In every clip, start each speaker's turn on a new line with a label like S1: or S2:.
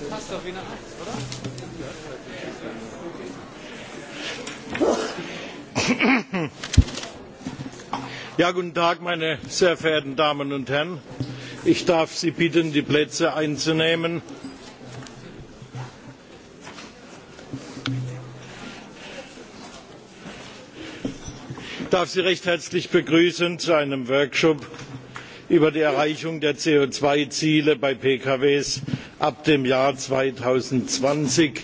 S1: oder?
S2: Ja, guten Tag, meine sehr verehrten Damen und Herren. Ich darf Sie bitten, die Plätze einzunehmen. Ich darf Sie recht herzlich begrüßen zu einem Workshop über die Erreichung der CO2-Ziele bei PKWs ab dem Jahr 2020.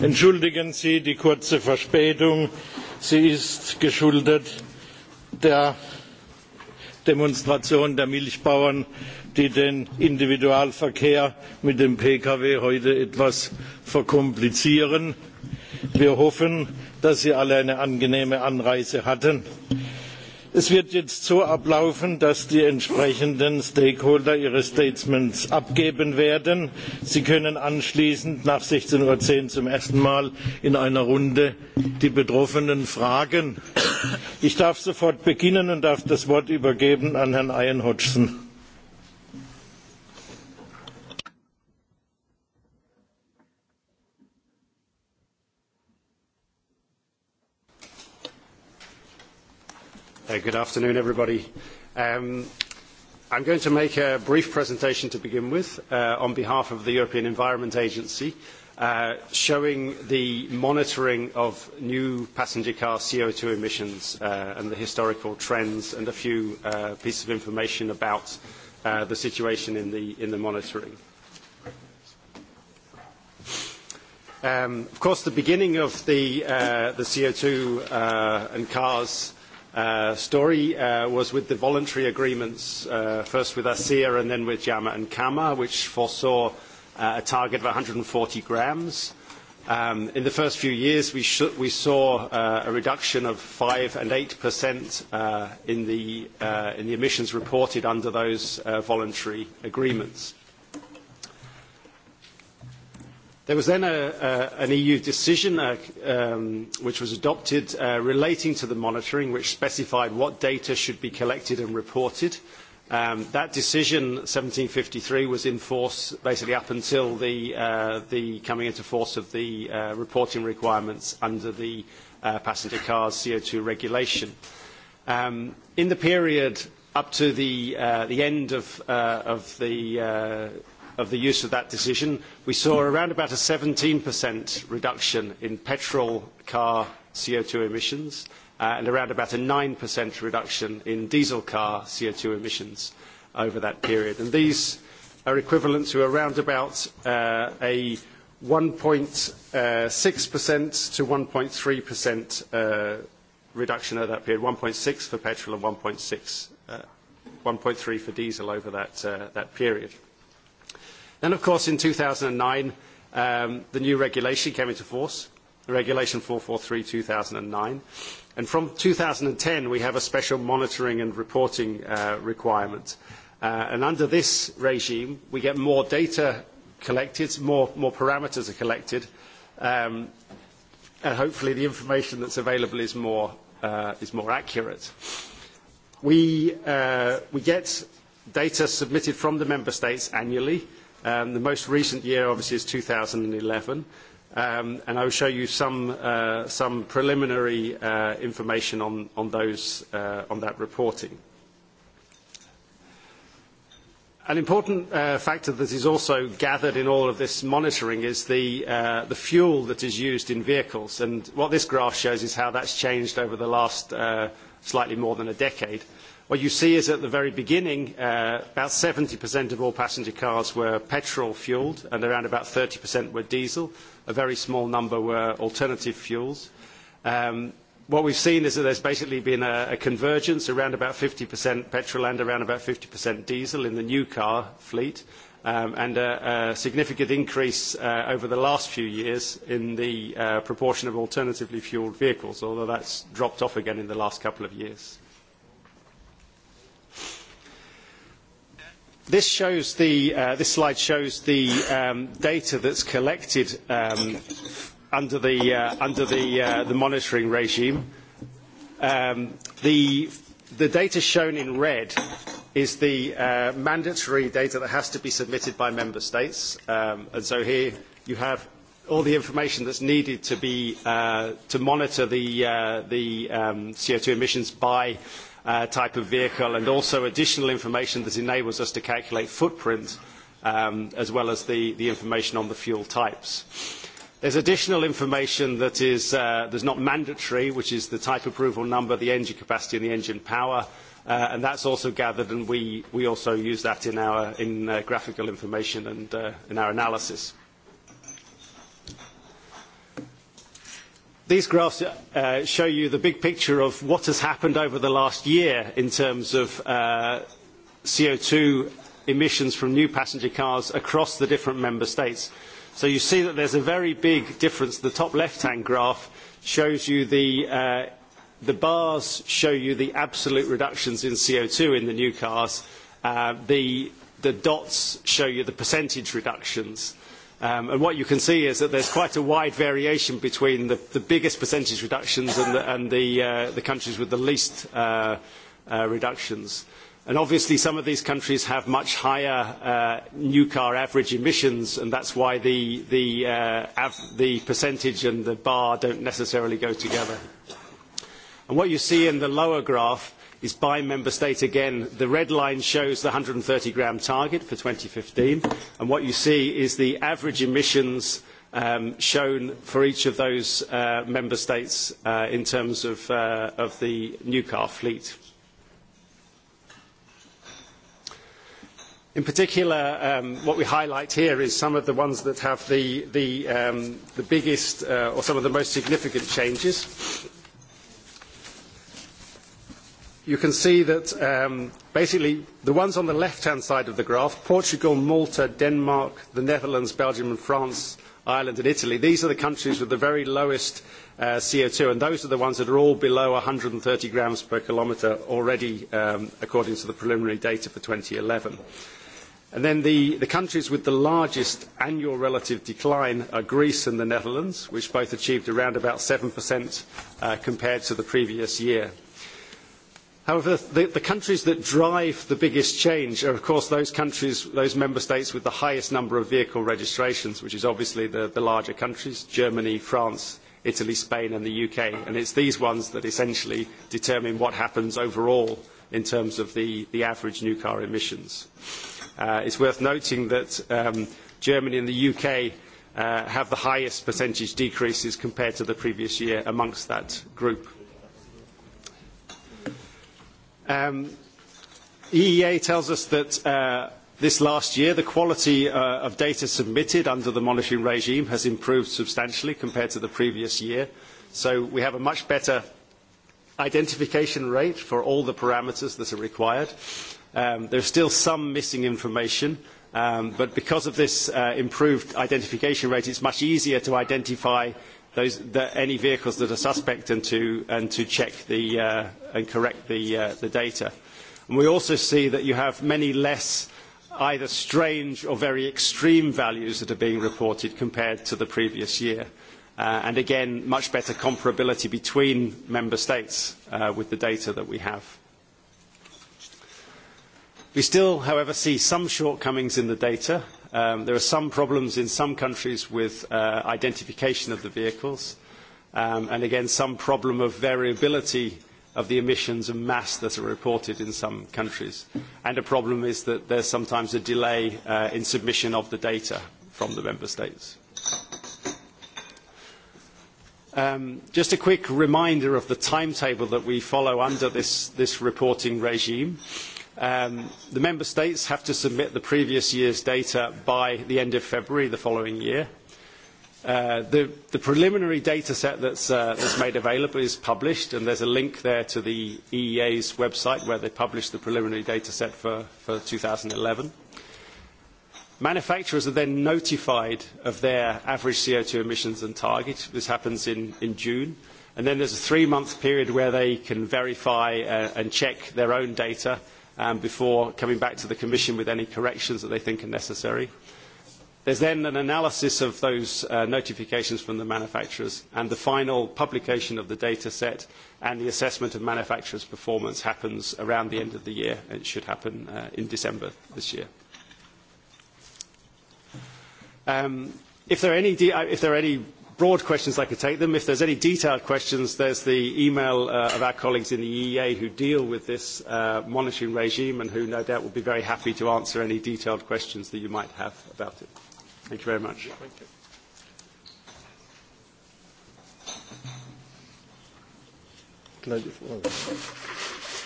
S2: Entschuldigen Sie die kurze Verspätung. Sie ist geschuldet der Demonstration der Milchbauern, die den Individualverkehr mit dem Pkw heute etwas verkomplizieren. Wir hoffen, dass Sie alle eine angenehme Anreise hatten es wird jetzt so ablaufen dass die entsprechenden stakeholder ihre statements abgeben werden. sie können anschließend nach. sechzehn zehn uhr zum ersten mal in einer runde die betroffenen fragen. ich darf sofort beginnen und darf das wort übergeben an herrn ian hodgson. Good afternoon,
S3: everybody. I'm going to make a brief presentation to begin with on behalf of the European Environment Agency, showing the monitoring of new passenger car co two emissions and the historical trends and a few pieces of information about the situation in the monitoring. Of course, the beginning of the CO2 and cars story was with the voluntary agreements, first with ASEA and then with JAMA and CAMA, which foresaw a target of one hundred and forty grams. in the first few years, we, saw a reduction of five and 8% in, in the emissions reported under those voluntary agreements. There was then an EU decision which was adopted relating to the monitoring, which specified what data should be collected and reported. that decision, fifty three, was in force basically up until the, uh the coming into force of the uh reporting requirements under the uh passenger cars co two regulation. Um in the period up to the, uh the end of, the of the use of that decision. We saw around about a 17% reduction in petrol car co two emissions and around about a 9% reduction in diesel car co two emissions over that period. And these are equivalent to around about a 1.6% to 1.3% reduction over that period, 1.6 for petrol and 1.6, 1.3 for diesel over that period. Then, of course, in two thousand nine the new regulation came into force, Regulation four hundred and forty three 443-2009. And from ten we have a special monitoring and reporting requirement. and under this regime, we get more data collected, more, parameters are collected, and hopefully the information that's available is more, is more accurate. we get data submitted from the member states annually the most recent year, obviously, is 2011. Um, and I will show you some, uh, some preliminary uh, information on, on, those, uh, on that reporting. An important factor that is also gathered in all of this monitoring is the, fuel that is used in vehicles. And what this graph shows is how that has changed over the last slightly more than a decade. What you see is at the very beginning, about 70% of all passenger cars were petrol-fueled, and around about 30% were diesel. A very small number were alternative fuels. What we've seen is that there's basically been a convergence, around about 50% petrol and around about 50% diesel in the new car fleet, and a significant increase over the last few years in the proportion of alternatively fueled vehicles, although that's dropped off again in the last couple of years. This shows the uh, this slide shows the um, data that's collected um, under the uh, under the uh, the monitoring regime. Um, the the data shown in red is the uh, mandatory data that has to be submitted by member states, um, and so here you have all the information that's needed to be uh, to monitor the uh, the um, CO2 emissions by type of vehicle and also additional information that enables us to calculate footprint as well as the information on the fuel types. There is additional information that is not mandatory, which is the type approval number, the engine capacity, and the engine power. and that is also gathered, and we, we also use that in, our, in graphical information and in our analysis. These graphs show you the big picture of what has happened over the last year in terms of co two emissions from new passenger cars across the different member states. So you see that there's a very big difference. The top left-hand graph shows you the, the bars show you the absolute reductions in co two in the new cars. the, the dots show you the percentage reductions and what you can see is that there is quite a wide variation between the, the biggest percentage reductions and the, and the, uh, the countries with the least uh, uh, reductions. And obviously some of these countries have much higher uh, new car average emissions and that's why the, the, uh, the percentage and the bar don't necessarily go together. And what you see in the lower graph is by member state again. The red line shows the one hundred and thirty gram target for fifteen and what you see is the average emissions shown for each of those member states in terms of, the new car fleet. In particular, what we highlight here is some of the ones that have the, biggest or some of the most significant changes you can see that basically the ones on the left-hand side of the graph, Portugal, Malta, Denmark, the Netherlands, Belgium and France, Ireland and Italy, these are the countries with the very lowest co two, and those are the ones that are all below one hundred and thirty grams per kilometre already, according to the preliminary data for eleven. And then the, countries with the largest annual relative decline are Greece and the Netherlands, which both achieved around about 7% compared to the previous year.
S2: However, the,
S3: countries that drive the biggest change are, of course, those countries, those member states with the highest number of vehicle registrations, which is obviously the, the larger countries, Germany, France, Italy, Spain and the UK. And it's these ones that essentially determine what happens overall in terms of the, the average new car emissions. Uh, it's worth noting that Germany and the UK have the highest percentage decreases compared to the previous year amongst that group. EEA tells us that this last year the quality of data submitted under the monitoring regime has improved substantially compared to the previous year. So we have a much better identification rate for all the parameters that are required. There is still some missing information, but because of this improved identification rate, it is much easier to identify those, the, any vehicles that are suspect and to, and to check the, uh, and correct the, uh, the data. And we also see that you have many less either strange or very extreme values that are being reported compared to the previous year. Uh, and again, much better comparability between member states uh, with the data that we have. We still, however, see some shortcomings in the data, there are some problems in some countries with identification of the vehicles, and again, some problem of variability of the emissions and mass that are reported in some countries. And a problem is that there's sometimes a delay in submission of the data from the member states. Just a quick reminder of the timetable that we follow under this reporting regime the member states have to submit the previous year's data by the end of February the following year. the, preliminary data set that's, uh, that's made available is published, and there's a link there to the EEA's website where they publish the preliminary data set for, for 2011. Manufacturers are then notified of their average CO2 emissions and target. This happens in, in June. And then there's a three-month period where they can verify uh, and check their own data before coming back to the Commission with any corrections that they think are necessary. There's then an analysis of those notifications from the manufacturers, and the final publication of the data set and the assessment of manufacturers' performance happens around the end of the year. It should happen in December this year. if there are any broad questions, I could take them. If there's any detailed questions, there's the email of our colleagues in the EEA who deal with this monitoring regime and who no doubt will be very happy to answer any detailed questions that you might have
S2: about it. Thank you very much.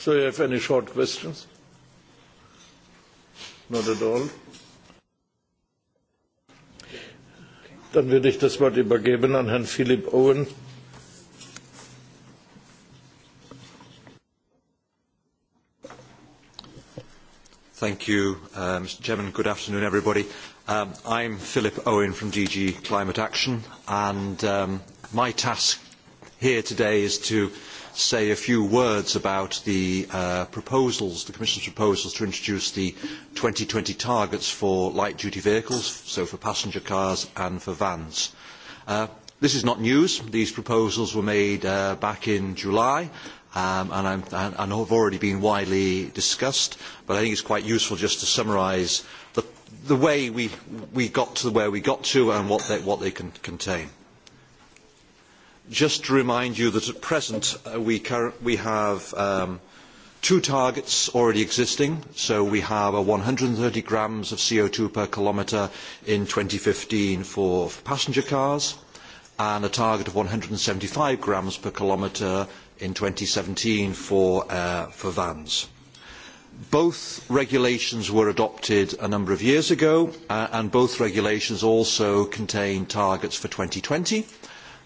S2: So you have any short questions? Not at all. Dann würde ich das Wort übergeben an Herrn Philipp Owen.
S4: Thank you, Mr. Chairman. Good afternoon, everybody. Um, I'm Philip Owen from DG Climate Action, and my task here today is to say a few words about the proposals, the Commission's proposals to introduce the twenty targets for light-duty vehicles, so for passenger cars and for vans. this is not news. These proposals were made back in July um, and, I'm, and, and have already been widely discussed, but I think it is quite useful just to summarise the, way we, got to where we got to and what they, contain just to remind you that at present we, have two targets already existing. So we have a 130 grams of co two per kilometre in fifteen for passenger cars and a target of one hundred and seventy five grams per kilometre in seventeen for vans. Both regulations were adopted a number of years ago, and both regulations also contain targets for twenty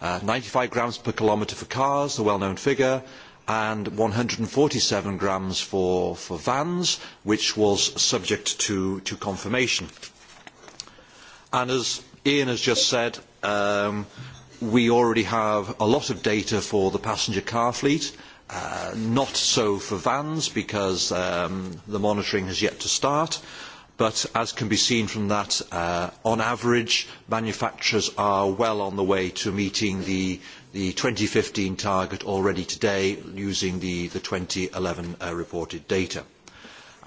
S4: ninety five grams per kilometre for cars, the well-known figure, and one hundred and forty seven grams for, vans, which was subject to, confirmation. And as Ian has just said, we already have a lot of data for the passenger car fleet, not so for vans because the monitoring has yet to start but as can be seen from that, on average, manufacturers are well on the way to meeting the, the fifteen target already today using the, the eleven reported data.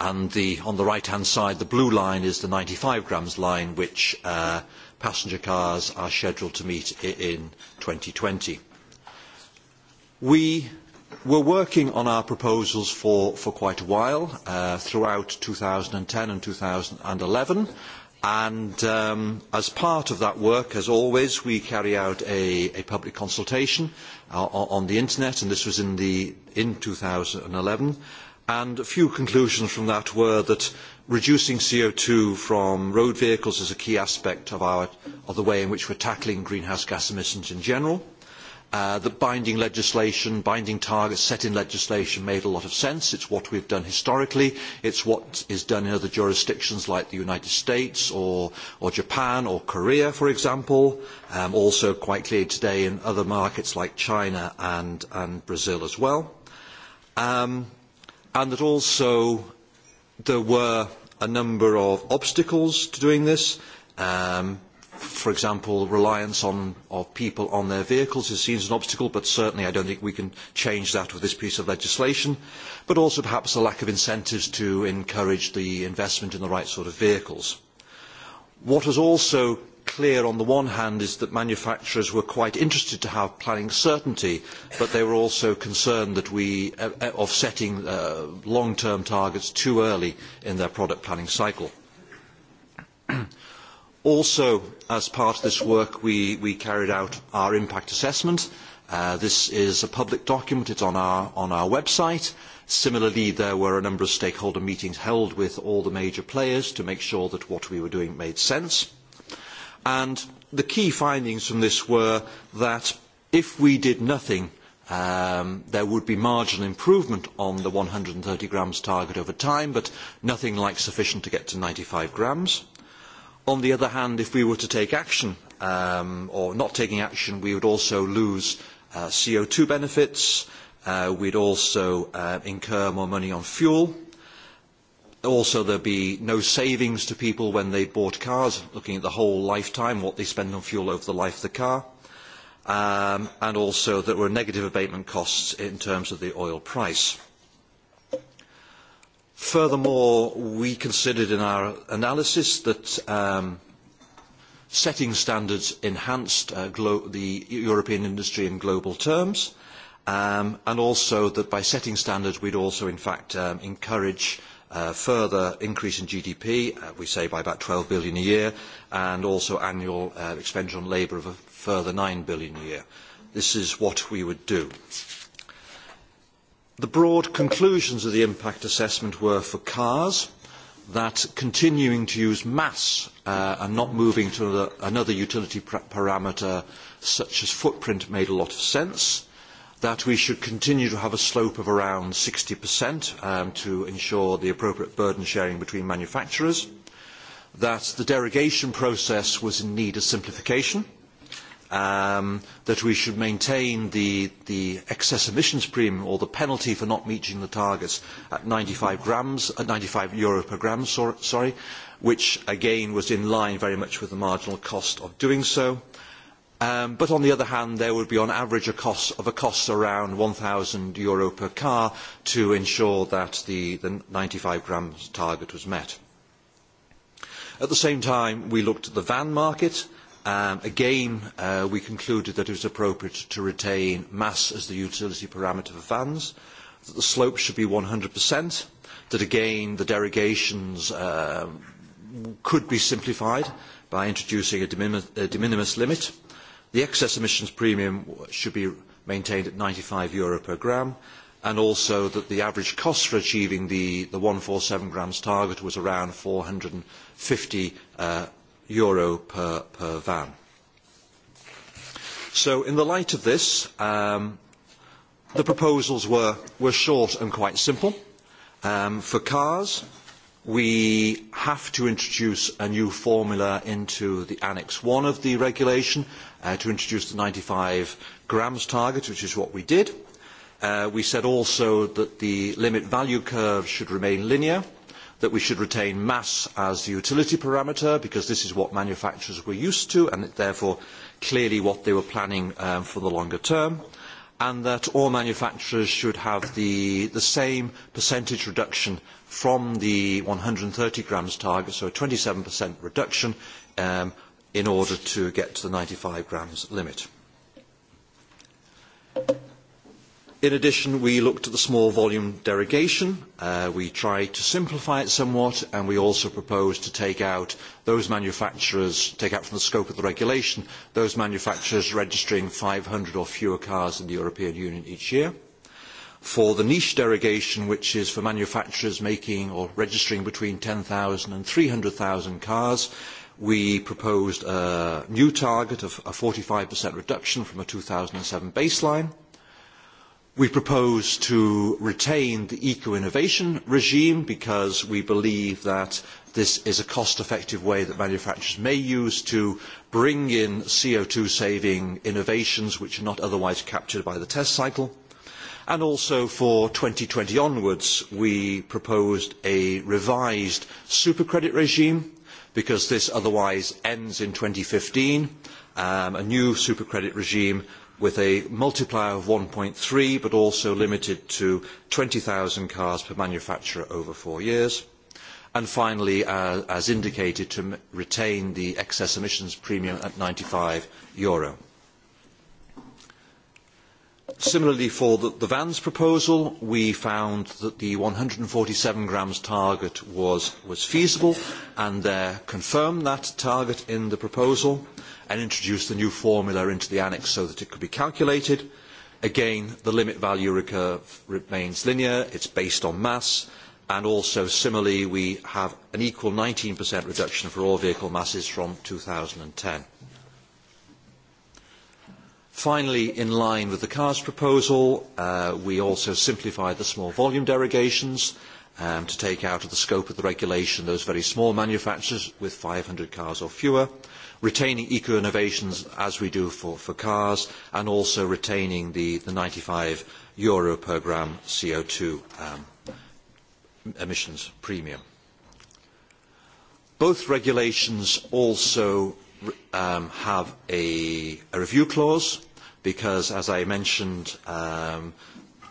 S4: And on the right-hand side, the blue line is the ninety five grams line, which passenger cars are scheduled to meet in twenty. We We're working on our proposals for, for quite a while, uh, throughout 2010 and 2011. And um, as part of that work, as always, we carry out a, a public consultation uh, on the internet, and this was in, the, in 2011. And a few conclusions from that were that reducing co two from road vehicles is a key aspect of, our, of the way in which we're tackling greenhouse gas emissions in general that binding legislation, binding targets set in legislation made a lot of sense. It is what we have done historically. it is what is done in other jurisdictions like the United States or, Japan or Korea, for example. also quite clear today in other markets like China and, Brazil as well. and that also there were a number of obstacles to doing this. Um, for example, reliance on, of people on their vehicles is seen as an obstacle, but certainly I don't think we can change that with this piece of legislation, but also perhaps the lack of incentives to encourage the investment in the right sort of vehicles. What is also clear on the one hand is that manufacturers were quite interested to have planning certainty, but they were also concerned that we, of setting long-term targets too early in their product planning cycle. Also, as part of this work, we, carried out our impact assessment. this is a public document. It's on our, on our website. Similarly, there were a number of stakeholder meetings held with all the major players to make sure that what we were doing made sense. And the key findings from this were that if we did nothing, there would be marginal improvement on the one hundred and thirty grams target over time, but nothing like sufficient to get to ninety five grams On the other hand, if we were to take action, or not taking action, we would also lose co two benefits. We would also incur more money on fuel. Also, there would be no savings to people when they bought cars, looking at the whole lifetime, what they spend on fuel over the life of the car. and also, there were negative abatement costs in terms of the oil price Furthermore, we considered in our analysis that setting standards enhanced the European industry in global terms, and also that by setting standards we would also in fact encourage further increase in GDP, we say by about twelve billion a year, and also annual expenditure on labour of a further nine billion a year. This is what we would do. The broad conclusions of the impact assessment were for cars that continuing to use mass and not moving to another, utility parameter such as footprint made a lot of sense, that we should continue to have a slope of around 60% to ensure the appropriate burden sharing between manufacturers, that the derogation process was in need of simplification, that we should maintain the, the excess emissions premium or the penalty for not meeting the targets at 95 grams, at 95 euro per gram, sorry, which again was in line very much with the marginal cost of doing so. but on the other hand, there would be on average a cost of a cost around €1,000 per car to ensure that the, the 95 grams target was met. At the same time, we looked at the van market again, we concluded that it was appropriate to retain mass as the utility parameter for fans, that the slope should be one 100%, that again, the derogations could be simplified by introducing a de minimis limit. The excess emissions premium should be maintained at ninety five euro per gram, and also that the average cost for achieving the, the 147 grams target was around 450 uh, euro per, van. So in the light of this, the proposals were, short and quite simple. for cars, we have to introduce a new formula into the Annex 1 of the regulation to introduce the 95 grams target, which is what we did. we said also that the limit value curve should remain linear that we should retain mass as the utility parameter because this is what manufacturers were used to and therefore clearly what they were planning for the longer term and that all manufacturers should have the, same percentage reduction from the one hundred and thirty grams target, so a twenty 27% reduction in order to get to the ninety five grams limit. In addition, we looked at the small volume derogation. we tried to simplify it somewhat, and we also proposed to take out those manufacturers, take out from the scope of the regulation, those manufacturers registering five hundred or fewer cars in the European Union each year. For the niche derogation, which is for manufacturers making or registering between ten 10,000 and 300,000 cars, we proposed a new target of a forty 45% reduction from a two thousand seven baseline We propose to retain the eco-innovation regime because we believe that this is a cost-effective way that manufacturers may use to bring in co two saving innovations which are not otherwise captured by the test cycle. And also for twenty onwards, we proposed a revised supercredit regime because this otherwise ends in fifteen. A new supercredit regime with a multiplier of one three, but also limited to twenty 20,000 cars per manufacturer over four years. And finally, as indicated, to retain the excess emissions premium at ninety five euro. Similarly, for the, VAN's proposal, we found that the one hundred and forty seven grams target was, feasible and confirmed that target in the proposal and introduced the new formula into the annex so that it could be calculated. Again, the limit value remains linear, it is based on mass, and also similarly we have an equal 19% reduction for all vehicle masses from ten. Finally, in line with the CARS proposal, we also simplified the small volume derogations to take out of the scope of the regulation those very small manufacturers with five hundred cars or fewer retaining eco-innovations as we do for, for cars and also retaining the, the 95 euro per gram CO2 um, emissions premium. Both regulations also um, have a, a review clause because, as I mentioned, um,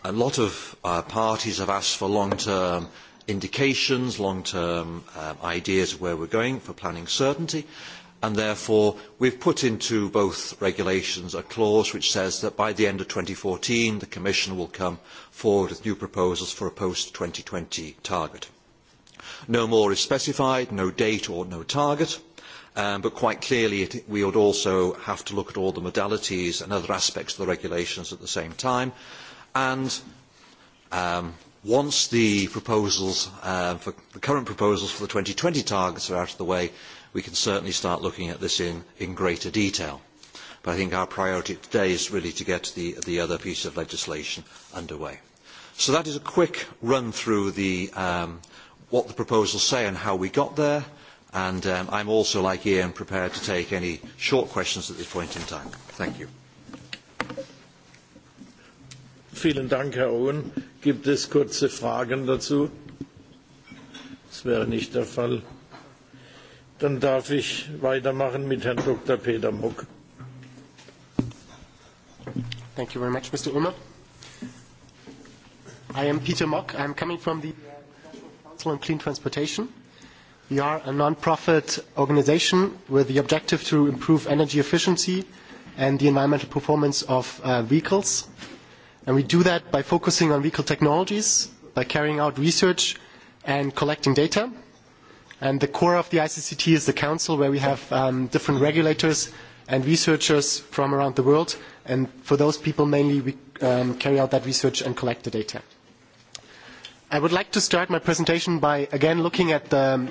S4: a lot of uh, parties have asked for long-term indications, long-term um, ideas of where we're going for planning certainty and therefore we have put into both regulations a clause which says that by the end of fourteen the Commission will come forward with new proposals for a post-2020 target. No more is specified, no date or no target, but quite clearly we would also have to look at all the modalities and other aspects of the regulations at the same time. And once the proposals, for the current proposals for the twenty targets are out of the way, we can certainly start looking at this in, greater detail. But I think our priority today is really to get the, other piece of legislation underway. So that is a quick run through what the proposals say and how we got there. And I am also, like Ian, prepared to take any short questions at this point in time. Thank you.
S2: Vielen Dank, Herr Owen. Gibt es kurze Fragen dazu? Das wäre nicht der Fall. Dann darf ich weitermachen mit Herrn Dr. Peter Muck.
S5: Thank you very much, Mr. Ulmer. I am Peter Mock. am coming from the Council on Clean Transportation. We are a non-profit organization with the objective to improve energy efficiency and the environmental performance of uh, vehicles. And we do that by focusing on vehicle technologies, by carrying out research and collecting data And the core of the ICCT is the council where we have different regulators and researchers from around the world. And for those people mainly, we carry out that research and collect the data. I would like to start my presentation by again looking at the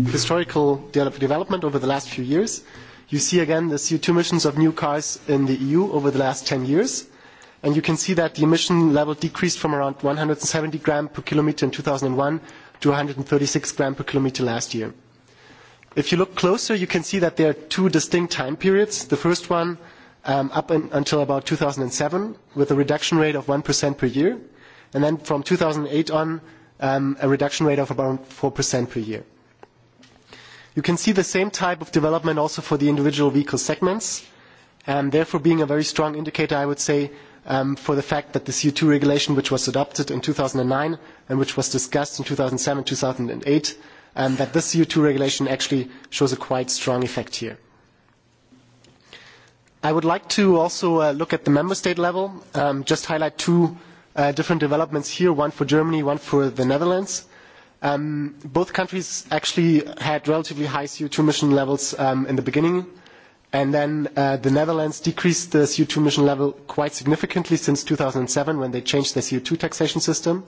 S5: historical development over the last few years. You see again the CO2 emissions of new cars in the EU over the last 10 years. And you can see that the emission level decreased from around 170 grams per kilometer in 2001 to 136 gram per kilometer last year. If you look closer, you can see that there are two distinct time periods. The first one up until about 2007 with a reduction rate of 1% per year, and then from 2008 on, a reduction rate of about 4% per year. You can see the same type of development also for the individual vehicle segments, and therefore being a very strong indicator, I would say, for the fact that the co two regulation, which was adopted in two thousand nine and which was discussed in two thousand seven 2007 2008, um, that this co two regulation actually shows a quite strong effect here. I would like to also look at the member state level, just highlight two different developments here, one for Germany, one for the Netherlands. both countries actually had relatively high co two emission levels in the beginning then the Netherlands decreased the co two emission level quite significantly since two thousand seven when they changed their co two taxation system.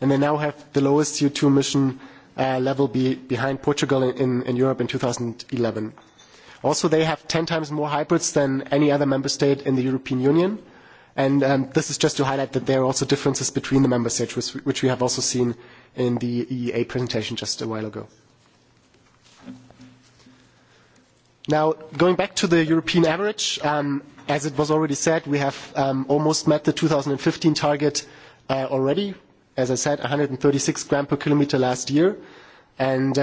S5: And they now have the lowest co two emission level behind Portugal in, Europe in eleven. Also, they have ten times more hybrids than any other member state in the European Union. And this is just to highlight that there are also differences between the member states, which we have also seen in the EEA presentation just a while ago. Now, going back to the European average, as it was already said, we have almost met the 2015 target already. As I said, 136 gram per kilometer last year. And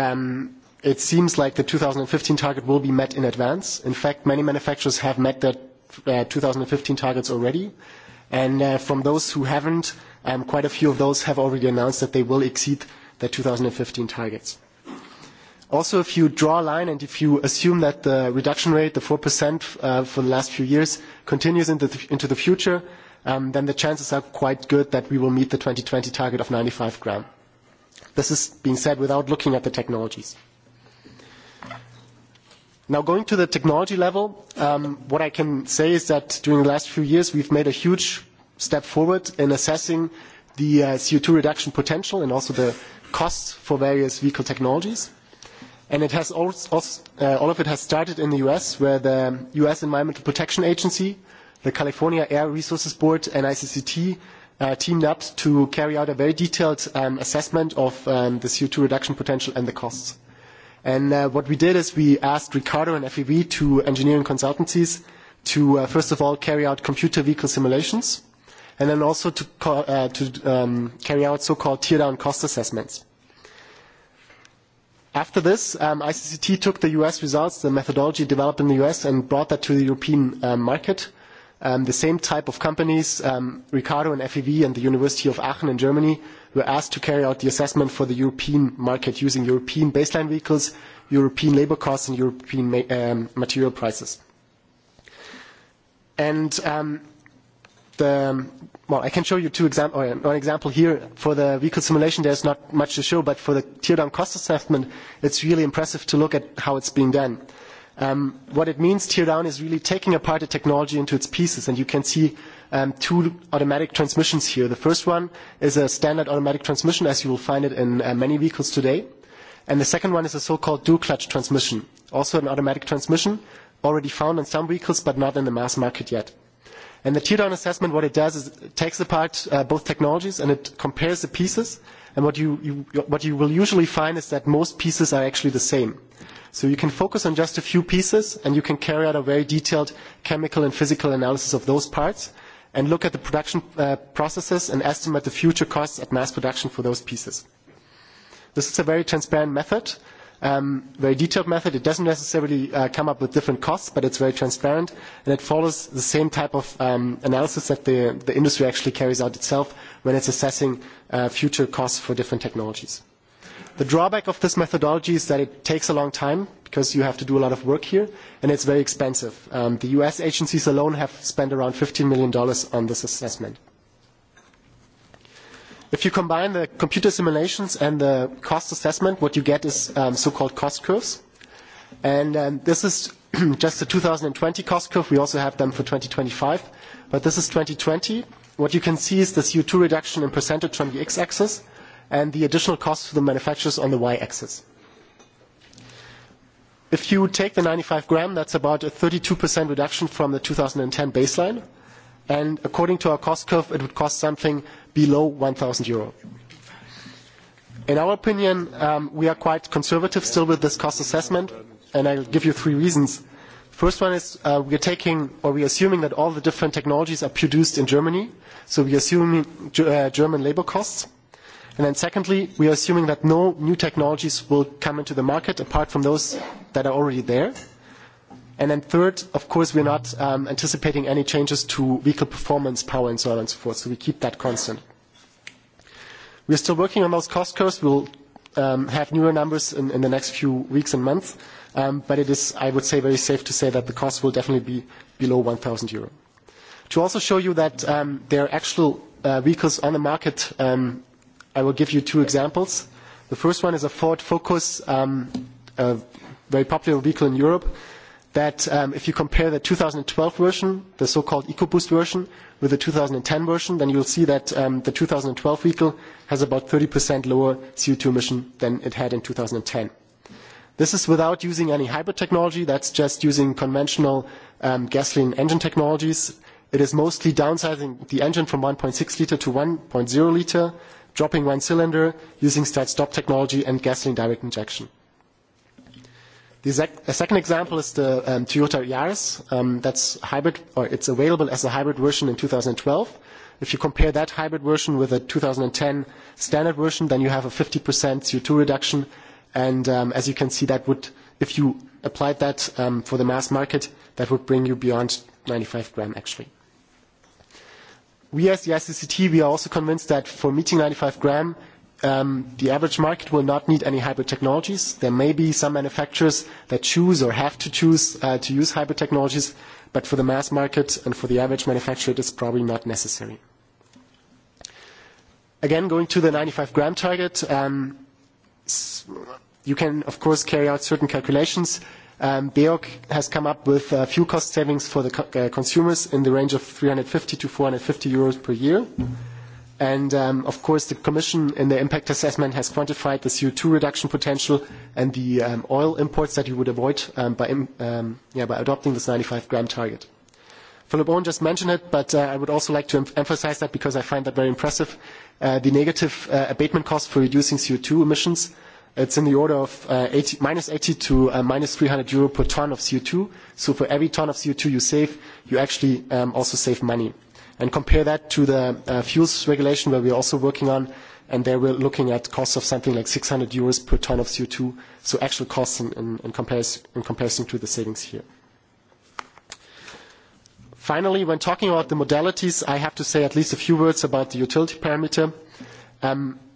S5: it seems like the 2015 target will be met in advance. In fact, many manufacturers have met their 2015 targets already. And from those who haven't, quite a few of those have already announced that they will exceed their 2015 targets. Also, if you draw a line and if you assume that the reduction rate, the 4% for the last few years, continues into the future, then the chances are quite good that we will meet the 2020 target of 95 gram. This is being said without looking at the technologies. Now, going to the technology level, what I can say is that during the last few years, we've made a huge step forward in assessing the CO2 reduction potential and also the costs for various vehicle technologies. And it has also, uh, all of it has started in the US, where the US Environmental Protection Agency, the California Air Resources Board, and ICCT uh, teamed up to carry out a very detailed um, assessment of um, the CO2 reduction potential and the costs. And uh, what we did is we asked Ricardo and FEV, two engineering consultancies, to uh, first of all carry out computer vehicle simulations, and then also to, uh, to um, carry out so-called tear-down cost assessments After this, um, ICCT took the US results, the methodology developed in the US, and brought that to the European um, market. Um, the same type of companies, um, Ricardo and FEV and the University of Aachen in Germany, were asked to carry out the assessment for the European market using European baseline vehicles, European labour costs, and European ma- um, material prices. And um, the well, I can show you two example or example here for the vehicle simulation. There's not much to show, but for the teardown cost assessment, it's really impressive to look at how it's being done. Um, what it means, teardown, is really taking apart the technology into its pieces, and you can see um, two automatic transmissions here. The first one is a standard automatic transmission, as you will find it in uh, many vehicles today, and the second one is a so-called dual-clutch transmission, also an automatic transmission, already found in some vehicles, but not in the mass market yet. And the teardown assessment, what it does is it takes apart uh, both technologies and it compares the pieces. And what you, you, what you will usually find is that most pieces are actually the same. So you can focus on just a few pieces and you can carry out a very detailed chemical and physical analysis of those parts and look at the production uh, processes and estimate the future costs at mass production for those pieces. This is a very transparent method um, very detailed method. It doesn't necessarily uh, come up with different costs, but it's very transparent, and it follows the same type of um, analysis that the, the industry actually carries out itself when it's assessing uh, future costs for different technologies. The drawback of this methodology is that it takes a long time because you have to do a lot of work here, and it's very expensive. Um, the U.S. agencies alone have spent around $15 million on this assessment. If you combine the computer simulations and the cost assessment, what you get is um, so-called cost curves. And um, this is just the 2020 cost curve. We also have them for 2025. But this is 2020. What you can see is the CO2 reduction in percentage on the x-axis and the additional cost for the manufacturers on the y-axis. If you take the 95 gram, that's about a 32% reduction from the 2010 baseline and according to our cost curve, it would cost something below 1,000 euro. In our opinion, we are quite conservative still with this cost assessment, and I'll give you three reasons. First one is, we are taking or we are assuming that all the different technologies are produced in Germany, so we are assuming German labor costs. And then secondly, we are assuming that no new technologies will come into the market apart from those that are already there third, of course, we're not anticipating any changes to vehicle performance, power, and so on and so forth, so we keep that constant. We're still working on those cost curves. We'll um, have newer numbers in, in the next few weeks and months, um, but it is, I would say, very safe to say that the cost will definitely be below 1,000 euro. To also show you that um, there are actual uh, vehicles on the market, um, I will give you two examples. The first one is a Ford Focus, a very popular vehicle in Europe, that if you compare the 2012 version, the so-called EcoBoost version, with the 2010 version, then you will see that the 2012 vehicle has about 30% lower CO2 emission than it had in 2010. This is without using any hybrid technology. That's just using conventional gasoline engine technologies. It is mostly downsizing the engine from 1.6 liter to 1.0 liter, dropping one cylinder, using start-stop technology and gasoline direct injection. The second example is the Toyota Yaris. That's hybrid, or it's available as a hybrid version in 2012. If you compare that hybrid version with a 2010 standard version, then you have a 50% CO2 reduction. And as you can see, that would, if you applied that for the mass market, that would bring you beyond 95 gram, actually. We, as the ICCT, we are also convinced that for meeting 95 gram, the average market will not need any hybrid technologies. There may be some manufacturers that choose or have to choose to use hybrid technologies, but for the mass market and for the average manufacturer, it is probably not necessary. Again, going to the 95-gram target, you can, of course, carry out certain calculations. BEOC has come up with a fuel cost savings for the consumers in the range of 350-450 euros per year. And of course, the Commission in the impact assessment has quantified the co two reduction potential and the oil imports that you would avoid by, adopting this ninety five gram target. Philip Owen just mentioned it, but I would also like to emphasise that because I find that very impressive. the negative abatement cost for reducing co two emissions, it's in the order of uh, 80, minus 80 to uh, minus 300 euro per tonne of co two. So for every tonne of co two you save, you actually also save money and compare that to the fuels regulation where we are also working on, and there we're looking at costs of something like 600 euros per ton of CO2, so actual costs in comparison to the savings here. Finally, when talking about the modalities, I have to say at least a few words about the utility parameter.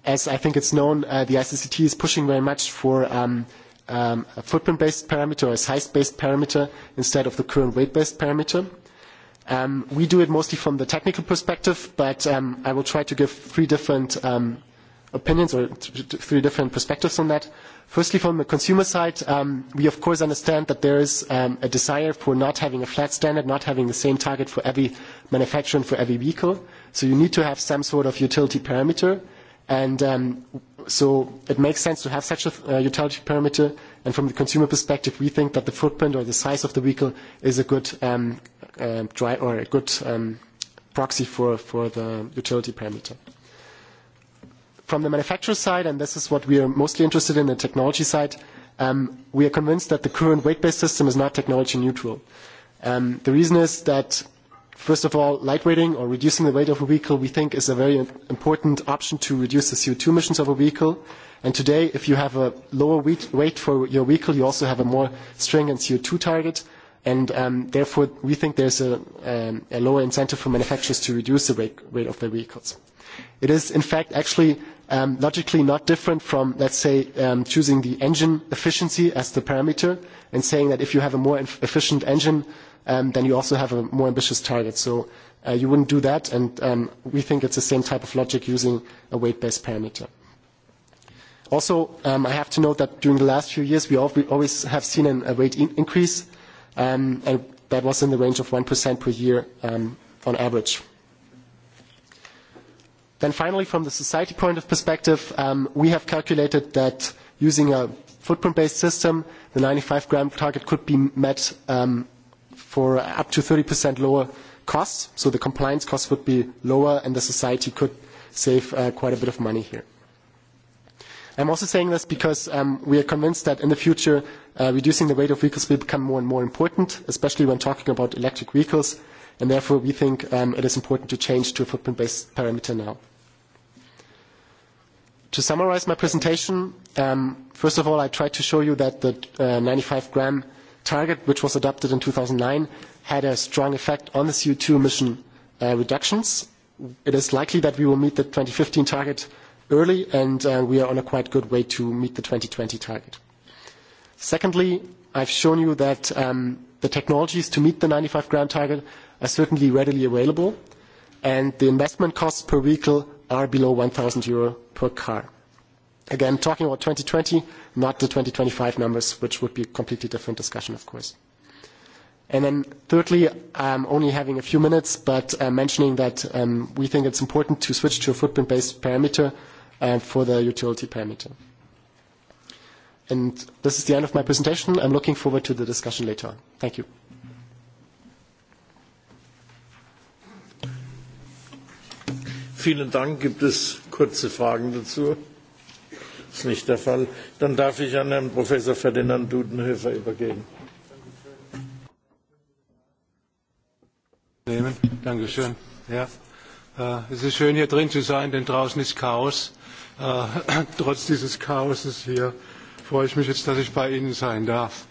S5: As I think it's known, the ICCT is pushing very much for a footprint-based parameter or a size-based parameter instead of the current weight-based parameter we do it mostly from the technical perspective, but I will try to give three different opinions or three different perspectives on that. Firstly, from the consumer side, we of course understand that there is a desire for not having a flat standard, not having the same target for every manufacturer and for every vehicle. So you need to have some sort of utility parameter. And so it makes sense to have such a utility parameter. And from the consumer perspective, we think that the footprint or the size of the vehicle is a good dry or a good um, proxy for, for the utility parameter. From the manufacturer side, and this is what we are mostly interested in, the technology side, um, we are convinced that the current weight-based system is not technology neutral. Um, the reason is that, first of all, lightweighting or reducing the weight of a vehicle we think is a very important option to reduce the CO2 emissions of a vehicle. And today, if you have a lower weight for your vehicle, you also have a more stringent CO2 target, And therefore, we think there's a, um, a lower incentive for manufacturers to reduce the rate, of their vehicles. It is, in fact, actually logically not different from, let's say, um, choosing the engine efficiency as the parameter and saying that if you have a more efficient engine, um, then you also have a more ambitious target. So you wouldn't do that, and um, we think it's the same type of logic using a weight-based parameter. Also, um, I have to note that during the last few years, we always have seen a weight increase and that was in the range of 1% per year on average. Then finally, from the society point of perspective, we have calculated that using a footprint-based system, the 95-gram target could be met for up to 30% lower costs. So the compliance costs would be lower, and the society could save quite a bit of money here. I'm also saying this because um, we are convinced that in the future, uh, reducing the weight of vehicles will become more and more important, especially when talking about electric vehicles, and therefore we think um, it is important to change to a footprint-based parameter now. To summarize my presentation, um, first of all, I tried to show you that the uh, 95-gram target, which was adopted in 2009, had a strong effect on the CO2 emission uh, reductions. It is likely that we will meet the 2015 target early, and we are on a quite good way to meet the 2020 target. Secondly, I've shown you that the technologies to meet the 95 gram target are certainly readily available, and the investment costs per vehicle are below 1,000 euro per car. Again, talking about 2020, not the 2025 numbers, which would be a completely different discussion, of course. And then thirdly, I'm only having a few minutes, but mentioning that we think it's important to switch to a footprint-based parameter for the utility parameter. And this is the end of my presentation. I'm looking forward to the discussion later on. Thank you.
S2: Vielen Dank. Gibt es kurze Fragen dazu? Das Ist nicht der Fall. Dann darf ich an Herrn Professor Ferdinand Dudenhöfer übergeben. Dankeschön. Ja.
S1: Es ist schön, hier drin zu sein, denn draußen ist Chaos. Trotz dieses Chaoses hier freue ich mich jetzt, dass ich bei Ihnen sein darf.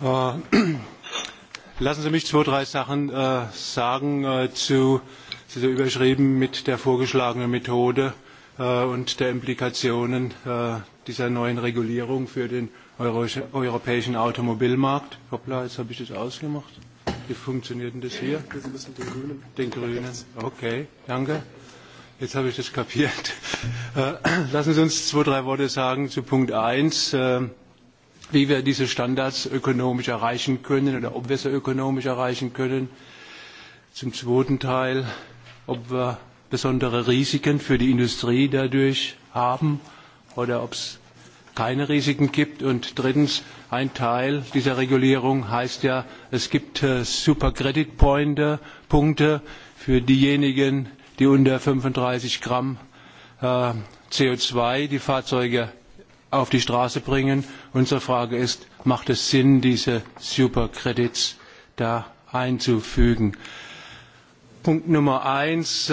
S1: Lassen Sie mich zwei, drei Sachen sagen zu, Sie sind überschrieben mit der vorgeschlagenen Methode und der Implikationen dieser neuen Regulierung für den europäischen Automobilmarkt. Hoppla, jetzt habe ich das ausgemacht. Wie funktioniert denn das hier? Den
S5: Grünen. Den Grünen,
S1: okay, danke. Jetzt habe ich das kapiert. Lassen Sie uns zwei, drei Worte sagen zu Punkt 1, wie wir diese Standards ökonomisch erreichen können oder ob wir sie ökonomisch erreichen können. Zum zweiten Teil, ob wir besondere Risiken für die Industrie dadurch haben oder ob es keine Risiken gibt. Und drittens, ein Teil dieser Regulierung heißt ja, es gibt Supercredit-Punkte für diejenigen, die unter 35 Gramm co zwei die Fahrzeuge auf die Straße bringen. Unsere Frage ist, macht es Sinn, diese Supercredits da einzufügen? Punkt Nummer eins,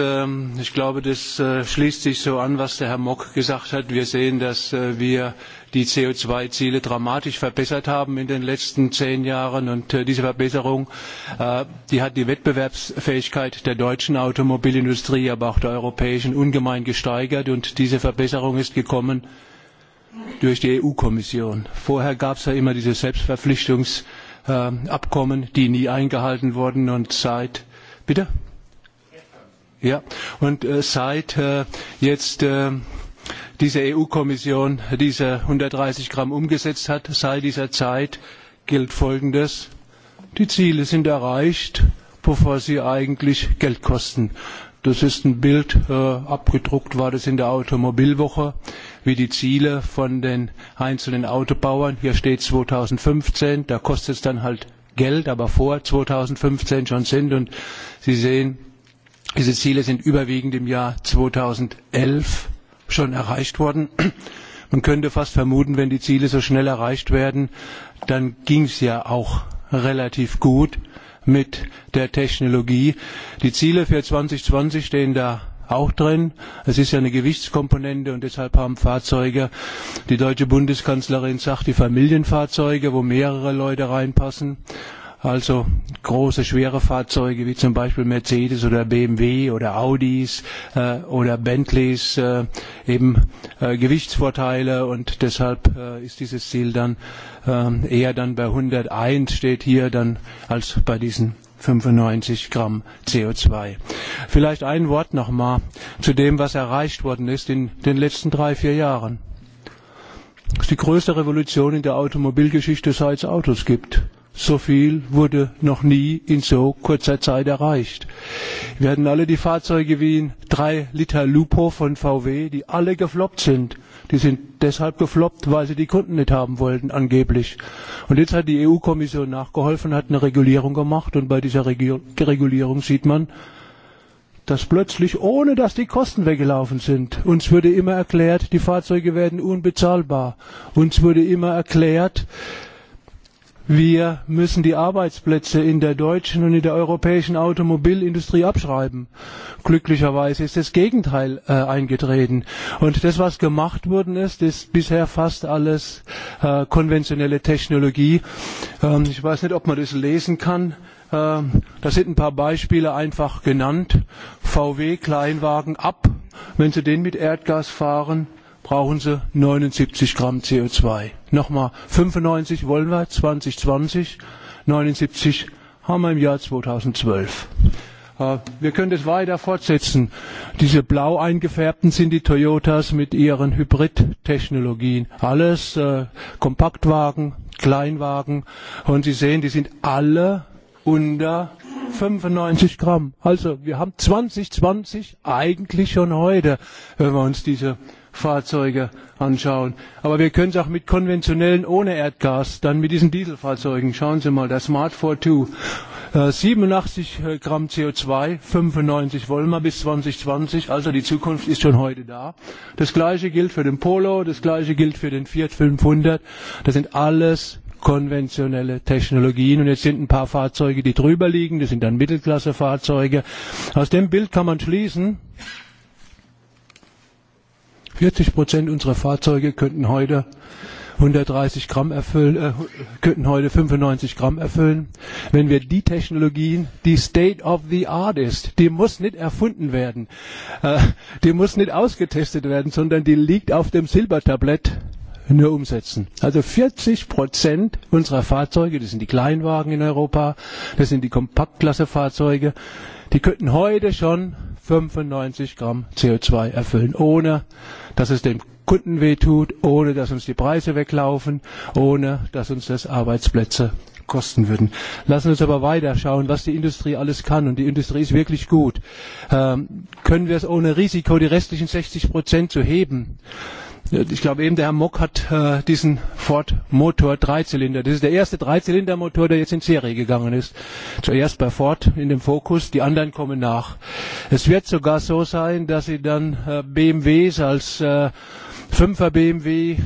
S1: ich glaube, das schließt sich so an, was der Herr Mock gesagt hat. Wir sehen, dass wir die co zwei ziele dramatisch verbessert haben in den letzten zehn jahren. Und diese Verbesserung hat die Wettbewerbsfähigkeit der deutschen Automobilindustrie, aber auch der europäischen ungemein gesteigert. Und diese Verbesserung ist gekommen durch die EU-Kommission. Vorher gab es ja immer diese Selbstverpflichtungsabkommen, die nie eingehalten wurden. Und seit. Bitte? Ja. Und seit jetzt diese EU Kommission diese 130 Gramm umgesetzt hat. Seit dieser Zeit gilt Folgendes. Die Ziele sind erreicht, bevor sie eigentlich Geld kosten. Das ist ein Bild, abgedruckt war das in der Automobilwoche, wie die Ziele von den einzelnen Autobauern. Hier steht 2015, da kostet es dann halt Geld, aber vor 2015 schon sind. Und Sie sehen, diese Ziele sind überwiegend im Jahr 2011 schon erreicht worden. Man könnte fast vermuten, wenn die Ziele so schnell erreicht werden, dann ging es ja auch relativ gut mit der Technologie. Die Ziele für 2020 stehen da auch drin. Es ist ja eine Gewichtskomponente und deshalb haben Fahrzeuge, die deutsche Bundeskanzlerin sagt, die Familienfahrzeuge, wo mehrere Leute reinpassen. Also große, schwere Fahrzeuge wie zum Beispiel Mercedes oder BMW oder Audis äh, oder Bentleys äh, eben äh, Gewichtsvorteile und deshalb äh, ist dieses Ziel dann äh, eher dann bei 101 steht hier dann als bei diesen 95 Gramm CO2. Vielleicht ein Wort nochmal zu dem, was erreicht worden ist in den letzten drei, vier Jahren. Das ist die größte Revolution in der Automobilgeschichte, seit es Autos gibt. So viel wurde noch nie in so kurzer Zeit erreicht. Wir hatten alle die Fahrzeuge wie in 3 Liter Lupo von VW, die alle gefloppt sind. Die sind deshalb gefloppt, weil sie die Kunden nicht haben wollten, angeblich. Und jetzt hat die EU-Kommission nachgeholfen, hat eine Regulierung gemacht. Und bei dieser Regulierung sieht man, dass plötzlich, ohne dass die Kosten weggelaufen sind, uns wurde immer erklärt, die Fahrzeuge werden unbezahlbar. Uns wurde immer erklärt, Wir müssen die Arbeitsplätze in der deutschen und in der europäischen Automobilindustrie abschreiben. Glücklicherweise ist das Gegenteil äh, eingetreten. Und das, was gemacht worden ist, ist bisher fast alles äh, konventionelle Technologie. Ähm, ich weiß nicht, ob man das lesen kann. Da sind ein paar Beispiele einfach genannt. VW Kleinwagen ab, wenn Sie den mit Erdgas fahren brauchen sie 79 Gramm CO2. Nochmal, 95 wollen wir 2020, 79 haben wir im Jahr 2012. Wir können das weiter fortsetzen. Diese blau eingefärbten sind die Toyotas mit ihren Hybridtechnologien. Alles äh, Kompaktwagen, Kleinwagen. Und Sie sehen, die sind alle unter 95 Gramm. Also wir haben 2020 eigentlich schon heute, wenn wir uns diese Fahrzeuge anschauen. Aber wir können es auch mit konventionellen ohne Erdgas, dann mit diesen Dieselfahrzeugen. Schauen Sie mal, der Smart 42, 87 Gramm CO2, 95 wollen wir bis 2020, also die Zukunft ist schon heute da. Das gleiche gilt für den Polo, das gleiche gilt für den Fiat 500. Das sind alles konventionelle Technologien. Und jetzt sind ein paar Fahrzeuge, die drüber liegen, das sind dann Mittelklassefahrzeuge. Aus dem Bild kann man schließen, 40 Prozent unserer Fahrzeuge könnten heute 130 Gramm erfüllen, äh, könnten heute 95 Gramm erfüllen. Wenn wir die Technologien, die State of the Art ist, die muss nicht erfunden werden, äh, die muss nicht ausgetestet werden, sondern die liegt auf dem Silbertablett nur umsetzen. Also 40 Prozent unserer Fahrzeuge, das sind die Kleinwagen in Europa, das sind die Kompaktklassefahrzeuge, die könnten heute schon 95 Gramm CO2 erfüllen, ohne dass es dem Kunden wehtut, ohne dass uns die Preise weglaufen, ohne dass uns das Arbeitsplätze kosten würden. Lassen uns aber weiter schauen, was die Industrie alles kann. Und die Industrie ist wirklich gut. können wir es ohne Risiko, die restlichen 60 Prozent zu heben? Ich glaube eben, der Herr Mock hat äh, diesen Ford Motor Dreizylinder. Das ist der erste Dreizylindermotor, der jetzt in Serie gegangen ist. Zuerst bei Ford in dem Fokus, die anderen kommen nach. Es wird sogar so sein, dass sie dann äh, BMWs als äh, BMW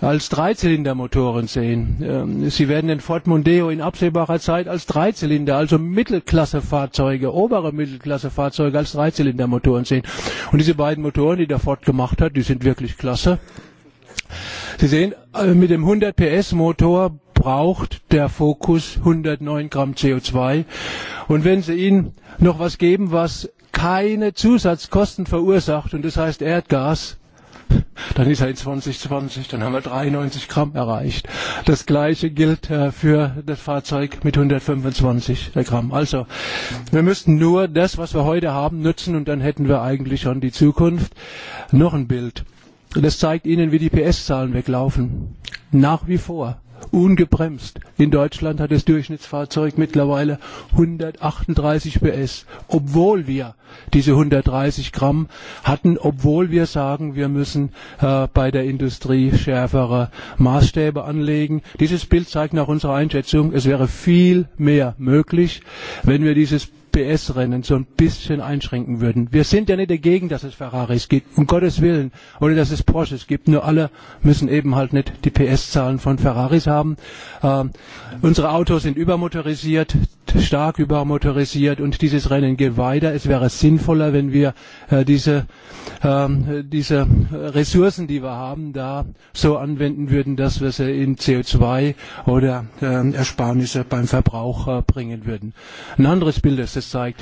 S1: als Dreizylindermotoren sehen. Sie werden den Ford Mondeo in absehbarer Zeit als Dreizylinder, also Mittelklassefahrzeuge, obere Mittelklassefahrzeuge als Dreizylindermotoren sehen. Und diese beiden Motoren, die der Ford gemacht hat, die sind wirklich klasse. Sie sehen, mit dem 100 PS Motor braucht der Focus 109 Gramm CO2. Und wenn Sie ihm noch was geben, was keine Zusatzkosten verursacht, und das heißt Erdgas, dann ist er in 2020, dann haben wir 93 Gramm erreicht. Das gleiche gilt äh, für das Fahrzeug mit 125 Gramm. Also wir müssten nur das, was wir heute haben, nutzen und dann hätten wir eigentlich schon die Zukunft. Noch ein Bild. Das zeigt Ihnen, wie die PS-Zahlen weglaufen. Nach wie vor ungebremst. In Deutschland hat das Durchschnittsfahrzeug mittlerweile 138 PS, obwohl wir diese 130 Gramm hatten, obwohl wir sagen, wir müssen äh, bei der Industrie schärfere Maßstäbe anlegen. Dieses Bild zeigt nach unserer Einschätzung, es wäre viel mehr möglich, wenn wir dieses PS-Rennen so ein bisschen einschränken würden. Wir sind ja nicht dagegen, dass es Ferraris gibt, um Gottes Willen, oder dass es Porsches gibt. Nur alle müssen eben halt nicht die PS-Zahlen von Ferraris haben. unsere Autos sind übermotorisiert, stark übermotorisiert und dieses Rennen geht weiter. Es wäre sinnvoller, wenn wir diese, diese Ressourcen, die wir haben, da so anwenden würden, dass wir sie in CO2 oder Ersparnisse beim Verbrauch bringen würden. Ein anderes Bild, Ganzes zeigt.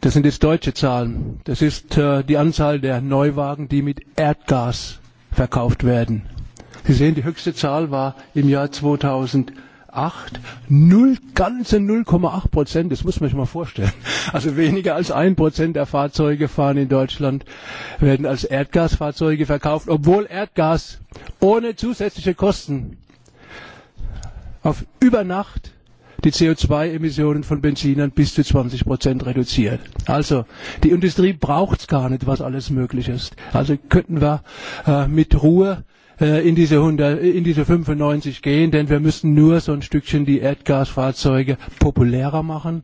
S1: Das sind jetzt deutsche Zahlen. Das ist die Anzahl der Neuwagen, die mit Erdgas verkauft werden. Sie sehen, die höchste Zahl war im Jahr 2000. 0,8, ganze 0,8 Prozent, das muss man sich mal vorstellen. Also weniger als ein Prozent der Fahrzeuge fahren in Deutschland, werden als Erdgasfahrzeuge verkauft, obwohl Erdgas ohne zusätzliche Kosten auf über Nacht die co zwei emissionen von benzinern bis zu zwanzig reduziert. also die industrie braucht gar nicht was alles möglich ist. also könnten wir mit ruhe in diese, 100, in diese 95 gehen, denn wir müssen nur so ein Stückchen die Erdgasfahrzeuge populärer machen,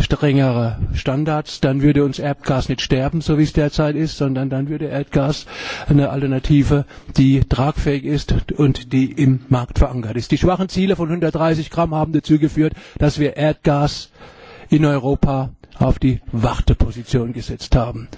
S1: strengere Standards, dann würde uns Erdgas nicht sterben, so wie es derzeit ist, sondern dann würde Erdgas eine Alternative, die tragfähig ist und die im Markt verankert ist. Die schwachen Ziele von 130 Gramm haben dazu geführt, dass wir Erdgas in Europa auf die Warteposition gesetzt haben.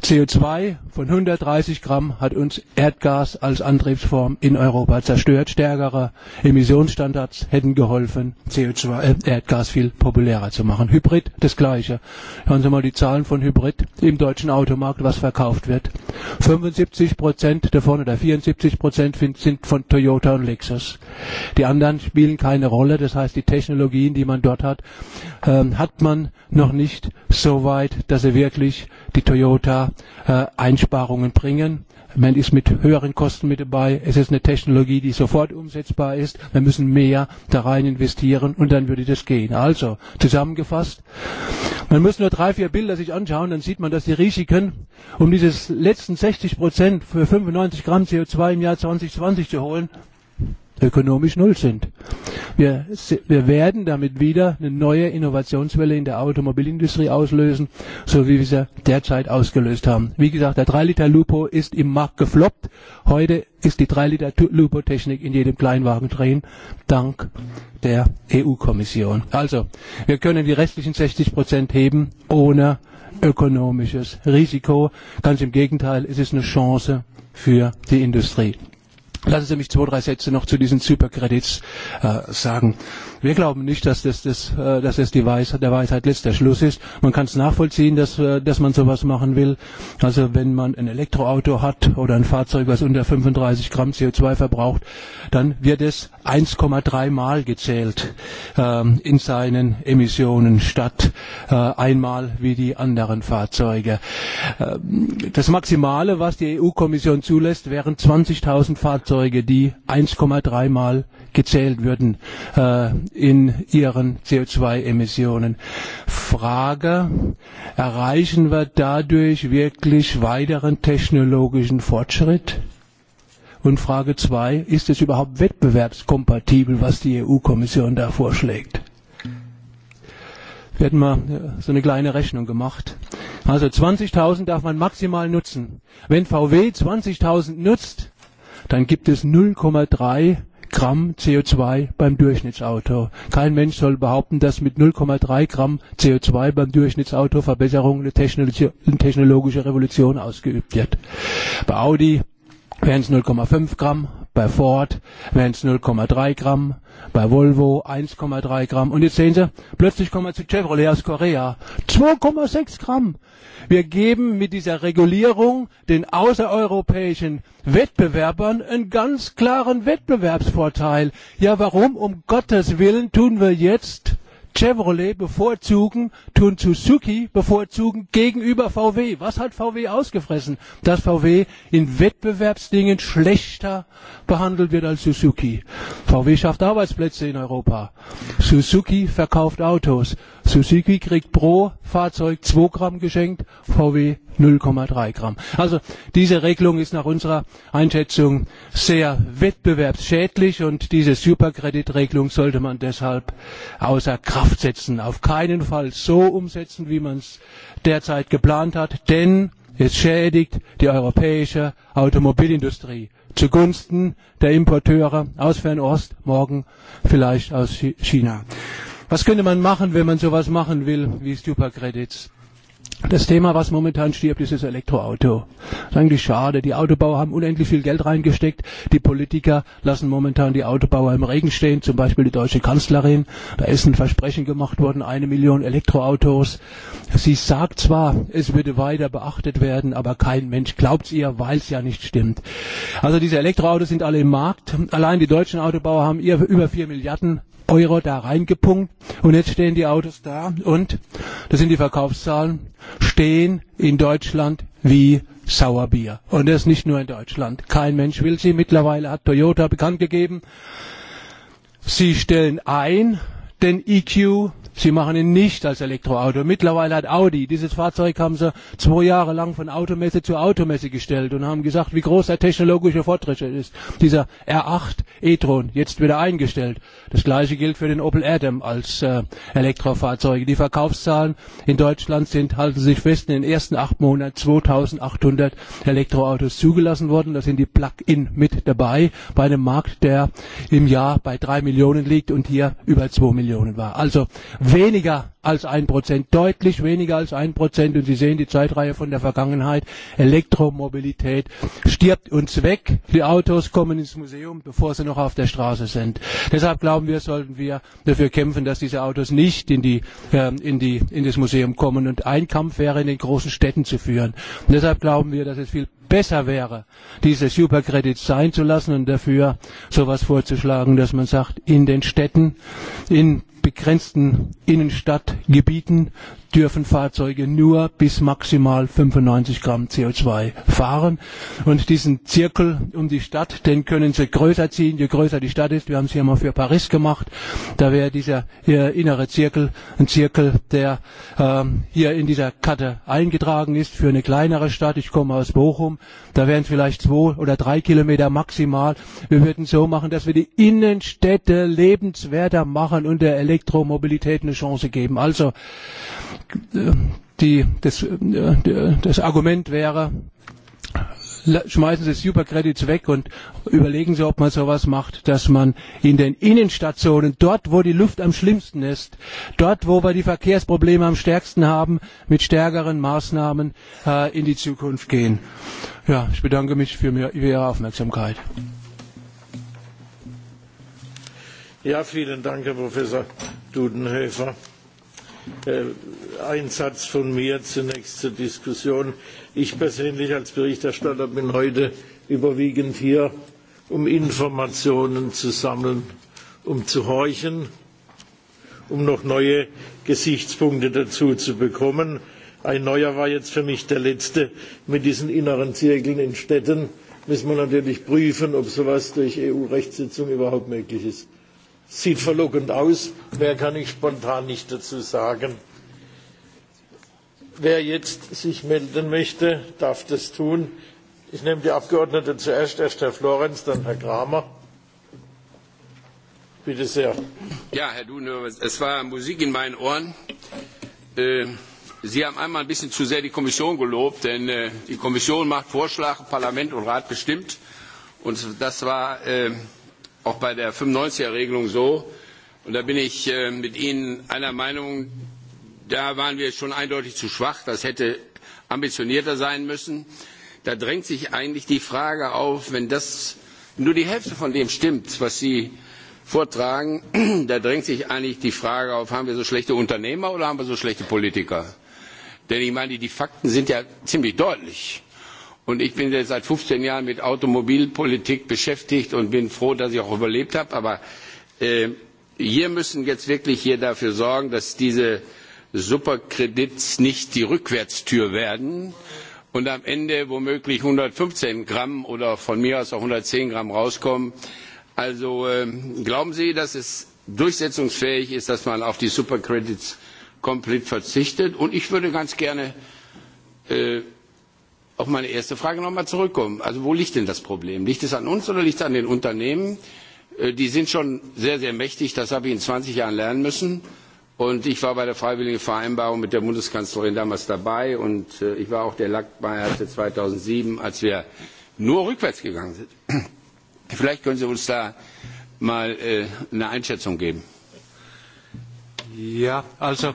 S1: CO2 von 130 Gramm hat uns Erdgas als Antriebsform in Europa zerstört. Stärkere Emissionsstandards hätten geholfen, CO2, äh, Erdgas viel populärer zu machen. Hybrid das gleiche. Hören Sie mal die Zahlen von Hybrid im deutschen Automarkt, was verkauft wird. 75 Prozent davon oder 74 Prozent sind von Toyota und Lexus. Die anderen spielen keine Rolle. Das heißt, die Technologien, die man dort hat, hat man noch nicht so weit, dass sie wirklich die Toyota Einsparungen bringen. Man ist mit höheren Kosten mit dabei. Es ist eine Technologie, die sofort umsetzbar ist. Wir müssen mehr da rein investieren und dann würde das gehen. Also, zusammengefasst, man muss nur drei, vier Bilder sich anschauen, dann sieht man, dass die Risiken, um dieses letzten 60 Prozent für 95 Gramm CO2 im Jahr 2020 zu holen, ökonomisch null sind. Wir, wir werden damit wieder eine neue Innovationswelle in der Automobilindustrie auslösen, so wie wir sie derzeit ausgelöst haben. Wie gesagt, der 3-Liter-Lupo ist im Markt gefloppt. Heute ist die 3-Liter-Lupo-Technik in jedem Kleinwagen drin, dank der EU-Kommission. Also, wir können die restlichen 60 Prozent heben ohne ökonomisches Risiko. Ganz im Gegenteil, es ist eine Chance für die Industrie. Lassen Sie mich zwei, drei Sätze noch zu diesen Superkredits äh, sagen. Wir glauben nicht, dass das, das, dass das die Weisheit, der Weisheit letzter Schluss ist. Man kann es nachvollziehen, dass, dass man sowas machen will. Also wenn man ein Elektroauto hat oder ein Fahrzeug, was unter 35 Gramm CO2 verbraucht, dann wird es 1,3 Mal gezählt äh, in seinen Emissionen statt äh, einmal wie die anderen Fahrzeuge. das Maximale, was die EU-Kommission zulässt, wären 20.000 Fahrzeuge, die 1,3 Mal gezählt würden. Äh, in ihren CO2-Emissionen. Frage, erreichen wir dadurch wirklich weiteren technologischen Fortschritt? Und Frage zwei, ist es überhaupt wettbewerbskompatibel, was die EU-Kommission da vorschlägt? Wir hatten mal so eine kleine Rechnung gemacht. Also 20.000 darf man maximal nutzen. Wenn VW 20.000 nutzt, dann gibt es Gramm CO2 beim Durchschnittsauto. Kein Mensch soll behaupten, dass mit 0,3 Gramm CO2 beim Durchschnittsauto Verbesserung eine technologische Revolution ausgeübt wird. Bei Audi wären es 0,5 Gramm, Bei Ford wären es 0,3 Gramm, bei Volvo 1,3 Gramm. Und jetzt sehen Sie, plötzlich kommen wir zu Chevrolet aus Korea. 2,6 Gramm. Wir geben mit dieser Regulierung den außereuropäischen Wettbewerbern einen ganz klaren Wettbewerbsvorteil. Ja, warum? Um Gottes Willen tun wir jetzt Chevrolet bevorzugen, tun Suzuki bevorzugen gegenüber VW. Was hat VW ausgefressen? Dass VW in Wettbewerbsdingen schlechter behandelt wird als Suzuki. VW schafft Arbeitsplätze in Europa. Suzuki verkauft Autos. Suzuki kriegt pro Fahrzeug 2 Gramm geschenkt, VW 0,3 Gramm. Also diese Regelung ist nach unserer Einschätzung sehr wettbewerbsschädlich und diese Superkreditregelung sollte man deshalb außer Kraft setzen. Auf keinen Fall so umsetzen, wie man es derzeit geplant hat, denn es schädigt die europäische Automobilindustrie zugunsten der Importeure aus Fernost, morgen vielleicht aus China. Was könnte man machen, wenn man sowas machen will wie Supercredits? Das Thema, was momentan stirbt, ist das Elektroauto. Das ist eigentlich schade. Die Autobauer haben unendlich viel Geld reingesteckt. Die Politiker lassen momentan die Autobauer im Regen stehen, zum Beispiel die deutsche Kanzlerin. Da ist ein Versprechen gemacht worden, eine Million Elektroautos. Sie sagt zwar, es würde weiter beachtet werden, aber kein Mensch glaubt es ihr, weil es ja nicht stimmt. Also diese Elektroautos sind alle im Markt. Allein die deutschen Autobauer haben über vier Milliarden Euro da reingepumpt, und jetzt stehen die Autos da und, das sind die Verkaufszahlen, stehen in Deutschland wie Sauerbier. Und das nicht nur in Deutschland. Kein Mensch will sie. Mittlerweile hat Toyota bekannt gegeben, sie stellen ein den EQ Sie machen ihn nicht als Elektroauto. Mittlerweile hat Audi, dieses Fahrzeug haben sie zwei Jahre lang von Automesse zu Automesse gestellt und haben gesagt, wie groß der technologische Fortschritt ist. Dieser R8 e-tron, jetzt wieder eingestellt. Das gleiche gilt für den Opel Adam als äh, Elektrofahrzeuge. Die Verkaufszahlen in Deutschland sind, halten sich fest, in den ersten acht Monaten 2800 Elektroautos zugelassen worden. Da sind die Plug-in mit dabei bei einem Markt, der im Jahr bei drei Millionen liegt und hier über zwei Millionen war. Also weniger als ein Prozent, deutlich weniger als ein Prozent. Und Sie sehen die Zeitreihe von der Vergangenheit. Elektromobilität stirbt uns weg. Die Autos kommen ins Museum, bevor sie noch auf der Straße sind. Deshalb glauben wir, sollten wir dafür kämpfen, dass diese Autos nicht in, die, äh, in, die, in das Museum kommen. Und ein Kampf wäre, in den großen Städten zu führen. Und deshalb glauben wir, dass es viel besser wäre, diese Supercredits sein zu lassen und dafür so etwas vorzuschlagen, dass man sagt, in den Städten, in begrenzten Innenstadt Gebieten dürfen Fahrzeuge nur bis maximal 95 Gramm CO2 fahren. Und diesen Zirkel um die Stadt, den können Sie größer ziehen, je größer die Stadt ist. Wir haben es hier mal für Paris gemacht. Da wäre dieser hier innere Zirkel ein Zirkel, der ähm, hier in dieser Karte eingetragen ist für eine kleinere Stadt. Ich komme aus Bochum. Da wären es vielleicht zwei oder drei Kilometer maximal. Wir würden so machen, dass wir die Innenstädte lebenswerter machen und der Elektromobilität eine Chance geben. Also die, das, das Argument wäre, schmeißen Sie Supercredits weg und überlegen Sie, ob man sowas macht, dass man in den Innenstationen, dort wo die Luft am schlimmsten ist, dort wo wir die Verkehrsprobleme am stärksten haben, mit stärkeren Maßnahmen äh, in die Zukunft gehen. Ja, ich bedanke mich für, für Ihre Aufmerksamkeit.
S2: Ja, vielen Dank, Herr Professor Dudenhöfer ein Satz von mir zunächst zur Diskussion. Ich persönlich als Berichterstatter bin heute überwiegend hier, um Informationen zu sammeln, um zu horchen, um noch neue Gesichtspunkte dazu zu bekommen. Ein neuer war jetzt für mich der letzte mit diesen inneren Zirkeln in Städten. Müssen wir natürlich prüfen, ob so etwas durch EU-Rechtssitzung überhaupt möglich ist. Sieht verlockend aus. Mehr kann ich spontan nicht dazu sagen. Wer jetzt sich melden möchte, darf das tun. Ich nehme die Abgeordneten zuerst, erst Herr Florenz, dann Herr Kramer. Bitte sehr. Ja,
S6: Herr Dune, es war Musik in meinen Ohren. Sie haben einmal ein bisschen zu sehr die Kommission gelobt, denn die Kommission macht Vorschläge, Parlament und Rat bestimmt. Und das war auch bei der 95er-Regelung so. Und da bin ich mit Ihnen einer Meinung, da waren wir schon eindeutig zu schwach. Das hätte ambitionierter sein müssen. Da drängt sich eigentlich die Frage auf, wenn das nur die Hälfte von dem stimmt, was Sie vortragen, da drängt sich eigentlich die Frage auf, haben wir so schlechte Unternehmer oder haben wir so schlechte Politiker? Denn ich meine, die Fakten sind ja ziemlich deutlich. Und ich bin jetzt seit 15 Jahren mit Automobilpolitik beschäftigt und bin froh, dass ich auch überlebt habe. Aber wir müssen jetzt wirklich hier dafür sorgen, dass diese Superkredits nicht die Rückwärtstür werden und am Ende womöglich 115 Gramm oder von mir aus auch 110 Gramm rauskommen. Also glauben Sie, dass es durchsetzungsfähig ist, dass man auf die Supercredits komplett verzichtet? Und ich würde ganz gerne auf meine erste Frage nochmal zurückkommen. Also wo liegt denn das Problem? Liegt es an uns oder liegt es an den Unternehmen? Die sind schon sehr, sehr mächtig. Das habe ich in zwanzig Jahren lernen müssen. Und ich war bei der freiwilligen Vereinbarung mit der Bundeskanzlerin damals dabei. Und ich war auch der Lackmeierte 2007, als wir nur rückwärts gegangen sind. Vielleicht können Sie uns da mal eine Einschätzung geben.
S1: Ja, also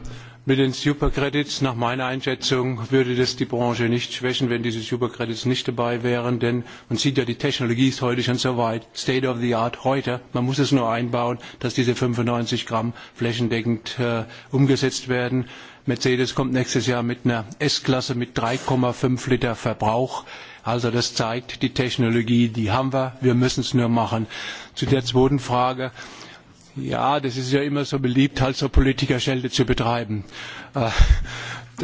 S1: Mit den Supercredits, nach meiner Einschätzung, würde das die Branche nicht schwächen, wenn diese Supercredits nicht dabei wären, denn man sieht ja, die Technologie ist heute schon so weit, State of the Art heute. Man muss es nur einbauen, dass diese 95 Gramm flächendeckend umgesetzt werden. Mercedes kommt nächstes Jahr mit einer S-Klasse mit 3,5 Liter Verbrauch. Also das zeigt, die Technologie, die haben wir, wir müssen es nur machen. Zu der zweiten Frage Ja, das ist ja immer so beliebt, halt so Politikerschelde zu betreiben.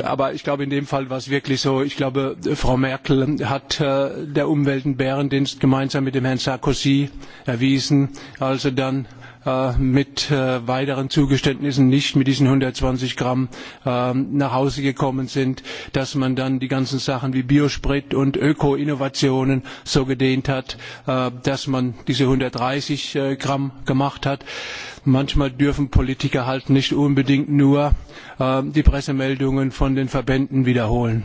S1: Aber ich glaube, in dem Fall war es wirklich so. Ich glaube, Frau Merkel hat der Umwelt- und Bärendienst gemeinsam mit dem Herrn Sarkozy erwiesen, als er dann mit weiteren Zugeständnissen nicht mit diesen 120 Gramm nach Hause gekommen sind, dass man dann die ganzen Sachen wie Biosprit und Öko-Innovationen so gedehnt hat, dass man diese 130 Gramm gemacht hat. Manchmal dürfen Politiker halt nicht unbedingt nur die Pressemeldungen von den Verbänden wiederholen.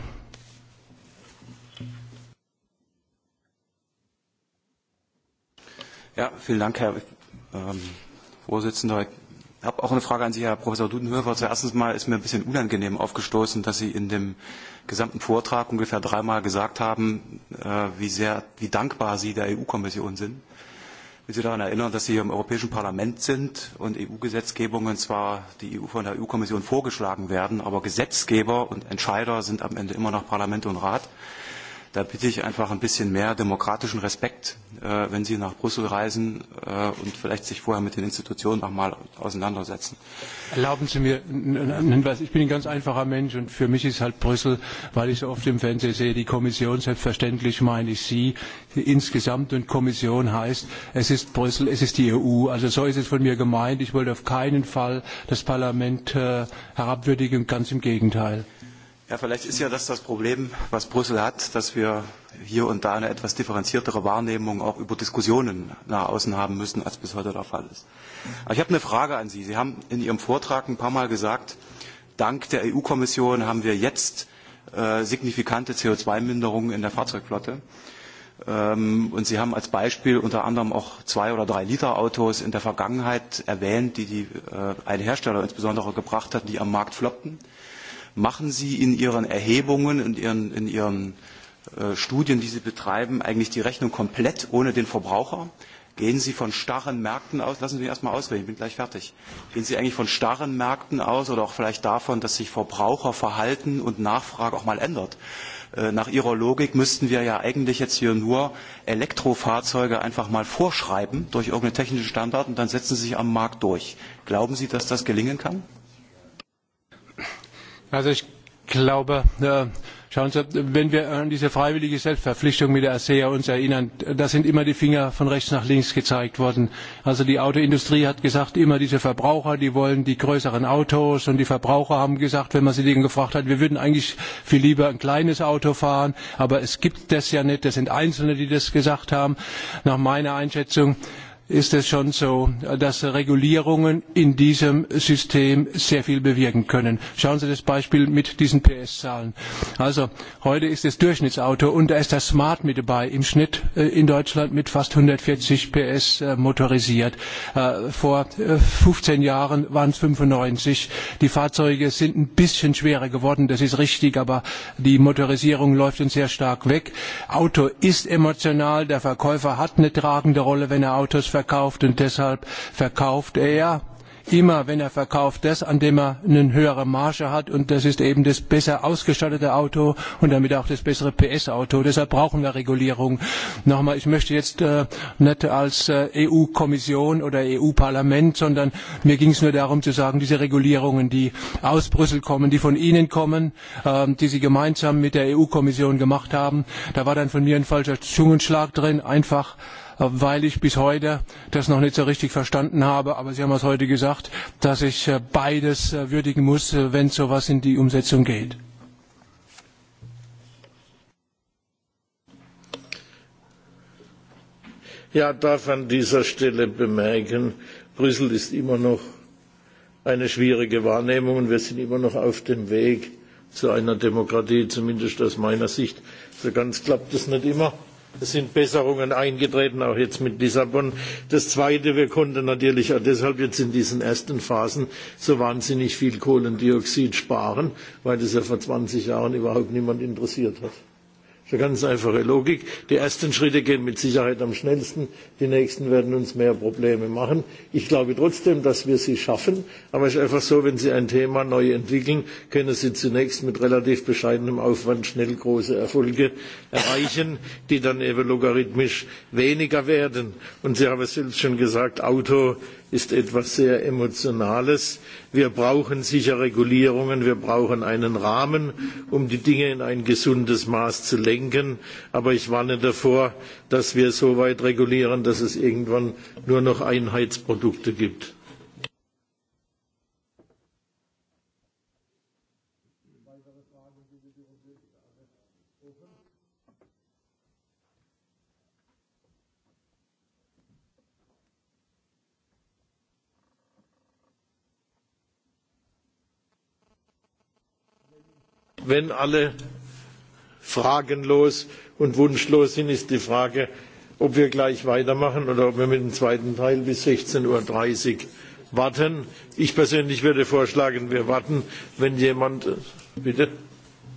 S7: Ja, vielen Dank, Herr Vorsitzender. Ich habe auch eine Frage an Sie, Herr Professor Dudenhöfer. Zuerst mal ist mir ein bisschen unangenehm aufgestoßen, dass Sie in dem gesamten Vortrag ungefähr dreimal gesagt haben, wie, sehr, wie dankbar Sie der EU-Kommission sind. Ich will Sie daran erinnern, dass Sie hier im Europäischen Parlament sind und EU-Gesetzgebungen zwar die EU von der EU-Kommission vorgeschlagen werden, aber Gesetzgeber und Entscheider sind am Ende immer noch Parlament und Rat. Da bitte ich einfach ein bisschen mehr demokratischen Respekt, wenn Sie nach Brüssel reisen und vielleicht sich vorher mit den Institutionen auch mal auseinandersetzen.
S1: Erlauben Sie mir einen Hinweis. Ich bin ein ganz einfacher Mensch und für mich ist halt Brüssel, weil ich so oft im Fernsehen sehe, die Kommission, selbstverständlich meine ich Sie, insgesamt und Kommission heißt, es ist Brüssel, es ist die EU. Also so ist es von mir gemeint. Ich wollte auf keinen Fall das Parlament herabwürdigen, ganz im Gegenteil.
S7: Ja, vielleicht ist ja das das Problem, was Brüssel hat, dass wir hier und da eine etwas differenziertere Wahrnehmung auch über Diskussionen nach außen haben müssen, als bis heute der Fall ist. Aber ich habe eine Frage an Sie. Sie haben in Ihrem Vortrag ein paar Mal gesagt, dank der EU-Kommission haben wir jetzt signifikante co zwei minderungen in der Fahrzeugflotte. Und Sie haben als Beispiel unter anderem auch zwei oder drei Liter Autos in der Vergangenheit erwähnt, die, die ein Hersteller insbesondere gebracht hat, die am Markt floppten machen Sie in Ihren Erhebungen und Ihren, in Ihren Studien, die Sie betreiben, eigentlich die Rechnung komplett ohne den Verbraucher? Gehen Sie von starren Märkten aus, lassen Sie mich erstmal ausreden, ich bin gleich fertig. Gehen Sie eigentlich von starren Märkten aus oder auch vielleicht davon, dass sich Verbraucherverhalten und Nachfrage auch mal ändert? Nach Ihrer Logik müssten wir ja eigentlich jetzt hier nur Elektrofahrzeuge einfach mal vorschreiben durch irgendeinen technischen Standard und dann setzen sie sich am Markt durch. Glauben Sie, dass das gelingen kann? Also ich glaube,
S1: schauen Sie, wenn wir an diese freiwillige Selbstverpflichtung mit der ASEA uns erinnern, da sind immer die Finger von rechts nach links gezeigt worden. Also die Autoindustrie hat gesagt, immer diese Verbraucher, die wollen die größeren Autos und die Verbraucher haben gesagt, wenn man sie denen gefragt hat, wir würden eigentlich viel lieber ein kleines Auto fahren, aber es gibt das ja nicht, das sind Einzelne, die das gesagt haben, nach meiner Einschätzung ist es schon so, dass Regulierungen in diesem System sehr viel bewirken können. Schauen Sie das Beispiel mit diesen PS-Zahlen. Also heute ist das Durchschnittsauto und da ist das Smart mit dabei, im Schnitt in Deutschland mit fast 140 PS motorisiert. Vor 15 Jahren waren es 95. Die Fahrzeuge sind ein bisschen schwerer geworden, das ist richtig, aber die Motorisierung läuft uns sehr stark weg. Auto ist emotional, der Verkäufer hat eine tragende Rolle, wenn er Autos verkauft verkauft und deshalb verkauft er immer, wenn er verkauft, das, an dem er eine höhere Marge hat. Und das ist eben das besser ausgestattete Auto und damit auch das bessere PS-Auto. Deshalb brauchen wir Regulierung. Nochmal, ich möchte jetzt nicht als EU-Kommission oder EU-Parlament, sondern mir ging es nur darum zu sagen, diese Regulierungen, die aus Brüssel kommen, die von Ihnen kommen, die Sie gemeinsam mit der EU-Kommission gemacht haben, da war dann von mir ein falscher Zungenschlag drin, einfach weil ich bis heute das noch nicht so richtig verstanden habe. Aber Sie haben es heute gesagt, dass ich beides würdigen muss, wenn es so etwas in die Umsetzung geht.
S2: Ja, darf an dieser Stelle bemerken, Brüssel ist immer noch eine schwierige Wahrnehmung und wir sind immer noch auf dem Weg zu einer Demokratie, zumindest aus meiner Sicht. So ganz klappt es nicht immer. Es sind Besserungen eingetreten, auch jetzt mit Lissabon. Das Zweite, wir konnten natürlich auch deshalb jetzt in diesen ersten Phasen so wahnsinnig viel Kohlendioxid sparen, weil das ja vor zwanzig Jahren überhaupt niemand interessiert hat. Das ist eine ganz einfache Logik. Die ersten Schritte gehen mit Sicherheit am schnellsten, die nächsten werden uns mehr Probleme machen. Ich glaube trotzdem, dass wir sie schaffen, aber es ist einfach so, wenn Sie ein Thema neu entwickeln, können Sie zunächst mit relativ bescheidenem Aufwand schnell große Erfolge erreichen, die dann eben logarithmisch weniger werden. Und Sie haben es selbst schon gesagt, Auto ist etwas sehr Emotionales. Wir brauchen sicher Regulierungen, wir brauchen einen Rahmen, um die Dinge in ein gesundes Maß zu lenken. Aber ich warne davor, dass wir so weit regulieren, dass es irgendwann nur noch Einheitsprodukte gibt. wenn alle fragenlos und wunschlos sind, ist die Frage, ob wir gleich weitermachen oder ob wir mit dem zweiten Teil bis 16.30 Uhr warten. Ich persönlich würde vorschlagen, wir warten, wenn jemand. Bitte.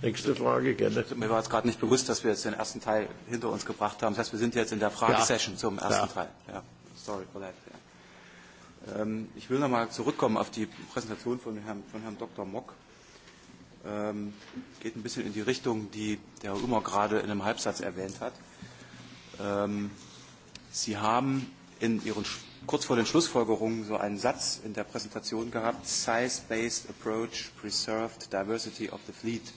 S2: Nächste Frage, gerne. Mir war es gerade nicht bewusst, dass wir jetzt den ersten Teil hinter uns gebracht haben. Das heißt, wir sind jetzt in der Fragesession
S7: zum ersten Teil. Sorry for that. Ich will nochmal zurückkommen auf die Präsentation von Herrn, von Herrn Dr. Mock ähm, geht ein bisschen in die Richtung, die der Herr Umer gerade in einem Halbsatz erwähnt hat. Ähm, Sie haben in Ihren, kurz vor den Schlussfolgerungen so einen Satz in der Präsentation gehabt, Size-Based Approach Preserved Diversity of the Fleet.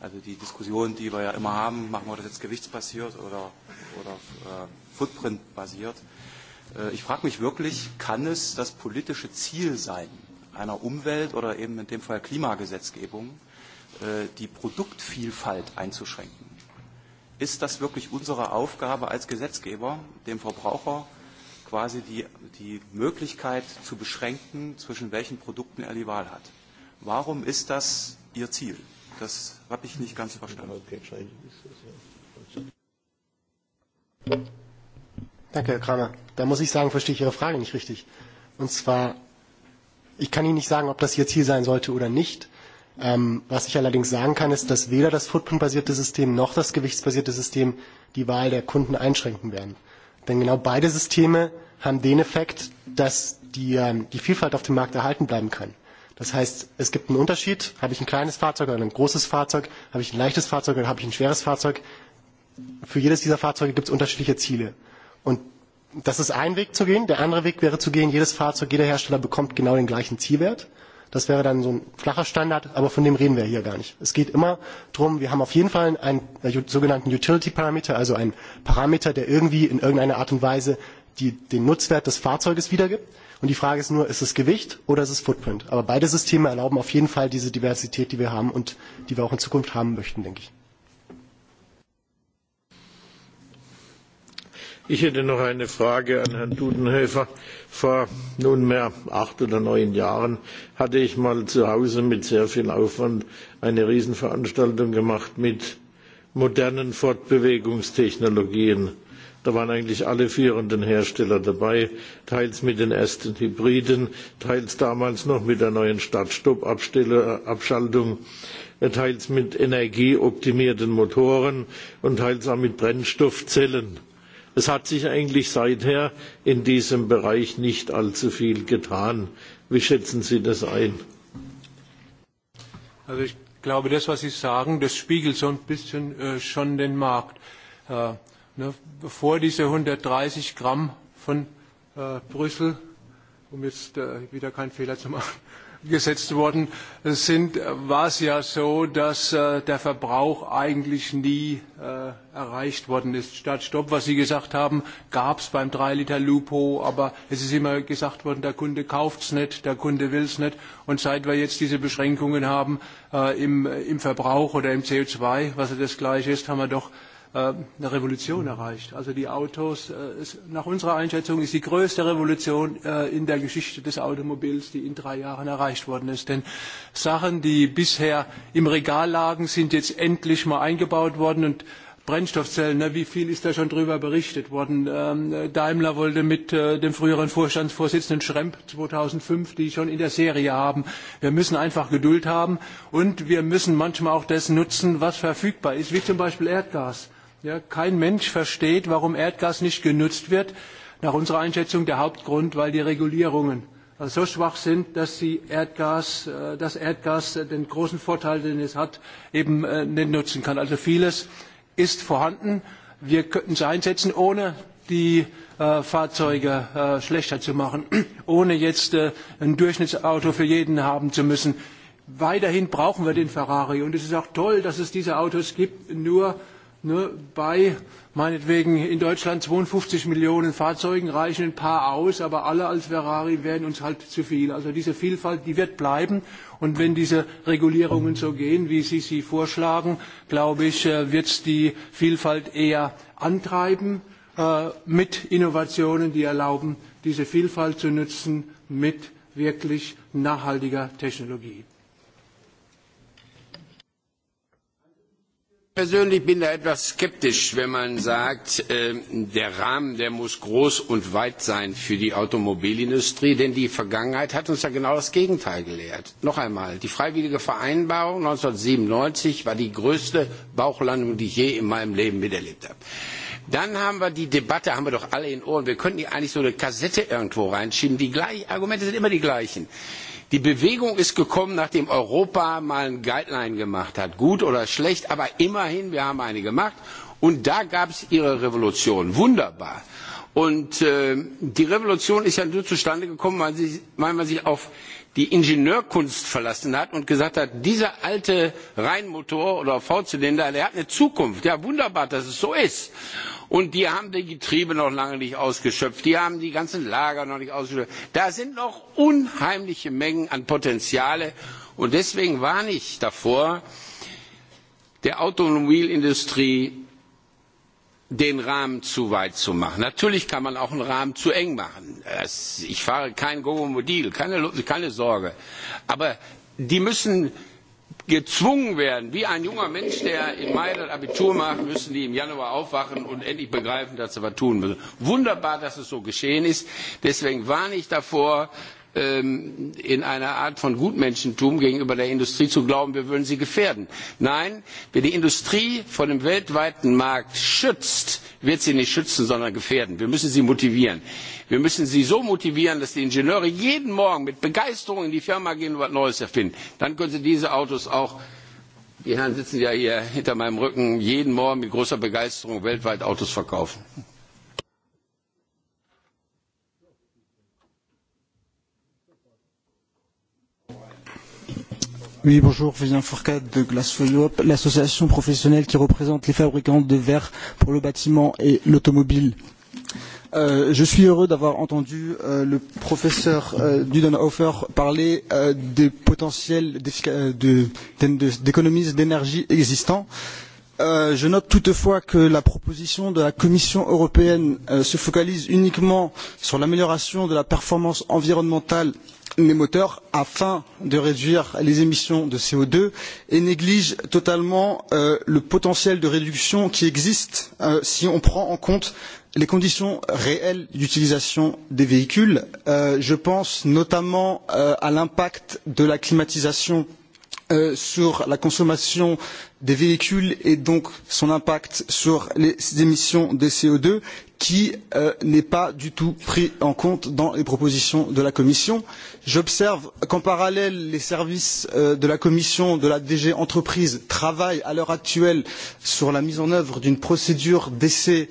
S7: Also die Diskussion, die wir ja immer haben, machen wir das jetzt gewichtsbasiert oder, oder äh, footprint-basiert. Äh, ich frage mich wirklich, kann es das politische Ziel sein, einer Umwelt- oder eben in dem Fall Klimagesetzgebung die Produktvielfalt einzuschränken. Ist das wirklich unsere Aufgabe als Gesetzgeber, dem Verbraucher quasi die, die Möglichkeit zu beschränken, zwischen welchen Produkten er die Wahl hat? Warum ist das Ihr Ziel? Das habe ich nicht ganz verstanden.
S5: Danke, Herr Kramer. Da muss ich sagen, verstehe ich Ihre Frage nicht richtig. Und zwar Ich kann Ihnen nicht sagen, ob das Ihr Ziel sein sollte oder nicht. Ähm, was ich allerdings sagen kann, ist, dass weder das Footprint-basierte System noch das gewichtsbasierte System die Wahl der Kunden einschränken werden. Denn genau beide Systeme haben den Effekt, dass die, ähm, die Vielfalt auf dem Markt erhalten bleiben kann. Das heißt, es gibt einen Unterschied. Habe ich ein kleines Fahrzeug oder ein großes Fahrzeug? Habe ich ein leichtes Fahrzeug oder habe ich ein schweres Fahrzeug? Für jedes dieser Fahrzeuge gibt es unterschiedliche Ziele. Und das ist ein Weg zu gehen. Der andere Weg wäre zu gehen, jedes Fahrzeug, jeder Hersteller bekommt genau den gleichen Zielwert. Das wäre dann so ein flacher Standard, aber von dem reden wir hier gar nicht. Es geht immer darum, wir haben auf jeden Fall einen sogenannten Utility-Parameter, also einen Parameter, der irgendwie in irgendeiner Art und Weise die, den Nutzwert des Fahrzeuges wiedergibt. Und die Frage ist nur, ist es Gewicht oder ist es Footprint? Aber beide Systeme erlauben auf jeden Fall diese Diversität, die wir haben und die wir auch in Zukunft haben möchten, denke ich.
S2: Ich hätte noch eine Frage an Herrn Dudenhöfer. Vor nunmehr acht oder neun Jahren hatte ich mal zu Hause mit sehr viel Aufwand eine Riesenveranstaltung gemacht mit modernen Fortbewegungstechnologien. Da waren eigentlich alle führenden Hersteller dabei, teils mit den ersten Hybriden, teils damals noch mit der neuen Start-Stopp-Abschaltung, teils mit energieoptimierten Motoren und teils auch mit Brennstoffzellen es hat sich eigentlich seither in diesem Bereich nicht allzu viel getan. Wie schätzen Sie das ein?
S1: Also ich glaube, das, was Sie sagen, das spiegelt so ein bisschen schon den Markt. bevor diese 130 Gramm von Brüssel, um jetzt wieder keinen Fehler zu machen, gesetzt worden sind, war es ja so, dass der Verbrauch eigentlich nie erreicht worden ist. Statt Stopp, was Sie gesagt haben, gab es beim 3-Liter-Lupo, aber es ist immer gesagt worden, der Kunde kauft es nicht, der Kunde will es nicht. Und seit wir jetzt diese Beschränkungen haben im, Verbrauch oder im CO2, was ja das gleiche ist, haben wir doch eine Revolution erreicht. Also die Autos, nach unserer Einschätzung ist die größte Revolution in der Geschichte des Automobils, die in drei Jahren erreicht worden ist. Denn Sachen, die bisher im Regal lagen, sind jetzt endlich mal eingebaut worden und Brennstoffzellen, ne, wie viel ist da schon drüber berichtet worden? Ähm, Daimler wollte mit äh, dem früheren Vorstandsvorsitzenden Schremp 2005 die schon in der Serie haben. Wir müssen einfach Geduld haben und wir müssen manchmal auch das nutzen, was verfügbar ist, wie zum Beispiel Erdgas kein Mensch versteht, warum Erdgas nicht genutzt wird. Nach unserer Einschätzung der Hauptgrund, weil die Regulierungen so schwach sind, dass Erdgas, den großen Vorteil, den es hat, eben nicht nutzen kann. Also vieles ist vorhanden. Wir könnten es einsetzen, ohne die Fahrzeuge schlechter zu machen, ohne jetzt ein Durchschnittsauto für jeden haben zu müssen. Weiterhin brauchen wir den Ferrari. Und es ist auch toll, dass es diese Autos gibt, nur ne, bei meinetwegen in Deutschland 52 Millionen Fahrzeugen reichen ein paar aus, aber alle als Ferrari wären uns halt zu viel. Also diese Vielfalt, die wird bleiben. Und wenn diese Regulierungen so gehen, wie Sie sie vorschlagen, glaube ich, wird es die Vielfalt eher antreiben mit Innovationen, die erlauben, diese Vielfalt zu nutzen mit wirklich nachhaltiger Technologie.
S6: persönlich bin da etwas skeptisch, wenn man sagt, der Rahmen, der muss groß und weit sein für die Automobilindustrie, denn die Vergangenheit hat uns ja genau das Gegenteil gelehrt. Noch einmal, die freiwillige Vereinbarung 1997 war die größte Bauchlandung, die ich je in meinem Leben miterlebt habe. Dann haben wir die Debatte, haben wir doch alle in Ohren. Wir könnten hier eigentlich so eine Kassette irgendwo reinschieben. Die gleichen Argumente sind immer die gleichen. Die Bewegung ist gekommen, nachdem Europa mal ein Guideline gemacht hat. Gut oder schlecht, aber immerhin, wir haben eine gemacht. Und da gab es ihre Revolution. Wunderbar. Und die Revolution ist ja nur zustande gekommen, weil man sich auf die Ingenieurkunst verlassen hat und gesagt hat, dieser alte Reihenmotor oder V-Zylinder, der hat eine Zukunft. Ja, wunderbar, dass es so ist. Und die haben die Getriebe noch lange nicht ausgeschöpft. Die haben die ganzen Lager noch nicht ausgeschöpft. Da sind noch unheimliche Mengen an Potenziale. Und deswegen warne ich davor, der Automobilindustrie den Rahmen zu weit zu machen. Natürlich kann man auch einen Rahmen zu eng machen. Ich fahre kein Gogo-Modil, keine, Sorge. Aber die müssen gezwungen werden, wie ein junger Mensch, der im Mai das Abitur macht, müssen die im Januar aufwachen und endlich begreifen, dass sie etwas tun müssen. Wunderbar, dass es so geschehen ist. Deswegen warne ich davor, in einer Art von Gutmenschentum gegenüber der Industrie zu glauben, wir würden sie gefährden. Nein, wer die Industrie vor dem weltweiten Markt schützt, wird sie nicht schützen, sondern gefährden. Wir müssen sie motivieren. Wir müssen sie so motivieren, dass die Ingenieure jeden Morgen mit Begeisterung in die Firma gehen und etwas Neues erfinden. Dann können sie diese Autos auch die Herren sitzen ja hier hinter meinem Rücken jeden Morgen mit großer Begeisterung weltweit Autos verkaufen.
S8: Oui, bonjour, Fabien Fourcade de Glass Europe, l'association professionnelle qui représente les fabricants de verre pour le bâtiment et l'automobile. je suis heureux d'avoir entendu le professeur Dudenhofer parler des potentiels d'économies d'énergie existants. Euh, je note toutefois que la proposition de la Commission européenne se focalise uniquement sur l'amélioration de la performance environnementale des moteurs afin de réduire les émissions de co deux et néglige totalement le potentiel de réduction qui existe si on prend en compte les conditions réelles d'utilisation des véhicules. je pense notamment à l'impact de la climatisation sur la consommation des véhicules et donc son impact sur les émissions de co deux qui n'est pas du tout pris en compte dans les propositions de la Commission. J'observe qu'en parallèle, les services de la Commission, de la DG Entreprises, travaillent à l'heure actuelle sur la mise en œuvre d'une procédure d'essai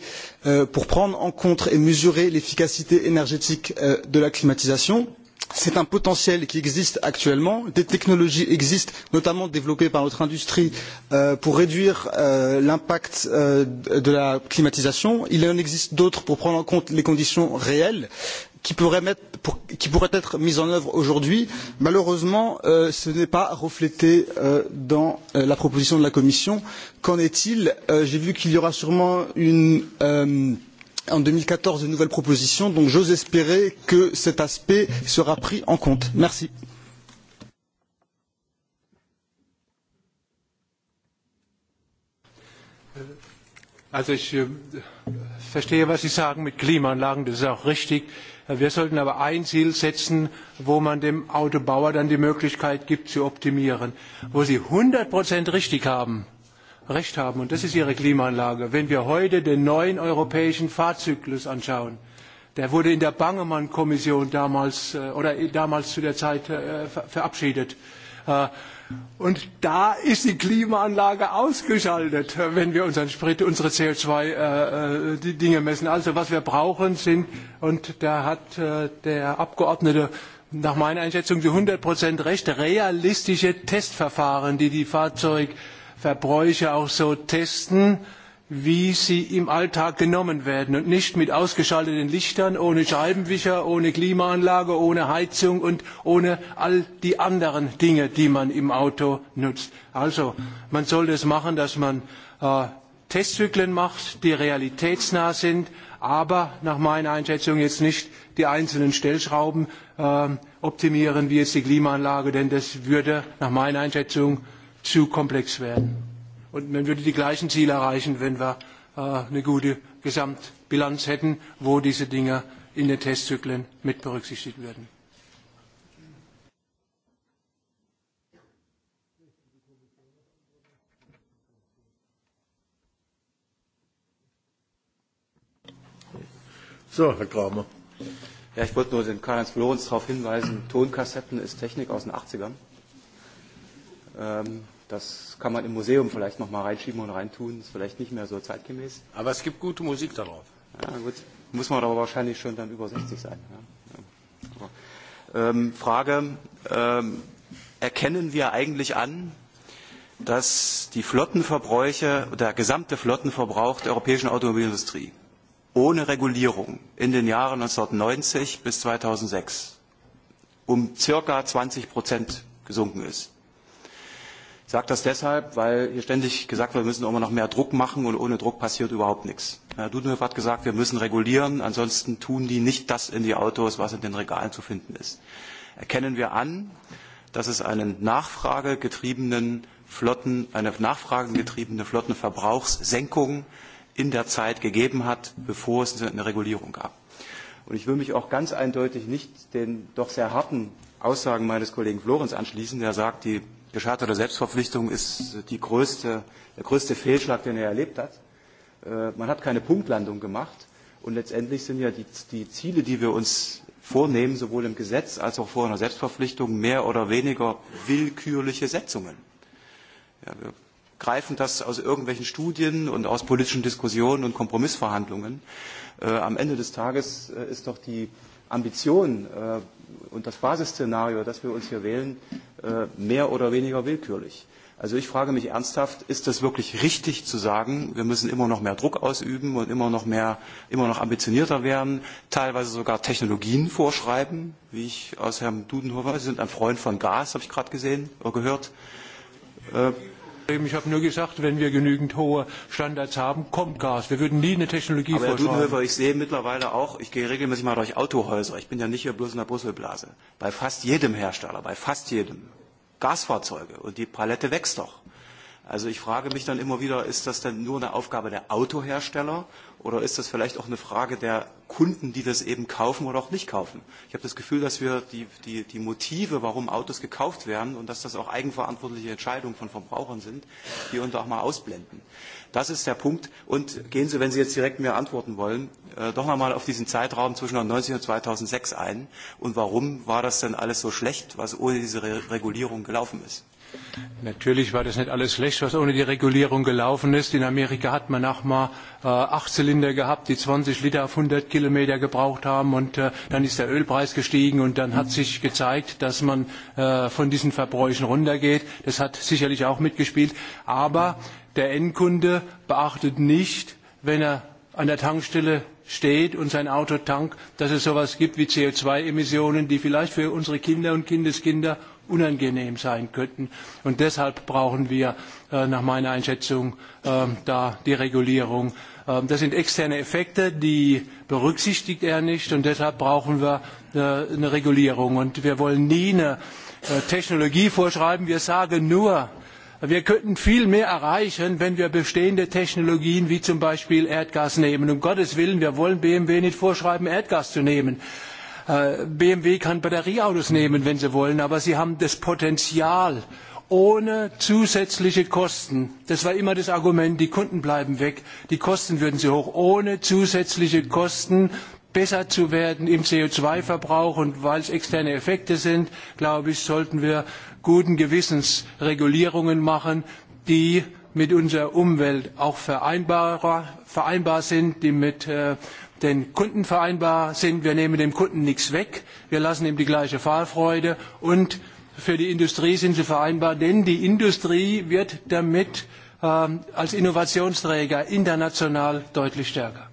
S8: pour prendre en compte et mesurer l'efficacité énergétique de la climatisation c'est un potentiel qui existe actuellement. Des technologies existent, notamment développées par notre industrie, pour réduire l'impact de la climatisation. Il en existe d'autres pour prendre en compte les conditions réelles qui pourraient, être mises en œuvre aujourd'hui. Malheureusement, ce n'est pas reflété dans la proposition de la Commission. Qu'en est-il J'ai vu qu'il y aura sûrement une en deux mille quatorze de nouvelles propositions donc j'ose espérer que cet aspect sera pris en compte. merci.
S1: Also ich verstehe, was Sie sagen mit Klimaanlagen, das ist auch richtig. Wir sollten aber ein Ziel setzen, wo man dem Autobauer dann die Möglichkeit gibt, zu optimieren. Wo Sie 100 Prozent richtig haben, recht haben, und das ist ihre Klimaanlage. Wenn wir heute den neuen europäischen Fahrzyklus anschauen, der wurde in der Bangemann-Kommission damals oder damals zu der Zeit verabschiedet. Und da ist die Klimaanlage ausgeschaltet, wenn wir unseren Sprit, unsere CO2-Dinge messen. Also was wir brauchen sind, und da hat der Abgeordnete nach meiner Einschätzung zu 100 Prozent recht, realistische Testverfahren, die die Fahrzeuge Verbräuche auch so testen, wie sie im Alltag genommen werden und nicht mit ausgeschalteten Lichtern, ohne Scheibenwischer, ohne Klimaanlage, ohne Heizung und ohne all die anderen Dinge, die man im Auto nutzt. Also, man soll das machen, dass man Testzyklen macht, die realitätsnah sind, aber nach meiner Einschätzung jetzt nicht die einzelnen Stellschrauben optimieren, wie jetzt die Klimaanlage, denn das würde nach meiner Einschätzung zu komplex werden. Und man würde die gleichen Ziele erreichen, wenn wir eine gute Gesamtbilanz hätten, wo diese Dinge in den Testzyklen mit berücksichtigt werden.
S7: So, Herr Kramer. Ja, ich wollte nur den Karl-Heinz Florenz darauf hinweisen, Tonkassetten ist Technik aus den 80ern. Ähm, Das kann man im Museum vielleicht noch mal reinschieben und reintun. Ist vielleicht nicht mehr so zeitgemäß. Aber es gibt gute Musik darauf. Ja, gut. Muss man aber wahrscheinlich schon dann über 60 sein. Ja. Ähm, Frage. Ähm, erkennen wir eigentlich an, dass die Flottenverbräuche, der gesamte Flottenverbrauch der europäischen Automobilindustrie ohne Regulierung in den Jahren 1990 bis 2006 um circa 20 Prozent gesunken ist. Ich sage das deshalb, weil hier ständig gesagt wird, wir müssen immer noch mehr Druck machen und ohne Druck passiert überhaupt nichts. Herr Dudenhöfer hat gesagt, wir müssen regulieren, ansonsten tun die nicht das in die Autos, was in den Regalen zu finden ist. Erkennen wir an, dass es einen nachfragegetriebenen Flotten, eine nachfragengetriebene Flottenverbrauchssenkung in der Zeit gegeben hat, bevor es eine Regulierung gab. Und ich will mich auch ganz eindeutig nicht den doch sehr harten Aussagen meines Kollegen Florenz anschließen, der sagt, die Gescheiterte Selbstverpflichtung ist die größte, der größte Fehlschlag, den er erlebt hat. Man hat keine Punktlandung gemacht. Und letztendlich sind ja die, die Ziele, die wir uns vornehmen, sowohl im Gesetz als auch vor einer Selbstverpflichtung, mehr oder weniger willkürliche Setzungen. Ja, wir greifen das aus irgendwelchen Studien und aus politischen Diskussionen und Kompromissverhandlungen. am Ende des Tages ist doch die Ambition und das Basisszenario, das wir uns hier wählen, mehr oder weniger willkürlich. Also ich frage mich ernsthaft, ist das wirklich richtig zu sagen, wir müssen immer noch mehr Druck ausüben und immer noch mehr, immer noch ambitionierter werden, teilweise sogar Technologien vorschreiben, wie ich aus Herrn Dudenhofer, Sie sind ein Freund von Gas, habe ich gerade gesehen oder gehört. Äh, Ich habe nur gesagt, wenn wir
S1: genügend hohe Standards haben, kommt Gas. Wir würden nie eine Technologie Aber Herr Dudenhöfer,
S7: ich sehe mittlerweile auch, ich gehe regelmäßig mal durch Autohäuser. Ich bin ja nicht hier bloß in der Brüsselblase. Bei fast jedem Hersteller, bei fast jedem. Gasfahrzeuge. Und die Palette wächst doch. Also ich frage mich dann immer wieder, ist das denn nur eine Aufgabe der Autohersteller oder ist das vielleicht auch eine Frage der Kunden, die das eben kaufen oder auch nicht kaufen? Ich habe das Gefühl, dass wir die, die, die Motive, warum Autos gekauft werden und dass das auch eigenverantwortliche Entscheidungen von Verbrauchern sind, die uns auch mal ausblenden. Das ist der Punkt. Und gehen Sie, wenn Sie jetzt direkt mir antworten wollen, äh, doch nochmal auf diesen Zeitraum zwischen 1990 und 2006 ein. Und warum war das denn alles so schlecht, was ohne diese Re Regulierung gelaufen ist?
S1: Natürlich war das nicht alles schlecht, was ohne die Regulierung gelaufen ist. In Amerika hat man auch mal äh, Zylinder gehabt, die 20 Liter auf 100 Kilometer gebraucht haben und äh, dann ist der Ölpreis gestiegen und dann hat sich gezeigt, dass man äh, von diesen Verbräuchen runtergeht. Das hat sicherlich auch mitgespielt. Aber der Endkunde beachtet nicht, wenn er an der Tankstelle steht und sein Auto tankt, dass es so etwas gibt wie CO2-Emissionen, die vielleicht für unsere Kinder und Kindeskinder unangenehm sein könnten. Und deshalb brauchen wir nach meiner Einschätzung da die Regulierung. Das sind externe Effekte, die berücksichtigt er nicht und deshalb brauchen wir eine Regulierung. Und wir wollen nie eine Technologie vorschreiben. Wir sagen nur, wir könnten viel mehr erreichen, wenn wir bestehende Technologien wie zum Beispiel Erdgas nehmen. Um Gottes Willen, wir wollen BMW nicht vorschreiben, Erdgas zu nehmen. BMW kann Batterieautos nehmen, wenn sie wollen, aber sie haben das Potenzial ohne zusätzliche Kosten. Das war immer das Argument, die Kunden bleiben weg, die Kosten würden sie hoch. Ohne zusätzliche Kosten besser zu werden im co zwei verbrauch und weil es externe Effekte sind, glaube ich, sollten wir guten Gewissens Regulierungen machen, die mit unserer Umwelt auch vereinbar sind, die mit den Kunden vereinbar sind. Wir nehmen dem Kunden nichts weg, wir lassen ihm die gleiche Fahrfreude und für die Industrie sind sie vereinbar, denn die Industrie wird damit als Innovationsträger international deutlich stärker.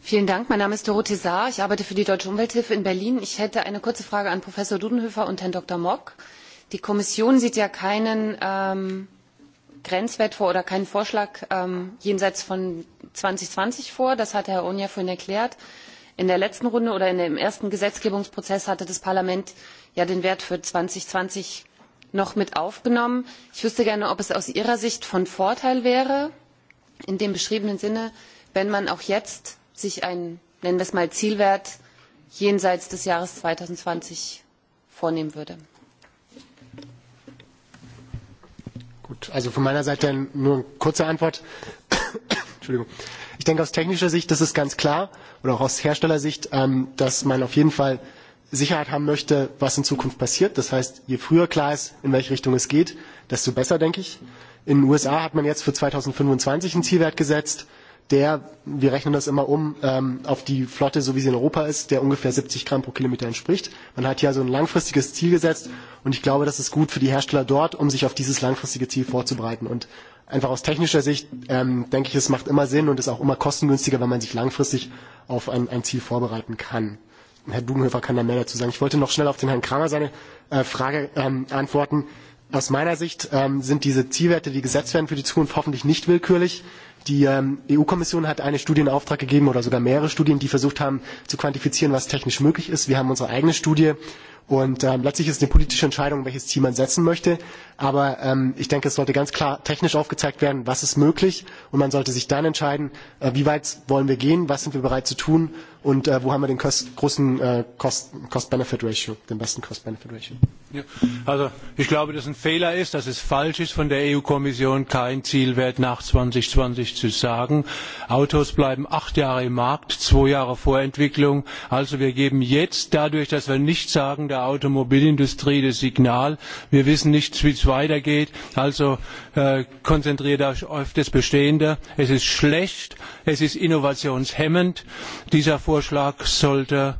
S9: Vielen Dank. Mein Name ist Dorothee Saar. Ich arbeite für die Deutsche Umwelthilfe in Berlin. Ich hätte eine kurze Frage an Professor Dudenhöfer und Herrn Dr. Mock. Die Kommission sieht ja keinen Grenzwert vor oder keinen Vorschlag jenseits von 2020 vor. Das hat Herr Onja vorhin erklärt. In der letzten Runde oder in dem ersten Gesetzgebungsprozess hatte das Parlament ja den Wert für 2020 noch mit aufgenommen. Ich wüsste gerne, ob es aus Ihrer Sicht von Vorteil wäre, in dem beschriebenen Sinne, wenn man auch jetzt sich einen, nennen wir es mal, Zielwert jenseits des Jahres 2020 vornehmen würde.
S5: Gut, also von meiner Seite nur eine kurze Antwort. Entschuldigung. Ich denke, aus technischer Sicht ist es ganz klar oder auch aus Herstellersicht, dass man auf jeden Fall Sicherheit haben möchte, was in Zukunft passiert. Das heißt, je früher klar ist, in welche Richtung es geht, desto besser, denke ich. In den USA hat man jetzt für 2025 einen Zielwert gesetzt der, wir rechnen das immer um, ähm, auf die Flotte, so wie sie in Europa ist, der ungefähr 70 Gramm pro Kilometer entspricht. Man hat hier also ein langfristiges Ziel gesetzt und ich glaube, das ist gut für die Hersteller dort, um sich auf dieses langfristige Ziel vorzubereiten. Und einfach aus technischer Sicht ähm, denke ich, es macht immer Sinn und ist auch immer kostengünstiger, wenn man sich langfristig auf ein, ein Ziel vorbereiten kann. Herr Dugenhöfer kann da mehr dazu sagen. Ich wollte noch schnell auf den Herrn Kramer seine äh, Frage ähm, antworten. Aus meiner Sicht ähm, sind diese Zielwerte, die gesetzt werden für die Zukunft, hoffentlich nicht willkürlich. Die EU-Kommission hat eine Studie in Auftrag gegeben oder sogar mehrere Studien, die versucht haben zu quantifizieren, was technisch möglich ist. Wir haben unsere eigene Studie und letztlich ist es eine politische Entscheidung, welches Ziel man setzen möchte. Aber ich denke, es sollte ganz klar technisch aufgezeigt werden, was ist möglich und man sollte sich dann entscheiden, wie weit wollen wir gehen, was sind wir bereit zu tun und äh, wo haben wir den Kost, großen äh, Cost-Benefit-Ratio, den besten Cost-Benefit-Ratio?
S1: Ja, also ich glaube, dass ein Fehler ist, dass es falsch ist, von der EU-Kommission kein Zielwert nach 2020 zu sagen. Autos bleiben acht Jahre im Markt, zwei Jahre Vorentwicklung. Also wir geben jetzt dadurch, dass wir nicht sagen, der Automobilindustrie das Signal, wir wissen nicht, wie es weitergeht. Also äh, konzentriert euch auf das Bestehende. Es ist schlecht, es ist innovationshemmend. Dieser Vorschlag sollte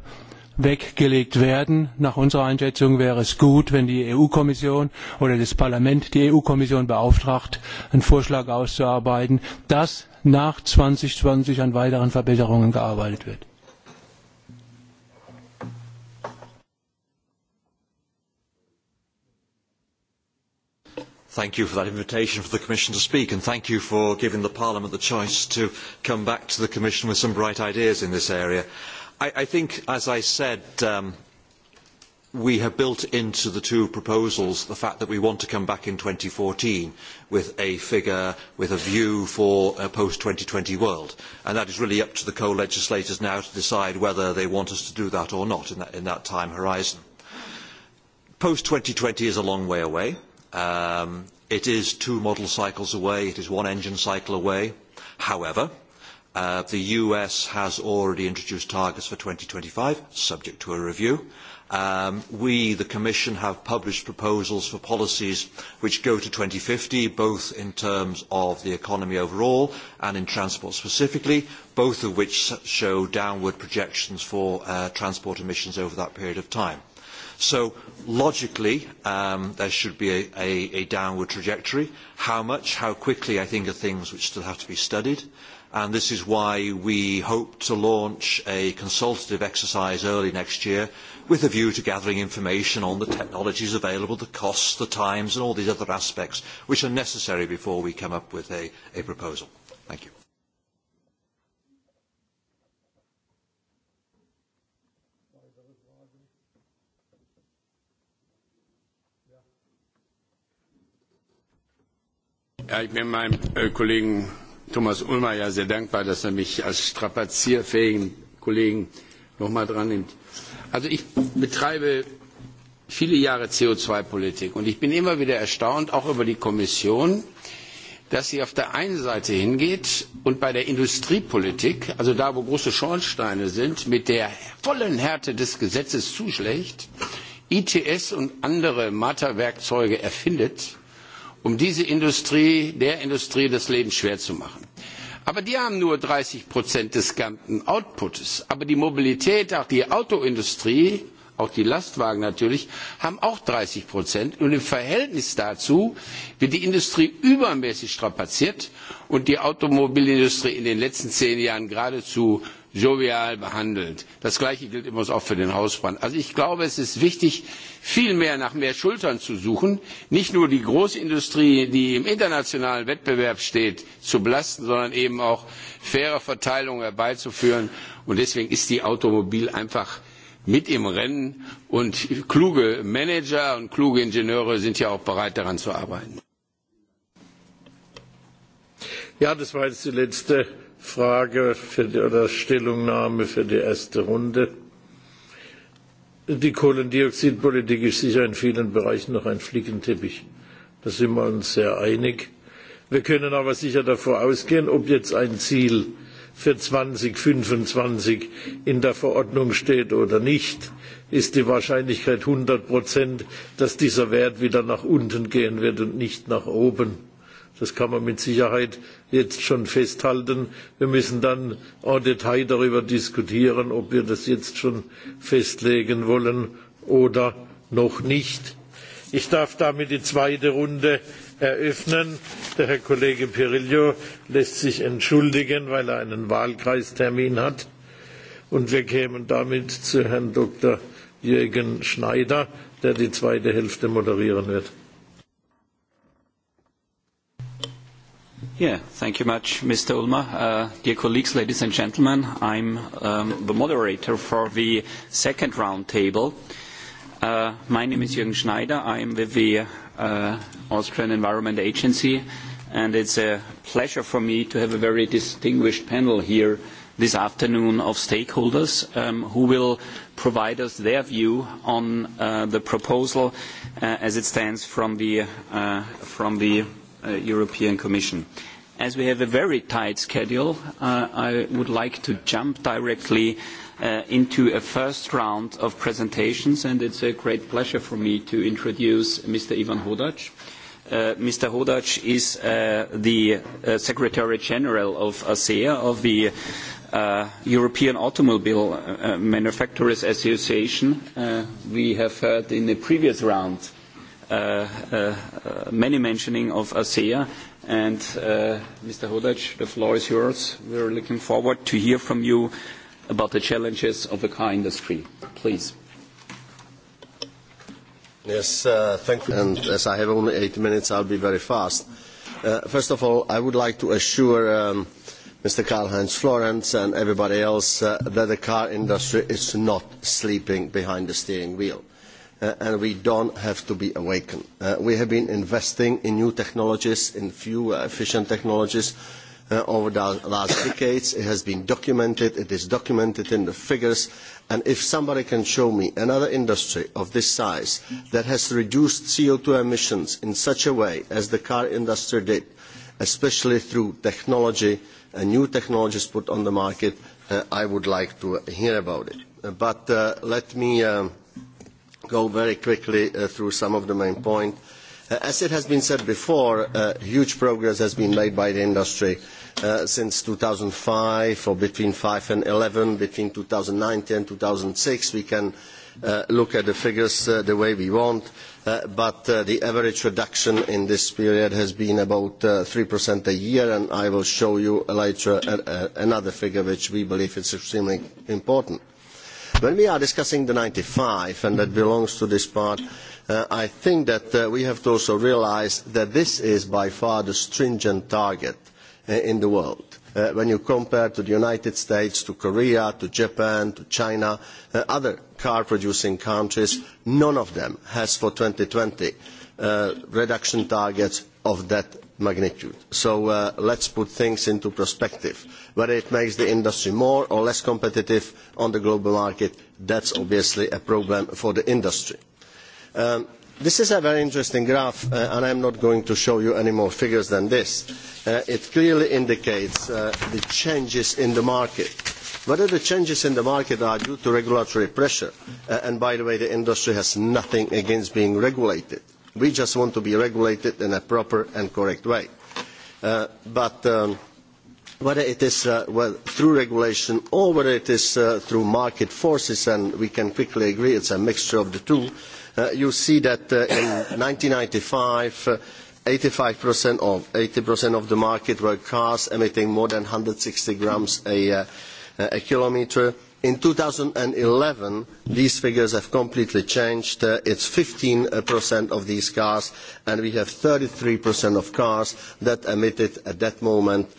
S1: weggelegt werden. Nach unserer Einschätzung wäre es gut, wenn die EU-Kommission oder das Parlament die EU-Kommission beauftragt, einen Vorschlag auszuarbeiten, dass nach zweitausendzwanzig an weiteren Verbesserungen gearbeitet wird.
S4: Thank you for that invitation for the Commission to speak, and thank you for giving Parliament the choice to come back to the Commission with some bright ideas in this area. I, think, as I said, we have built into the two proposals the fact that we want to come back in fourteen with a figure, with a view for a post twenty world. And that is really up to the co-legislators now to decide whether they want us to do that or not in that, in that time horizon. Post twenty is a long way away it is two model cycles away. It is one engine cycle away. However, the US has already introduced targets for twenty five, subject to a review. we, the Commission, have published proposals for policies which go to fifty, both in terms of the economy overall and in transport specifically, both of which show downward projections for transport emissions over that period of time. So logically, there should be a downward trajectory. How much, how quickly, I think, are things which still have to be studied. And this is why we hope to launch a consultative exercise early next year with a view to gathering information on the technologies available, the costs, the times, and all these other aspects which are necessary before we come up with a proposal. Thank you.
S6: ich bin meinem Kollegen Thomas Ulmer ja sehr dankbar, dass er mich als strapazierfähigen Kollegen noch mal dran nimmt. Also ich betreibe viele Jahre co zwei politik und ich bin immer wieder erstaunt, auch über die Kommission, dass sie auf der einen Seite hingeht und bei der Industriepolitik, also da, wo große Schornsteine sind, mit der vollen Härte des Gesetzes zuschlägt, ITS und andere Mata-Werkzeuge erfindet um diese Industrie, der Industrie das Leben schwer zu machen. Aber die haben nur dreißig Prozent des ganzen Outputs. Aber die Mobilität, auch die Autoindustrie, auch die Lastwagen natürlich, haben auch dreißig Prozent. Und im Verhältnis dazu wird die Industrie übermäßig strapaziert und die Automobilindustrie in den letzten zehn Jahren geradezu jovial behandelt. Das Gleiche gilt übrigens auch für den Hausbrand. Also ich glaube, es ist wichtig, viel mehr nach mehr Schultern zu suchen, nicht nur die Großindustrie, die im internationalen Wettbewerb steht, zu belasten, sondern eben auch faire Verteilung herbeizuführen. Und deswegen ist die Automobil einfach mit im Rennen. Und kluge Manager und kluge Ingenieure sind ja auch bereit, daran zu arbeiten.
S2: Ja, das war jetzt die letzte Frage für die, oder Stellungnahme für die erste Runde. Die Kohlendioxidpolitik ist sicher in vielen Bereichen noch ein Flickenteppich. Da sind wir uns sehr einig. Wir können aber sicher davor ausgehen, ob jetzt ein Ziel für 2025 in der Verordnung steht oder nicht, ist die Wahrscheinlichkeit 100 Prozent, dass dieser Wert wieder nach unten gehen wird und nicht nach oben. Das kann man mit Sicherheit jetzt schon festhalten. Wir müssen dann en Detail darüber diskutieren, ob wir das jetzt schon festlegen wollen oder noch nicht. Ich darf damit die zweite Runde eröffnen. Der Herr Kollege Pirillo lässt sich entschuldigen, weil er einen Wahlkreistermin hat. Und wir kämen damit zu Herrn Dr. Jürgen Schneider, der die zweite Hälfte moderieren wird.
S10: Yeah, thank you much, Mr. Ulmer. Dear colleagues, ladies and gentlemen, I'm the moderator for the second roundtable. My name is Jürgen Schneider. I'm with the Austrian Environment Agency, and it's a pleasure for me to have a very distinguished panel here this afternoon of stakeholders who will provide us their view on the proposal as it stands from the European Commission. As we have a very tight schedule, I would like to jump directly into a first round of presentations, and it's a great pleasure for me to introduce Mr. Ivan Hodac. Mr. Hodac is the Secretary General of ASEA, of the European Automobile Manufacturers Association. We have heard in the previous round many mentioning of ASEA. And Mr. Hodaj, the floor is yours. We are looking forward to hear from you about
S11: the challenges of the car industry. Please. Yes, thank you. And as I have only eight minutes, I'll be very fast. First of all, I would like to assure Mr. Karl-Heinz Florenz and everybody else that the car industry is not sleeping behind the steering wheel and we don't have to be awakened. we have been investing in new technologies, in few efficient technologies over the last decades. It has been documented. It is documented in the figures. And if somebody can show me another industry of this size that has reduced co two emissions in such a way as the car industry did, especially through technology and new technologies put on the market, I would like to hear about it. but let me go very quickly through some of the main points. As has been said before, huge progress has been made by the industry since two thousand five or between 5 and 11, between 2009 and two thousand six. We can look at the figures the way we want, but the average reduction in this period has been about 3% a year, and I will show you later another figure which we believe is extremely important When we are discussing the ninety five and that belongs to this part, I think that we have to also realise that this is by far the stringent target in the world. when you compare to the United States, to Korea, to Japan, to China, uh, other car-producing countries, none of them has for twenty uh, reduction targets of that magnitude. So let us put things into perspective Whether it makes the industry more or less competitive on the global market, that is obviously a problem for the industry. this is a very interesting graph, and I am not going to show you any more figures than this. it clearly indicates the changes in the market. Whether the changes in the market are due to regulatory pressure, and by the way, the industry has nothing against being regulated. We just want to be regulated in a proper and correct way. but whether it is through regulation or whether it is through market forces, and we can quickly agree it is a mixture of the two, you see that in ninety five eighty 85% or 80% of the market were cars emitting more than one hundred and sixty grams a kilometre In eleven these figures have completely changed. It is 15% of these cars, and we have thirty 33% of cars that emitted at that moment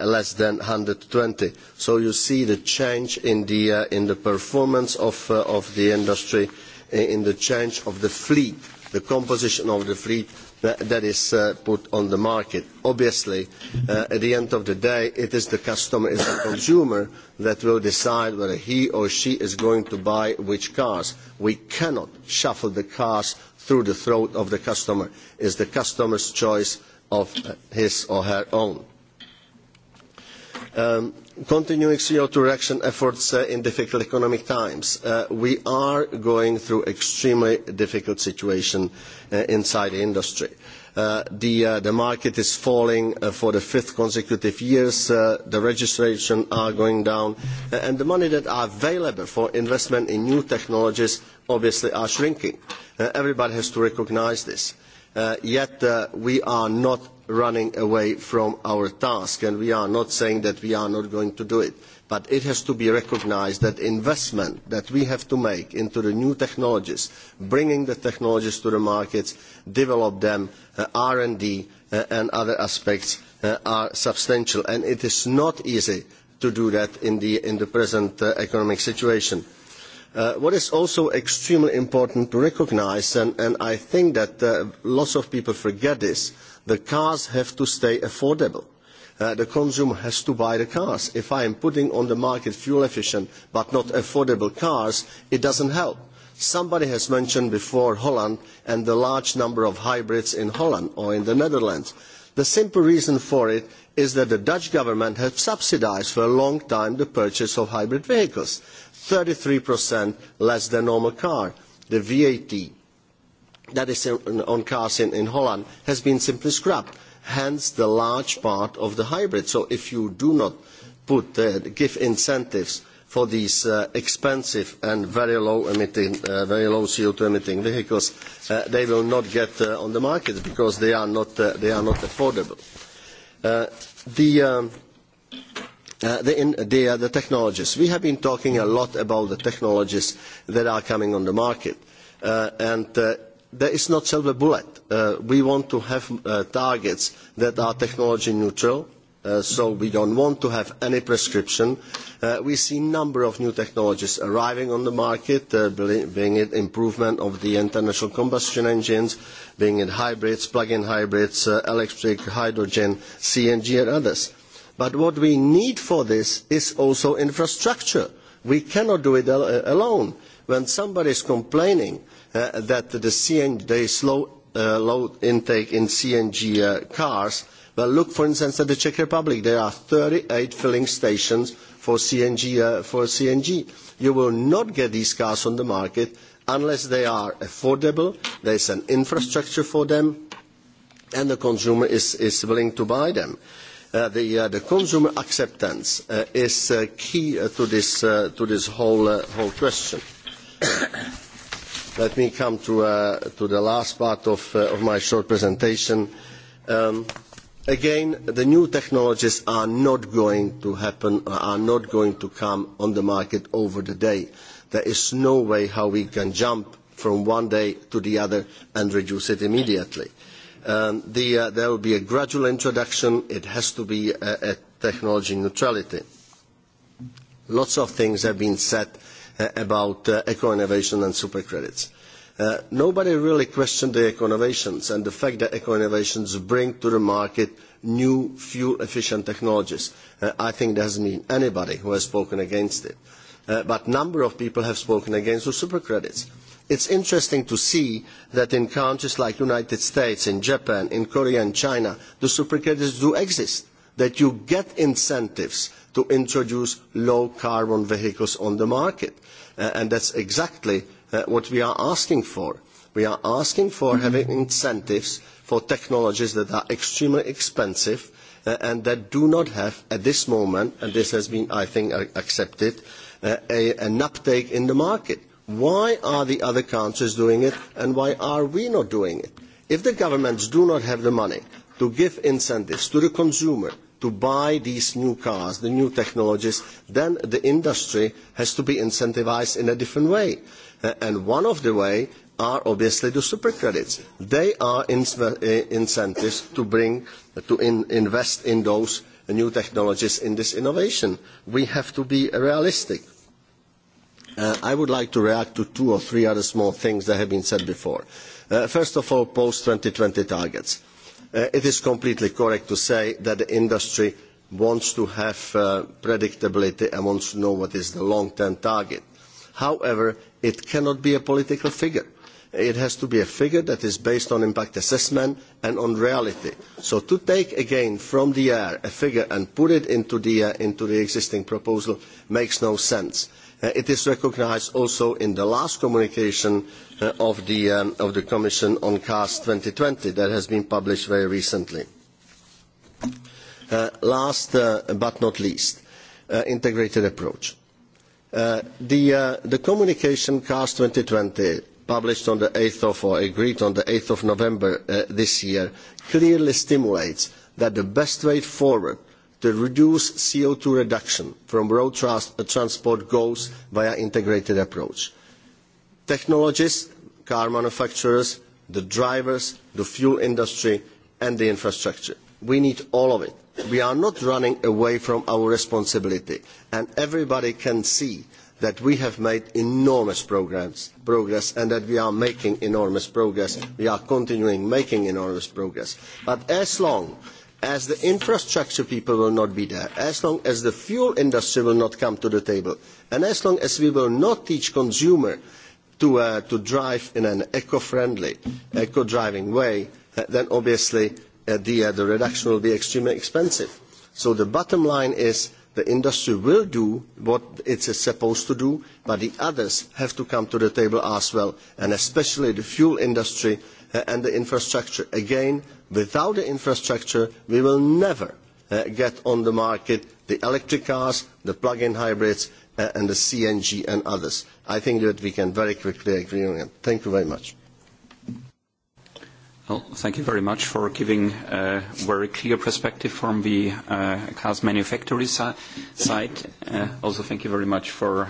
S11: less than one hundred and twenty. So you see the change in the, performance of, the industry, in the change of the fleet, the composition of the fleet, that, is put on the market. Obviously, at the end of the day, it is the customer, it is the consumer that will decide whether he or she is going to buy which cars. We cannot shuffle the cars through the throat of the customer. It is the customer's choice of his or her own continuing co two reduction efforts in difficult economic times. we are going through an extremely difficult situation inside the industry. the, market is falling for the fifth consecutive year. the registrations are going down, and the money that is available for investment in new technologies obviously are shrinking. everybody has to recognise this. yet we are not running away from our task, and we are not saying that we are not going to do it. But it has to be recognised that investment that we have to make into the new technologies, bringing the technologies to the markets, develop them, R&D and other aspects are substantial. And it is not easy to do that in the, present economic situation. what is also extremely important to recognise, and, I think that lots of people forget this, uh, The cars have to stay affordable. the consumer has to buy the cars. If I am putting on the market fuel efficient but not affordable cars, it does not help. Somebody has mentioned before Holland and the large number of hybrids in Holland or in the Netherlands. The simple reason for it is that the Dutch government has subsidised for a long time the purchase of hybrid vehicles, thirty 33% less than normal car. The VAT that is on cars in, in Holland has been simply scrapped. Hence the large part of the hybrid. So if you do not put, give incentives for these expensive and very low, emitting, very low CO2 emitting vehicles, they will not get on the market because they are not, affordable. the, technologies. We have been talking a lot about the technologies that are coming on the market. and there is not silver bullet. we want to have targets that are technology neutral, so we do not want to have any prescription. we see a number of new technologies arriving on the market, being it improvement of the international combustion engines, being it hybrids, plug-in hybrids, electric, hydrogen, CNG and others. But what we need for this is also infrastructure. We cannot do it alone. When somebody is complaining that the, slow load intake in CNG cars. Well, look, for instance, at the Czech Republic. There are thirty eight filling stations for CNG. You will not get these cars on the market unless they are affordable, there is an infrastructure for them, and the consumer is, willing to buy them. the, consumer acceptance is key to this, whole, question. Let me come to, the last part of, my short presentation. again, the new technologies are not going to happen, are not going to come on the market over the day. There is no way how we can jump from one day to the other and reduce it immediately. there will be a gradual introduction. It has to be a, technology neutrality. Lots of things have been said about eco-innovation and super credits. nobody really questioned the eco-innovations and the fact that eco-innovations bring to the market new fuel-efficient technologies. I think there hasn't been anybody who has spoken against it. but a number of people have spoken against the super credits. It is interesting to see that in countries like the United States, in Japan, in Korea and China, the super credits do exist that you get incentives to introduce low carbon vehicles on the market. and that is exactly what we are asking for. We are asking for having incentives for technologies that are extremely expensive and that do not have at this moment, and this has been, I think, accepted, an uptake in the market. Why are the other countries doing it and why are we not doing it? If the governments do not have the money to give incentives to the consumer, to buy these new cars, the new technologies, then the industry has to be incentivised in a different way. and one of the ways are obviously the super credits. They are incentives to bring, to invest in those new technologies, in this innovation. We have to be realistic. I would like to react to two or three other small things that have been said before. first of all, post twenty targets it is completely correct to say that the industry wants to have predictability and wants to know what is the long-term target. However, it cannot be a political figure. It has to be a figure that is based on impact assessment and on reality. So to take again from the air a figure and put it into the, existing proposal makes no sense it is recognised also in the last communication of, the, Commission on CAS twenty that has been published very recently. last but not least, integrated approach. the, communication CAS twenty published on the 8th of or agreed on the 8th of November this year clearly stimulates that the best way forward To reduce co two reduction from road transport goes via an integrated approach. Technologies, car manufacturers, the drivers, the fuel industry and the infrastructure. We need all of it. We are not running away from our responsibility and everybody can see that we have made enormous progress and that we are making enormous progress. We are continuing making enormous progress. But as long as as the infrastructure people will not be there, as long as the fuel industry will not come to the table, and as long as we will not teach consumers to, drive in an eco-friendly, eco-driving way, then obviously the, reduction will be extremely expensive. So the bottom line is the industry will do what it is supposed to do, but the others have to come to the table as well, and especially the fuel industry and the infrastructure. Again, Without the infrastructure, we will never get on the market the electric cars, the plug-in hybrids, and the CNG and others. I think that we can very quickly agree on it. Thank you very much.
S10: Well, thank you very much for giving a very clear perspective from the car's manufacturer side. Also, thank you very much for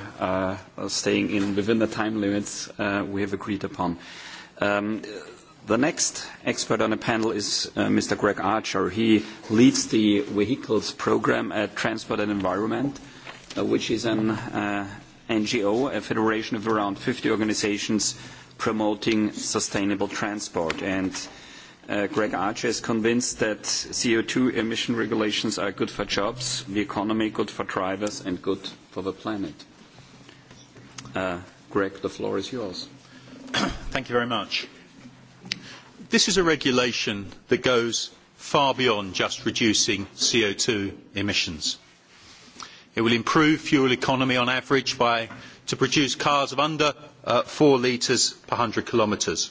S10: staying within the time limits we have agreed upon. The next expert on the panel is Mr. Greg Archer. He leads the Vehicles Program at Transport and Environment, which is an NGO, a federation of around 50 organizations promoting sustainable transport. And Greg Archer is convinced that CO2 emission regulations are good for jobs, the economy, good for drivers, and good for the planet. Greg, the floor is yours.
S12: Thank you very much This is a regulation that goes far beyond just reducing co two emissions. It will improve fuel economy on average by, to produce cars of under four litres per hundred kilometres.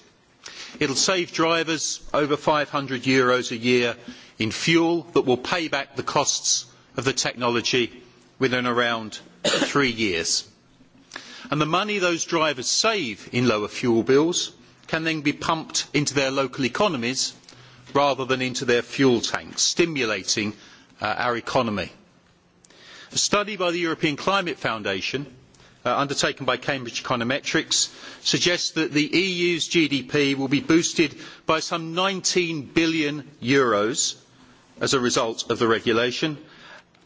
S12: It will save drivers over EUR five hundred a year in fuel that will pay back the costs of the technology within around three years. And the money those drivers save in lower fuel bills can then be pumped into their local economies rather than into their fuel tanks, stimulating our economy. A study by the European Climate Foundation undertaken by Cambridge Econometrics suggests that the EU's GDP will be boosted by some EUR nineteen billion as a result of the regulation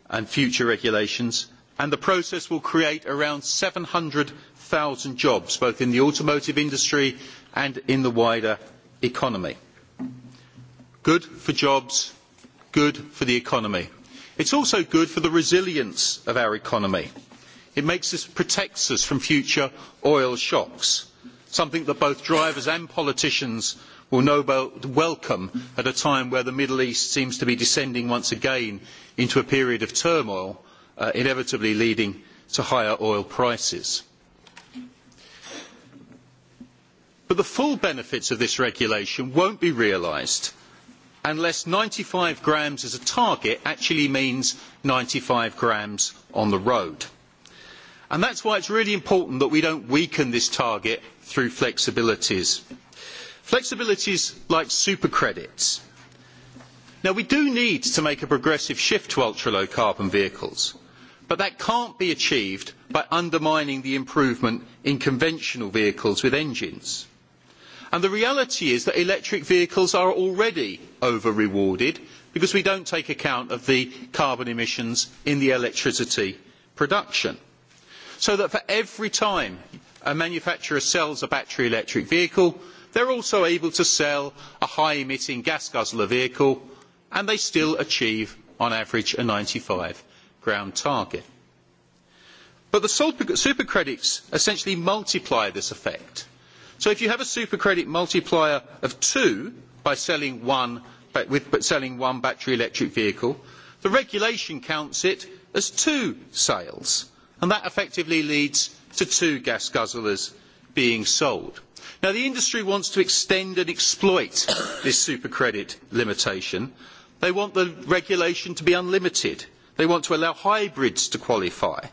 S12: and future regulations, and the process will create around seven hundred zero jobs both in the automotive industry and in the wider economy. good for jobs good for the economy. it is also good for the resilience of our economy. it protects us from future oil shocks something that both drivers and politicians will no doubt welcome at a time where the middle east seems to be descending once again into a period of turmoil inevitably leading to higher oil prices. but the full benefits of this regulation will not be realised unless ninety five grams as a target actually means ninety five grams on the road. That is why it is really important that we do not weaken this target through flexibilities. Flexibilities like supercredits. Now we do need to make a progressive shift to ultra low carbon vehicles, but that cannot be achieved by undermining the improvement in conventional vehicles with engines the reality is that electric vehicles are already over rewarded because we do not take account of the carbon emissions in the electricity production. So that for every time a manufacturer sells a battery electric vehicle, they are also able to sell a high emitting gas guzzler vehicle and they still achieve on average a ninety five ground target. But the super credits essentially multiply this effect So if you have a super credit multiplier of two by selling one, with selling one battery electric vehicle, the regulation counts it as two sales. And that effectively leads to two gas guzzlers being sold. Now, the industry wants to extend and exploit this super credit limitation. They want the regulation to be unlimited. They want to allow hybrids to qualify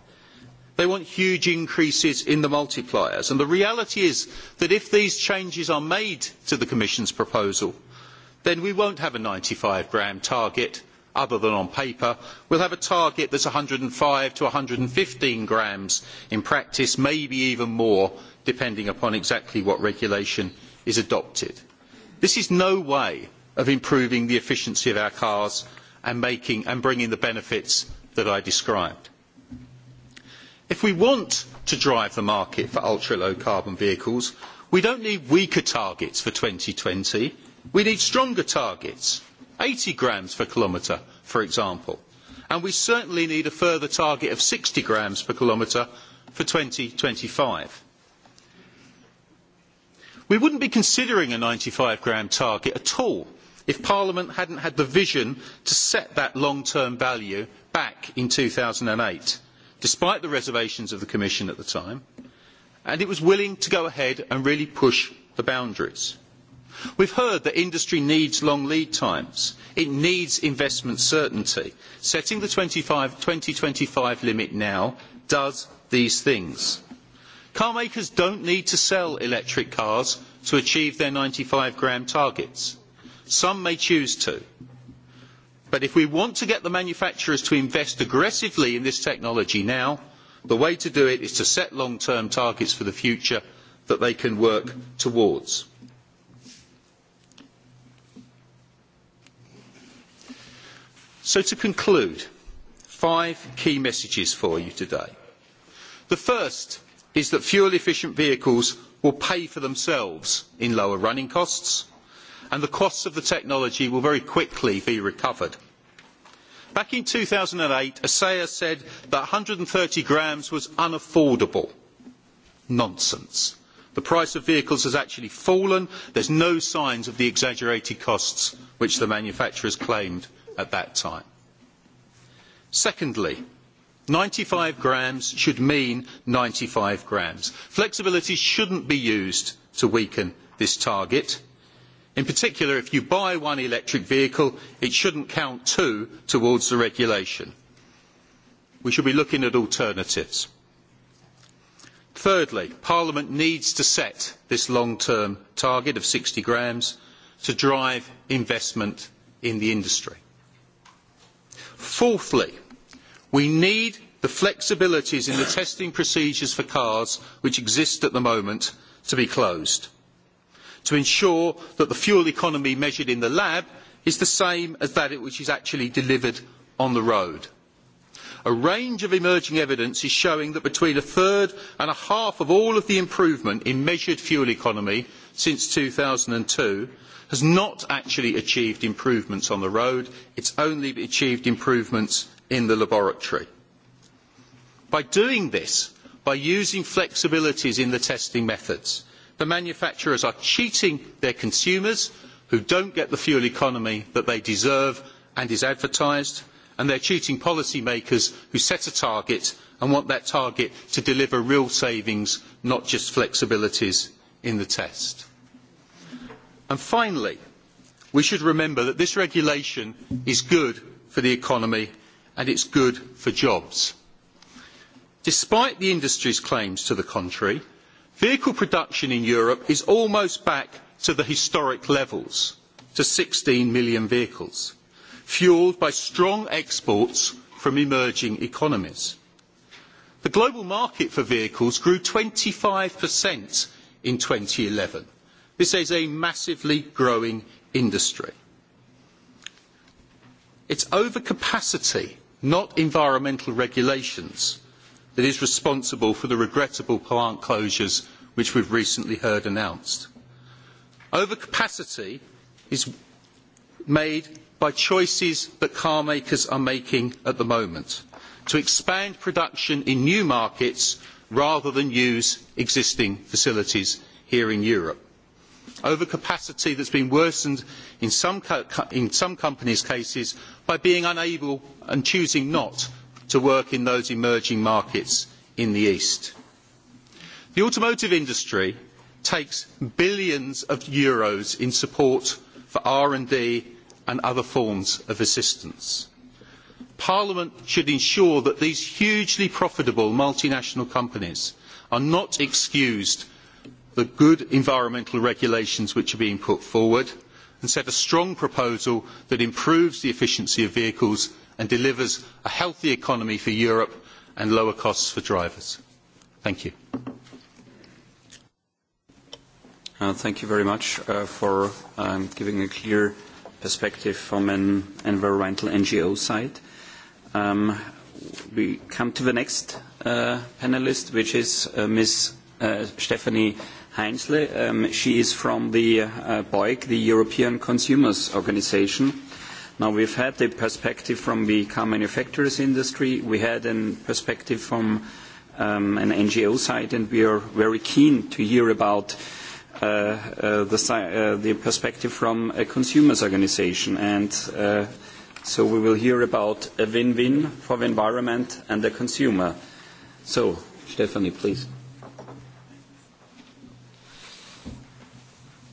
S12: They want huge increases in the multipliers. And the reality is that if these changes are made to the Commission's proposal, then we won't have a ninety five gram target other than on paper. We will have a target that is one hundred and five to one hundred and fifteen grams in practice, maybe even more, depending upon exactly what regulation is adopted. This is no way of improving the efficiency of our cars and, bringing the benefits that I described. If we want to drive the market for ultra-low carbon vehicles, we do not need weaker targets for twenty. We need stronger targets, eighty grams per kilometre, for example. And we certainly need a further target of sixty grams per kilometre for twenty five. We would not be considering a ninety five gram target at all if Parliament had not had the vision to set that long-term value back in two thousand eight despite the reservations of the Commission at the time, and it was willing to go ahead and really push the boundaries. We have heard that industry needs long lead times. It needs investment certainty. Setting the 25, 2025 limit now does these things. Car makers don't need to sell electric cars to achieve their ninety five gram targets. Some may choose to. But if we want to get the manufacturers to invest aggressively in this technology now, the way to do it is to set long-term targets for the future that they can work towards. So to conclude, five key messages for you today. The first is that fuel-efficient vehicles will pay for themselves in lower running costs – and the costs of the technology will very quickly be recovered. Back in two thousand eight, ASEA said that one hundred and thirty grams was unaffordable. Nonsense. The price of vehicles has actually fallen. There are no signs of the exaggerated costs which the manufacturers claimed at that time. Secondly, ninety five grams should mean ninety five grams. Flexibility should not be used to weaken this target In particular, if you buy one electric vehicle, it should not count two towards the regulation. We should be looking at alternatives. Thirdly, Parliament needs to set this long-term target of sixty grams to drive investment in the industry. Fourthly, we need the flexibilities in the testing procedures for cars which exist at the moment to be closed to ensure that the fuel economy measured in the lab is the same as that which is actually delivered on the road. A range of emerging evidence is showing that between a third and a half of all of the improvement in measured fuel economy since two thousand two has not actually achieved improvements on the road, it has only achieved improvements in the laboratory. By doing this, by using flexibilities in the testing methods, the manufacturers are cheating their consumers who do not get the fuel economy that they deserve and is advertised, and they are cheating policymakers who set a target and want that target to deliver real savings, not just flexibilities in the test. finally, we should remember that this regulation is good for the economy and it is good for jobs. Despite the industry's claims to the contrary, Vehicle production in Europe is almost back to the historic levels, to sixteen million vehicles, fuelled by strong exports from emerging economies. The global market for vehicles grew twenty 25% in eleven. This is a massively growing industry. It is overcapacity, not environmental regulations, that is responsible for the regrettable plant closures which we have recently heard announced. Overcapacity is made by choices that car makers are making at the moment to expand production in new markets rather than use existing facilities here in Europe. Overcapacity that has been worsened in some, companies' cases by being unable and choosing not to work in those emerging markets in the East. The automotive industry takes billions of euros in support for R&D and other forms of assistance. Parliament should ensure that these hugely profitable multinational companies are not excused the good environmental regulations which are being put forward and set a strong proposal that improves the efficiency of vehicles and delivers a healthy economy for Europe and lower costs for drivers. Thank you.
S10: Thank you very much for giving a clear perspective from an environmental NGO side. We come to the next panelist, which is Ms. Stephanie Heinzle. She is from the BOIC, the European Consumers Organization Now, we've had a perspective from the car manufacturers industry. We had a perspective from an NGO side, and we are very keen to hear about the perspective from a consumers organization. And so we will hear about a win-win for the environment and the consumer. So, Stephanie, please.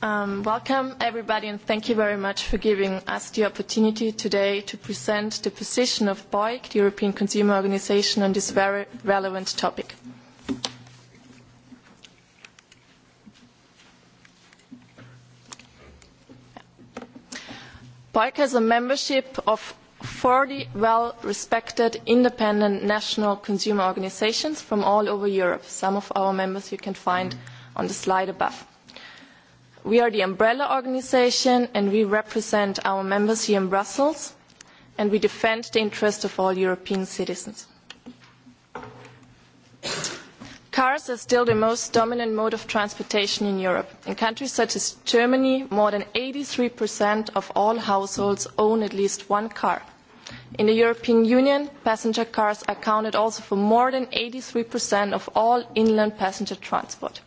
S13: welcome, everybody, and thank you very much for giving us the opportunity today to present the position of BOIC, the European Consumer Organization, on this very relevant topic. BOIC has a membership of 40 well-respected independent national consumer organizations from all over Europe. Some of our members you can find on the slide above. We are the umbrella organisation and we represent our members here in Brussels and we defend the interests of all European citizens. Cars are still the most dominant mode of transportation in Europe. In countries such as Germany, more than eighty 83% of all households own at least one car. In the European Union, passenger cars accounted also for more than eighty 83% of all inland passenger transport.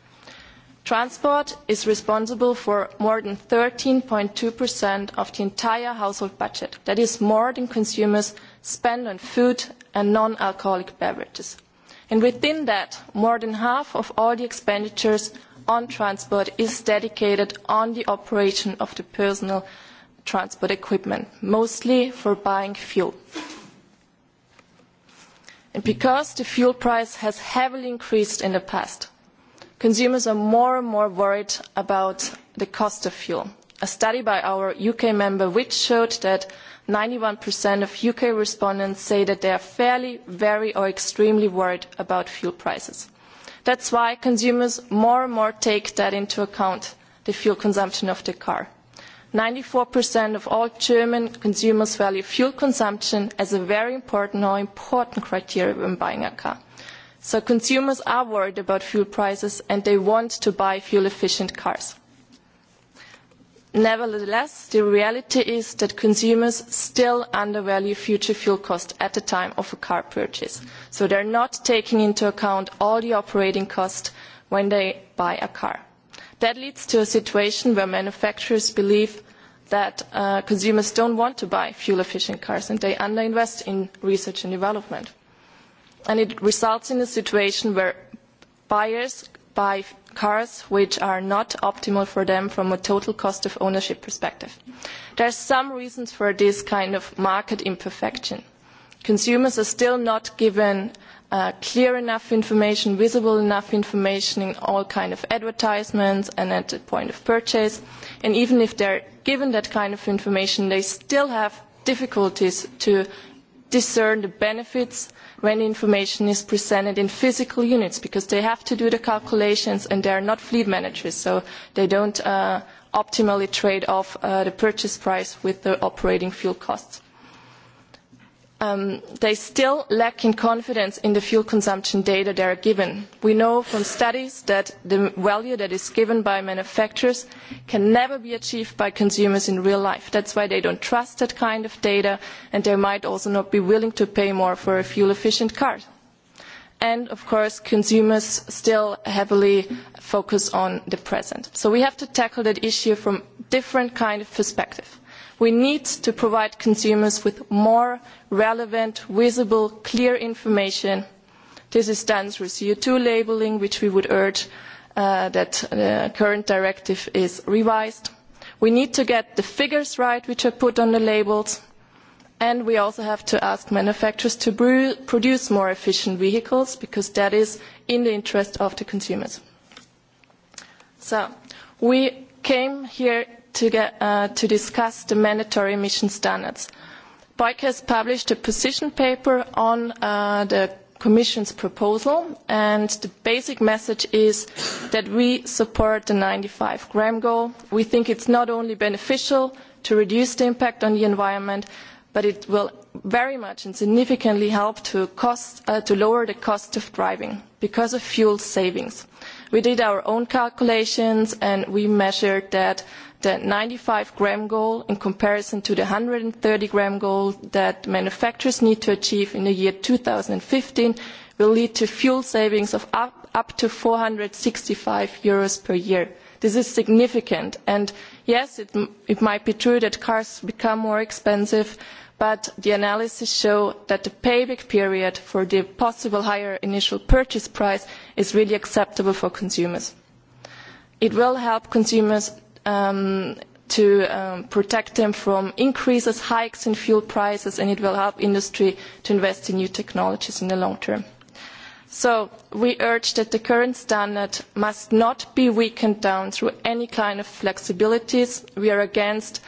S13: Transport is responsible for more than 13.2% of the entire household budget. That is more than consumers spend on food and non-alcoholic beverages. And within that, more than half of all the expenditures on transport is dedicated on the operation of the personal transport equipment, mostly for buying fuel. And because the fuel price has heavily increased in the past, consumers are more and more worried about the cost of fuel. A study by our UK member which showed that 91% of UK respondents say that they are fairly, very or extremely worried about fuel prices. That is why consumers more and more take that into account, the fuel consumption of their car. Ninety 94% of all German consumers value fuel consumption as a very important or important criteria when buying a car. So consumers are worried about fuel prices and they want to buy fuel-efficient cars. Nevertheless, the reality is that consumers still undervalue future fuel costs at the time of a car purchase. So they are not taking into account all the operating costs when they buy a car. That leads to a situation where manufacturers believe that consumers do not want to buy fuel-efficient cars and they underinvest in research and development and it results in a situation where buyers buy cars which are not optimal for them from a total cost of ownership perspective. There are some reasons for this kind of market imperfection. Consumers are still not given clear enough information, visible enough information in all kinds of advertisements and at the point of purchase. And even if they are given that kind of information, they still have difficulties to discern the benefits when information is presented in physical units because they have to do the calculations and they are not fleet managers so they don't uh, optimally trade off uh, the purchase price with the operating fuel costs they still lack in confidence in the fuel consumption data they are given. We know from studies that the value that is given by manufacturers can never be achieved by consumers in real life. That is why they do not trust that kind of data and they might also not be willing to pay more for a fuel efficient car. And of course, consumers still heavily focus on the present. So we have to tackle that issue from different kind of perspective We need to provide consumers with more relevant, visible, clear information. This is done through co two labelling, which we would urge that the current directive is revised. We need to get the figures right which are put on the labels. And we also have to ask manufacturers to produce more efficient vehicles because that is in the interest of the consumers. So we came here to, discuss the mandatory emission standards. Boyk has published a position paper on the Commission's proposal, and the basic message is that we support the ninety five gram goal. We think it is not only beneficial to reduce the impact on the environment, but it will very much and significantly help to, lower the cost of driving because of fuel savings. We did our own calculations, and we measured that the ninety five gram goal in comparison to the one hundred and thirty gram goal that manufacturers need to achieve in the year fifteen will lead to fuel savings of up to EUR four hundred sixty five per year. This is significant. And yes, it, might be true that cars become more expensive, but the analysis show that the payback period for the possible higher initial purchase price is really acceptable for consumers. It will help consumers to protect them from increases, hikes in fuel prices, and it will help industry to invest in new technologies in the long term. So we urge that the current standard must not be weakened down through any kind of flexibilities. We are against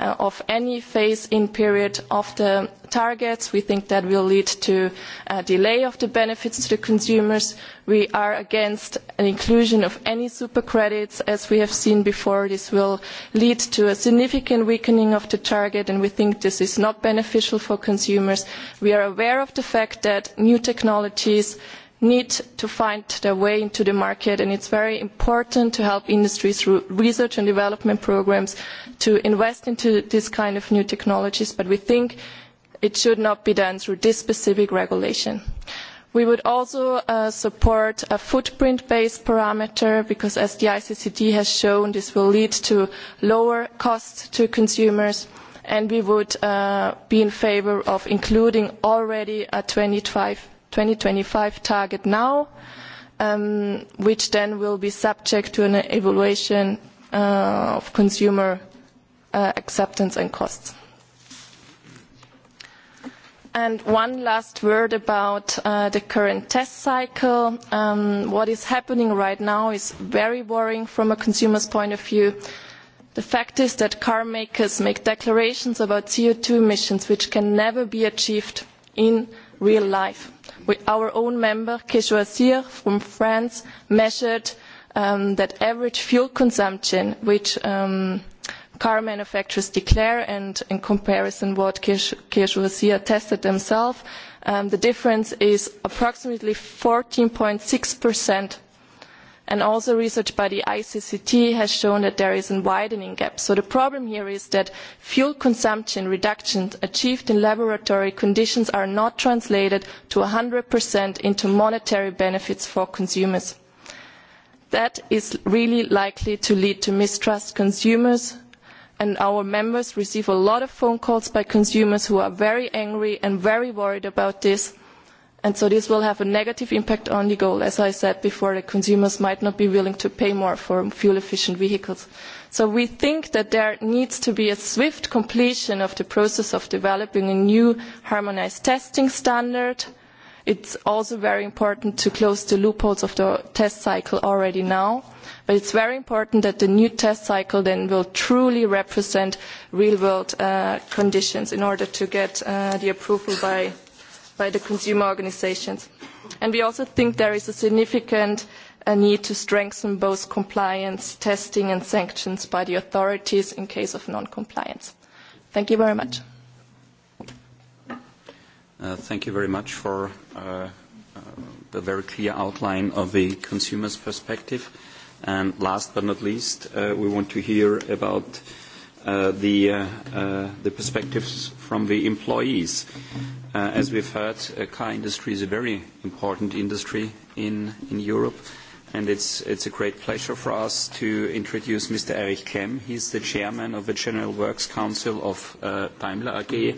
S13: of any phase-in period of the targets. We think that will lead to a delay of the benefits to the consumers. We are against an inclusion of any super credits. As we have seen before, this will lead to a significant weakening of the target, and we think this is not beneficial for consumers. We are aware of the fact that new technologies need to find their way into the market and it is very important to help industries through research and development programmes to invest into this kind of new technologies but we think it should not be done through this specific regulation. We would also support a footprint-based parameter because as the ICCD has shown this will lead to lower costs to consumers and we would be in favour of including already a twenty five 2025 target now, which then will be subject to an evaluation of consumer acceptance and costs. And One last word about the current test cycle. What is happening right now is very worrying from a consumer's point of view. The fact is that car makers make declarations about co two emissions, which can never be achieved in real life our own member, Keshwasir from France, measured that average fuel consumption, which car manufacturers declare, and in comparison what Keshwasir tested themselves, the difference is approximately 14.6% and also research by the ICCT has shown that there is a widening gap. So the problem here is that fuel consumption reductions achieved in laboratory conditions are not translated to one hundred into monetary benefits for consumers. That is really likely to lead to mistrust consumers and our members receive a lot of phone calls by consumers who are very angry and very worried about this And so this will have a negative impact on the goal. As I said before, the consumers might not be willing to pay more for fuel-efficient vehicles. So we think that there needs to be a swift completion of the process of developing a new harmonised testing standard. It is also very important to close the loopholes of the test cycle already now. But it is very important that the new test cycle then will truly represent real-world conditions in order to get the approval by by the consumer organisations. we also think there is a significant need to strengthen both compliance testing and sanctions by the authorities in case of non-compliance. Thank you very much.
S10: Thank you very much for the very clear outline of the consumer's perspective. And Last but not least, we want to hear about the perspectives from the employees. As we've heard, the car industry is a very important industry in Europe, and it's a great pleasure for us to introduce Mr. Erich Klemm. He's the chairman of the General Works Council of Daimler AG.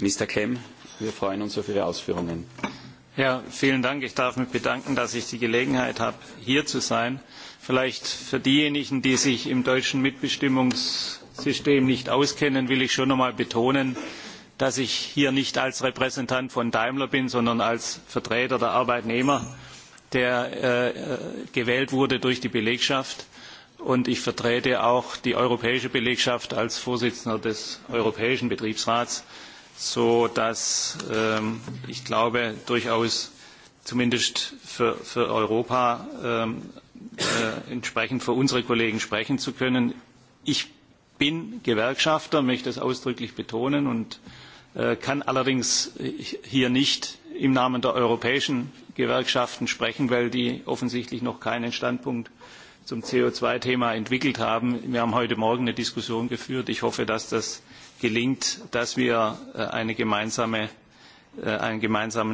S10: Mr. Klemm, wir freuen uns auf Ihre Ausführungen. Ja, vielen Dank. Ich darf mich
S14: bedanken, dass ich die Gelegenheit habe, hier zu sein. Vielleicht für diejenigen, die sich im deutschen Mitbestimmungssystem nicht auskennen, will ich schon noch einmal betonen, dass ich hier nicht als Repräsentant von Daimler bin, sondern als Vertreter der Arbeitnehmer, der gewählt wurde durch die Belegschaft. Und ich vertrete auch die europäische Belegschaft als Vorsitzender des Europäischen Betriebsrats, sodass ich glaube, durchaus zumindest für, Europa entsprechend für unsere Kollegen sprechen zu können. Ich bin Gewerkschafter, möchte das ausdrücklich betonen und kann allerdings hier nicht im Namen der europäischen Gewerkschaften sprechen, weil die offensichtlich noch keinen Standpunkt zum co zwei thema entwickelt haben. Wir haben heute Morgen eine Diskussion geführt. Ich hoffe, dass das gelingt, dass wir einen gemeinsamen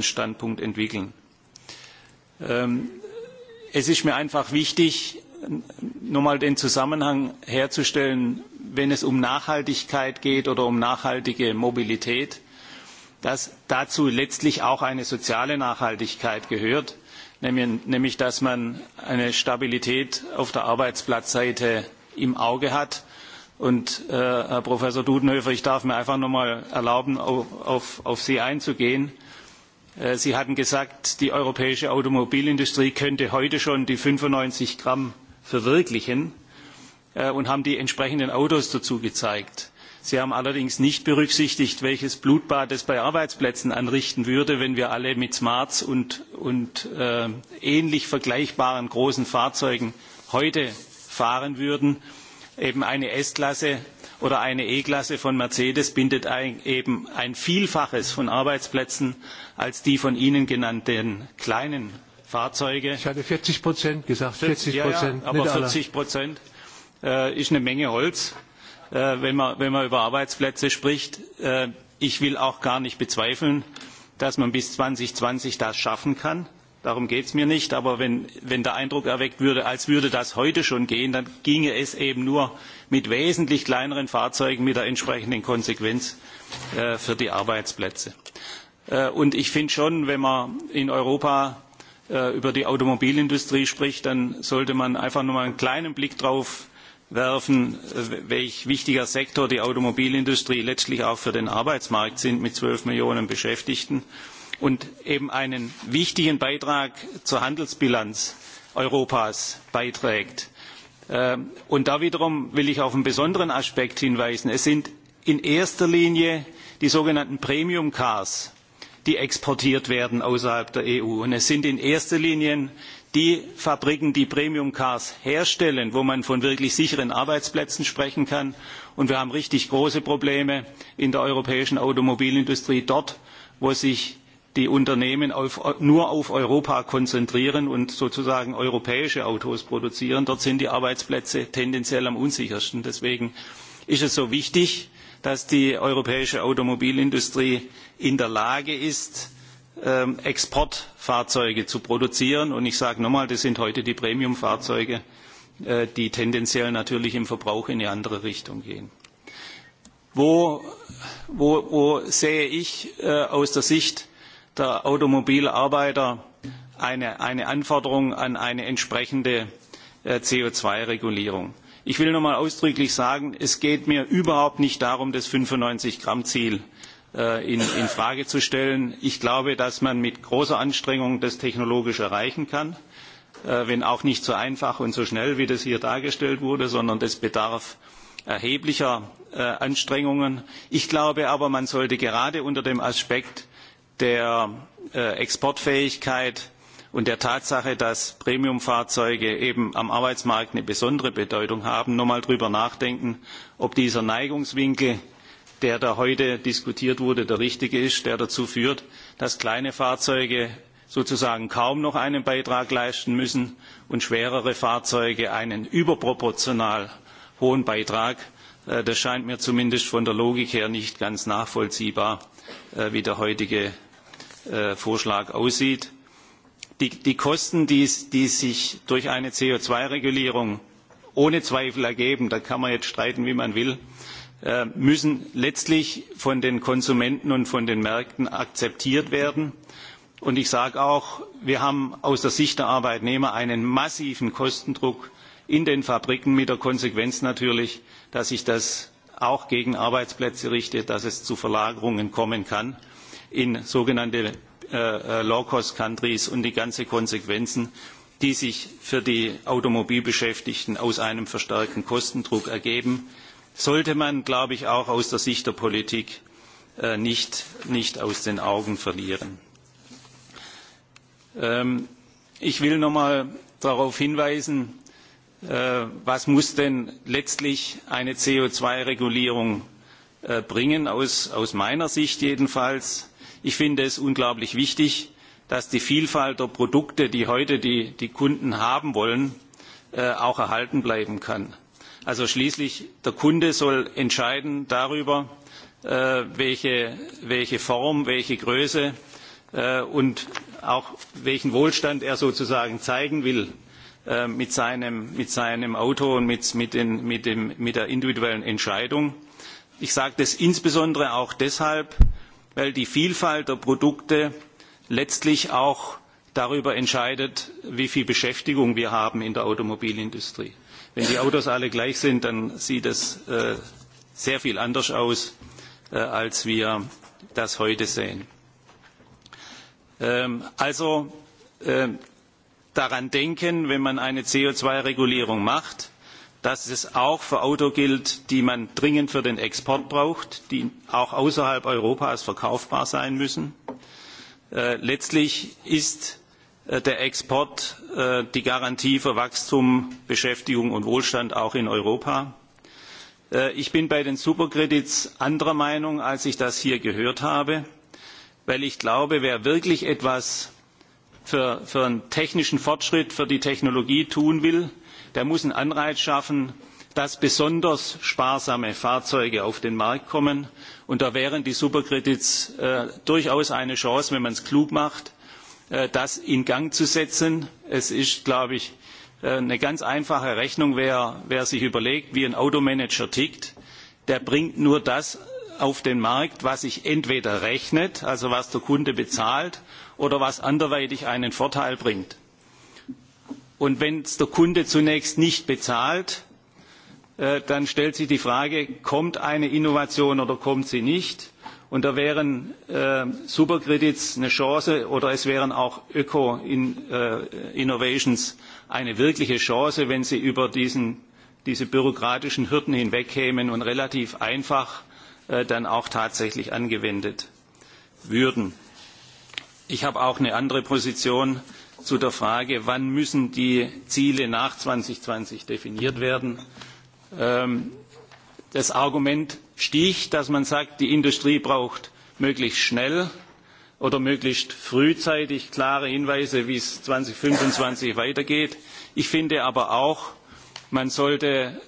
S14: Standpunkt entwickeln. Es ist mir einfach wichtig, nur mal den Zusammenhang herzustellen, wenn es um Nachhaltigkeit geht oder um nachhaltige Mobilität, dass dazu letztlich auch eine soziale Nachhaltigkeit gehört, nämlich dass man eine Stabilität auf der Arbeitsplatzseite im Auge hat. Und Herr Professor Dudenhöfer, ich darf mir einfach noch mal erlauben, auf Sie einzugehen. Sie hatten gesagt, die europäische Automobilindustrie könnte heute schon die 95 Gramm verwirklichen und haben die entsprechenden Autos dazu gezeigt. Sie haben allerdings nicht berücksichtigt, welches Blutbad es bei Arbeitsplätzen anrichten würde, wenn wir alle mit Smarts und, ähnlich vergleichbaren großen Fahrzeugen heute fahren würden. Eben eine S-Klasse oder eine E-Klasse von Mercedes bindet eben ein Vielfaches von Arbeitsplätzen als die von Ihnen genannten kleinen Fahrzeuge.
S1: Ich hatte 40 Prozent gesagt, 40 Prozent. aber 40
S14: Prozent ist eine Menge Holz, wenn, man, wenn man über Arbeitsplätze spricht. ich will auch gar nicht bezweifeln, dass man bis 2020 das schaffen kann. Darum geht es mir nicht. Aber wenn, der Eindruck erweckt würde, als würde das heute schon gehen, dann ginge es eben nur mit wesentlich kleineren Fahrzeugen mit der entsprechenden Konsequenz für die Arbeitsplätze. und ich finde schon, wenn man in Europa über die Automobilindustrie spricht, dann sollte man einfach nur mal einen kleinen Blick darauf werfen, welch wichtiger Sektor die Automobilindustrie letztlich auch für den Arbeitsmarkt sind mit zwölf Millionen Beschäftigten und eben einen wichtigen Beitrag zur Handelsbilanz Europas beiträgt. Und da wiederum will ich auf einen besonderen Aspekt hinweisen. Es sind in erster Linie die sogenannten Premium Cars, die exportiert werden außerhalb der EU. Und es sind in erster Linie die Fabriken, die Premium Cars herstellen, wo man von wirklich sicheren Arbeitsplätzen sprechen kann. Und wir haben richtig große Probleme in der europäischen Automobilindustrie dort, wo sich die Unternehmen nur auf Europa konzentrieren und sozusagen europäische Autos produzieren. Dort sind die Arbeitsplätze tendenziell am unsichersten. Deswegen ist es so wichtig, dass die europäische Automobilindustrie in der Lage ist, Exportfahrzeuge zu produzieren. Und ich sage noch einmal, das sind heute die Premiumfahrzeuge, die tendenziell natürlich im Verbrauch in eine andere Richtung gehen. Wo, sehe ich aus der Sicht der Automobilarbeiter eine, Anforderung an eine entsprechende co zwei regulierung Ich will nochmal ausdrücklich sagen, es geht mir überhaupt nicht darum, das fünfundneunzig gramm ziel in, Frage zu stellen. Ich glaube, dass man das mit großer Anstrengung das technologisch erreichen kann, wenn auch nicht so einfach und so schnell, wie das hier dargestellt wurde, sondern es bedarf erheblicher Anstrengungen. Ich glaube aber, man sollte gerade unter dem Aspekt der Exportfähigkeit und der Tatsache, dass Premiumfahrzeuge eben am Arbeitsmarkt eine besondere Bedeutung haben, noch mal darüber nachdenken, ob dieser Neigungswinkel, der da heute diskutiert wurde, der richtige ist, der dazu führt, dass kleine Fahrzeuge sozusagen kaum noch einen Beitrag leisten müssen und schwerere Fahrzeuge einen überproportional hohen Beitrag. Das scheint mir zumindest von der Logik her nicht ganz nachvollziehbar, wie der heutige Vorschlag aussieht die Kosten, die, sich durch eine co zwei regulierung ohne Zweifel ergeben, da kann man jetzt streiten, wie man will, müssen letztlich von den Konsumenten und von den Märkten akzeptiert werden. Und ich sage auch, wir haben aus der Sicht der Arbeitnehmer einen massiven Kostendruck in den Fabriken mit der Konsequenz natürlich, dass sich das auch gegen Arbeitsplätze richtet, dass es zu Verlagerungen kommen kann in sogenannte Low-Cost Countries und die ganzen Konsequenzen, die sich für die Automobilbeschäftigten aus einem verstärkten Kostendruck ergeben, sollte man, glaube ich, auch aus der Sicht der Politik nicht, aus den Augen verlieren. ich will noch einmal darauf hinweisen, was muss denn letztlich eine co zwei regulierung bringen aus meiner sicht jedenfalls Ich finde es unglaublich wichtig, dass die Vielfalt der Produkte, die heute die, Kunden haben wollen, auch erhalten bleiben kann. Also schließlich soll der Kunde darüber entscheiden darüber, welche Form, welche Größe und auch welchen Wohlstand er sozusagen zeigen will mit seinem Auto und mit der individuellen Entscheidung. Ich sage das insbesondere auch deshalb, weil die Vielfalt der Produkte letztlich auch darüber entscheidet, wie viel Beschäftigung wir haben in der Automobilindustrie. Wenn die Autos alle gleich sind, dann sieht es sehr viel anders aus, als wir das heute sehen. Also daran denken, wenn man eine CO zwei regulierung macht, dass es auch für Autos gilt, die man dringend für den Export braucht, die auch außerhalb Europas verkaufbar sein müssen. Letztlich ist der Export die Garantie für Wachstum, Beschäftigung und Wohlstand auch in Europa. Ich bin bei den Superkredits anderer Meinung, als ich das hier gehört habe, weil ich glaube, wer wirklich etwas für, den technischen Fortschritt, für die Technologie tun will, der muss einen anreiz schaffen dass besonders sparsame fahrzeuge auf den markt kommen und da wären die superkredits durchaus eine chance wenn man es klug macht das in gang zu setzen. es ist glaube ich eine ganz einfache rechnung wer sich überlegt wie ein automanager tickt der bringt nur das auf den markt was sich entweder rechnet also was der kunde bezahlt oder was anderweitig einen vorteil bringt. Und wenn es der Kunde zunächst nicht bezahlt, dann stellt sich die Frage, kommt eine Innovation oder kommt sie nicht? Und da wären Superkredits eine Chance oder es wären auch Öko-Innovations eine wirkliche Chance, wenn sie über diese bürokratischen Hürden hinwegkämen und relativ einfach dann auch tatsächlich angewendet würden. Ich habe auch eine andere Position zu der Frage, wann müssen die Ziele nach zweitausendzwanzig definiert werden. Das Argument sticht, dass man sagt, die Industrie braucht möglichst schnell oder möglichst frühzeitig klare Hinweise, wie es zweitausendfünfundzwanzig weitergeht. Ich finde aber auch, man sollte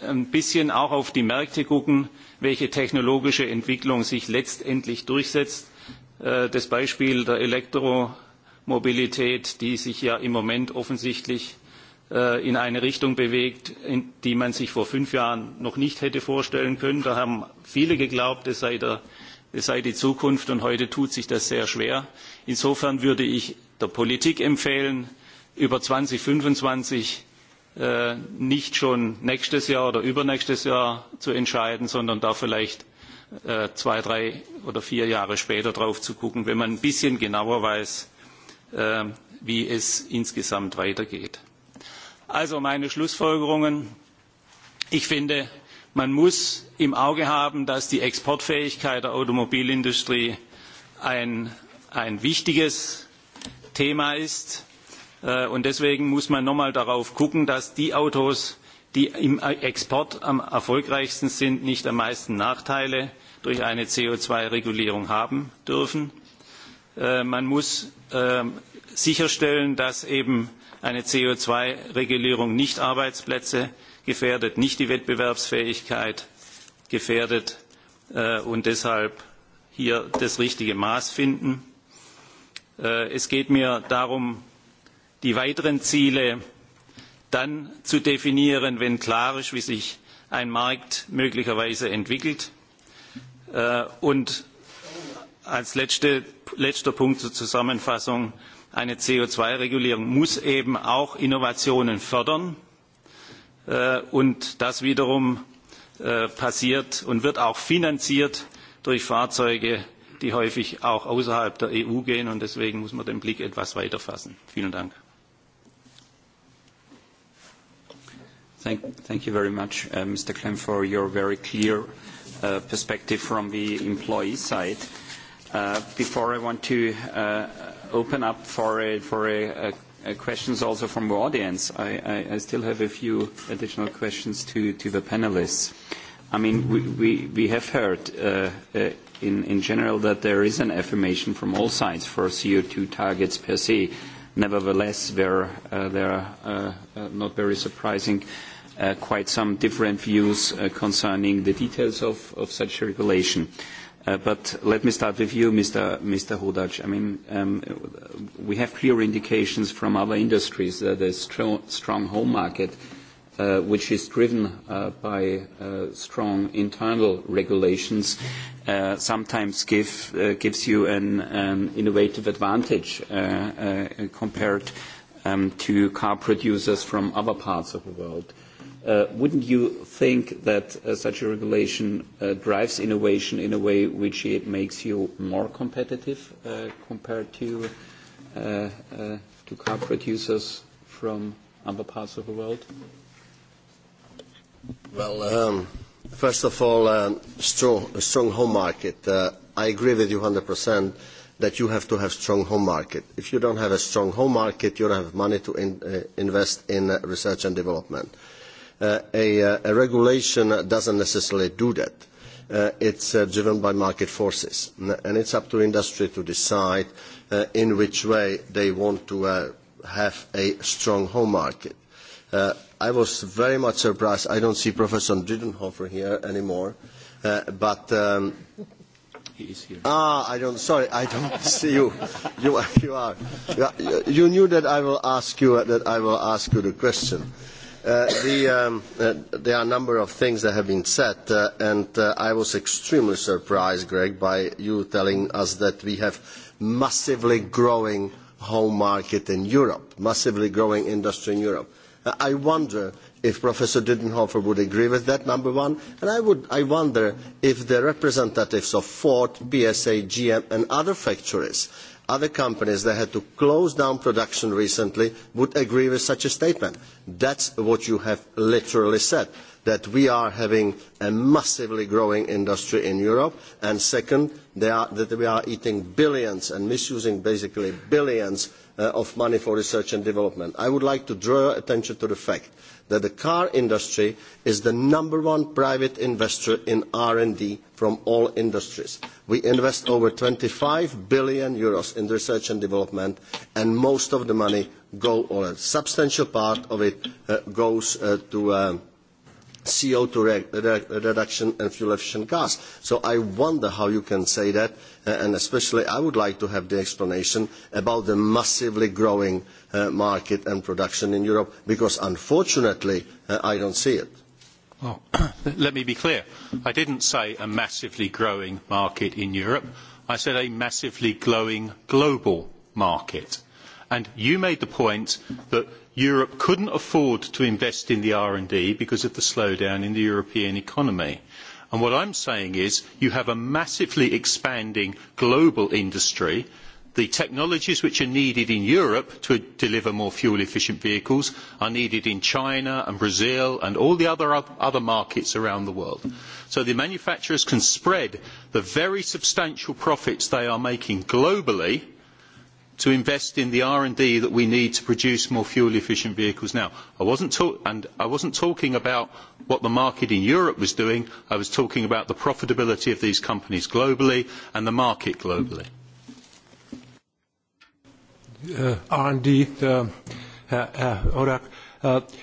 S14: ein bisschen auch auf die Märkte schauen, welche technologische Entwicklung sich letztendlich durchsetzt. Das Beispiel der Elektro- Mobilität, die sich ja im Moment offensichtlich in eine Richtung bewegt, die man sich vor fünf Jahren noch nicht hätte vorstellen können. Da haben viele geglaubt, es sei, die Zukunft und heute tut sich das sehr schwer. Insofern würde ich der Politik empfehlen, über 2025 nicht schon nächstes Jahr oder übernächstes Jahr zu entscheiden, sondern da vielleicht zwei, drei oder vier Jahre später drauf zu gucken, wenn man ein bisschen genauer weiß, wie es insgesamt weitergeht. Also meine Schlussfolgerungen. Ich finde, man muss im Auge haben, dass die Exportfähigkeit der Automobilindustrie ein, wichtiges Thema ist. Und deswegen muss man noch einmal darauf schauen, dass die Autos, die im Export am erfolgreichsten sind, nicht am meisten Nachteile durch eine CO2-Regulierung haben dürfen man muss sicherstellen, dass eben eine co zwei regulierung nicht Arbeitsplätze gefährdet, nicht die Wettbewerbsfähigkeit gefährdet und deshalb hier das richtige Maß finden. Es geht mir darum, die weiteren Ziele dann zu definieren, wenn klar ist, wie sich ein Markt möglicherweise entwickelt und als letzter Punkt zur Zusammenfassung eine co zwei regulierung muss eben auch innovationen fördern und das wiederum passiert und wird auch finanziert durch fahrzeuge die häufig auch außerhalb der eu gehen und deswegen muss man den blick etwas weiter fassen.
S10: vielen dank. Thank, you very much, Mr. Clem, for your very clear perspective from the employee side. Before I want to open up for questions also from the audience, I still have a few additional questions to the panelists. I mean, we have heard in general that there is an affirmation from all sides for CO2 targets per se. Nevertheless, there are not very surprising quite some different views concerning the details of such regulation. But let me start with you, Mr. Hudáč. I mean, we have clear indications from other industries that a strong home market, which is driven by strong internal regulations, sometimes gives you an innovative advantage compared to car producers from other parts of the world wouldn't you think that such a regulation drives innovation in a way which it makes you more competitive compared to car producers from other parts of the world?
S11: Well, first of all, a strong home market. I agree with you 100% that you have to have a strong home market. If you don't have a strong home market, you don't have money to invest in research and development a, regulation does not necessarily do that. It is driven by market forces, and it is up to industry to decide in which way they want to have a strong home market. I was very much surprised. I don't see Professor Didenhofer here anymore, but he is here. Ah, I don't. Sorry, I don't see you. You, you are. You knew that I will ask you that I will ask you the question there are a number of things that have been said, and I was extremely surprised, Greg, by you telling us that we have massively growing home market in Europe, massively growing industry in Europe. I wonder if Professor Dudenhofer would agree with that, number one, and I, would, I wonder if the representatives of Ford, PSA, GM, and other factories other companies that had to close down production recently would agree with such a statement. That is what you have literally said, that we are having a massively growing industry in Europe, and second, that we are eating billions and misusing basically billions of money for research and development. I would like to draw your attention to the fact that the car industry is the number one private investor in R&D from all industries. We invest over EUR twenty five billion in research and development, and most of the money, or a substantial part of it, goes to CO2 reduction and fuel efficient cars. So I wonder how you can say that, and especially I would like to have the explanation about the massively growing market and production in Europe, because unfortunately I don't see it.
S12: let me be clear. I didn't say a massively growing market in Europe. I said a massively growing global market. And you made the point that Europe could not afford to invest in the R&D because of the slowdown in the European economy. what I am saying is you have a massively expanding global industry. The technologies which are needed in Europe to deliver more fuel efficient vehicles are needed in China and Brazil and all the other, markets around the world. So the manufacturers can spread the very substantial profits they are making globally to invest in the R&D that we need to produce more fuel efficient vehicles now. I wasn't, talk and I wasn't talking about what the market in Europe was doing, I was talking about the profitability of these companies globally and the market globally.
S1: R&D,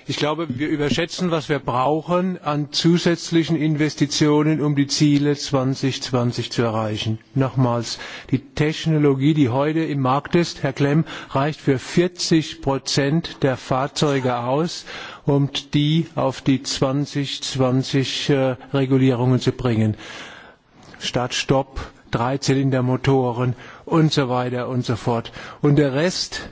S1: Ich glaube, wir überschätzen, was wir brauchen an zusätzlichen Investitionen, um die Ziele zweitausendzwanzig zu erreichen. Nochmals, die Technologie, die heute im Markt ist, Herr Klemm, reicht für vierzig Prozent der Fahrzeuge aus, um die auf die zweitausendzwanzig Regulierungen zu bringen. Start, Stopp, Dreizylindermotoren und so weiter und so fort. Und der Rest,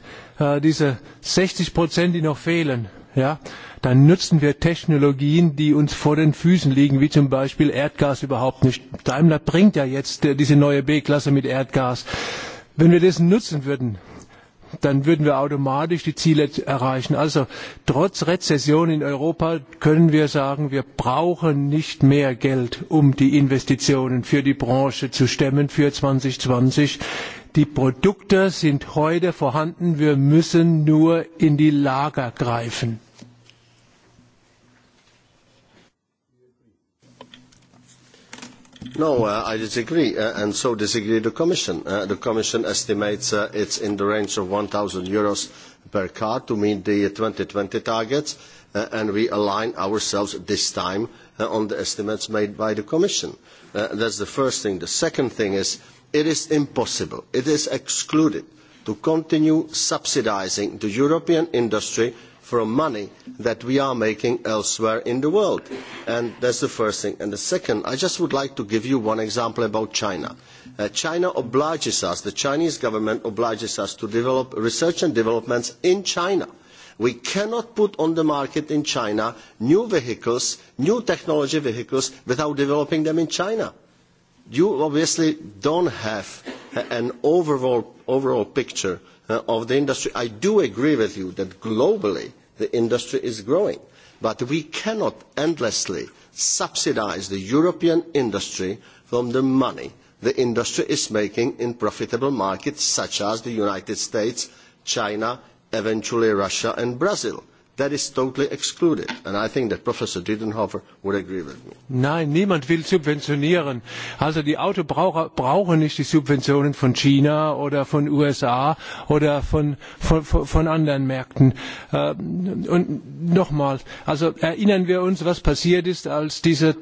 S1: diese sechzig Prozent, die noch fehlen, ja, dann nutzen wir Technologien, die uns vor den Füßen liegen, wie zum Beispiel Erdgas überhaupt nicht. Daimler bringt ja jetzt diese neue B-Klasse mit Erdgas. Wenn wir das nutzen würden, dann würden wir automatisch die Ziele erreichen. Also trotz Rezession in Europa können wir sagen, wir brauchen nicht mehr Geld, um die Investitionen für die Branche zu stemmen für 2020. Die Produkte sind heute vorhanden, wir müssen nur in die Lager greifen.
S11: No, I disagree, and so disagree the Commission. the Commission estimates it is in the range of 1,000 euros per car to meet the twenty targets, and we align ourselves this time on the estimates made by the Commission. That is the first thing. The second thing is it is impossible, it is excluded to continue subsidising the European industry from money that we are making elsewhere in the world. And that's the first thing. And the second, I just would like to give you one example about China. China obliges us, the Chinese government obliges us to develop research and developments in China. We cannot put on the market in China new vehicles, new technology vehicles, without developing them in China. You obviously do not have an overall, picture of the industry. I do agree with you that globally the industry is growing, but we cannot endlessly subsidise the European industry from the money the industry is making in profitable markets such as the United States, China, eventually Russia and Brazil That is totally excluded, and I think that Professor Didenhofer would agree with me.
S1: Nein, niemand will subventionieren. Also die Autobraucher brauchen nicht die Subventionen von China oder von USA oder von, von, von anderen Märkten. Und nochmal, also erinnern wir uns, was passiert ist, als diese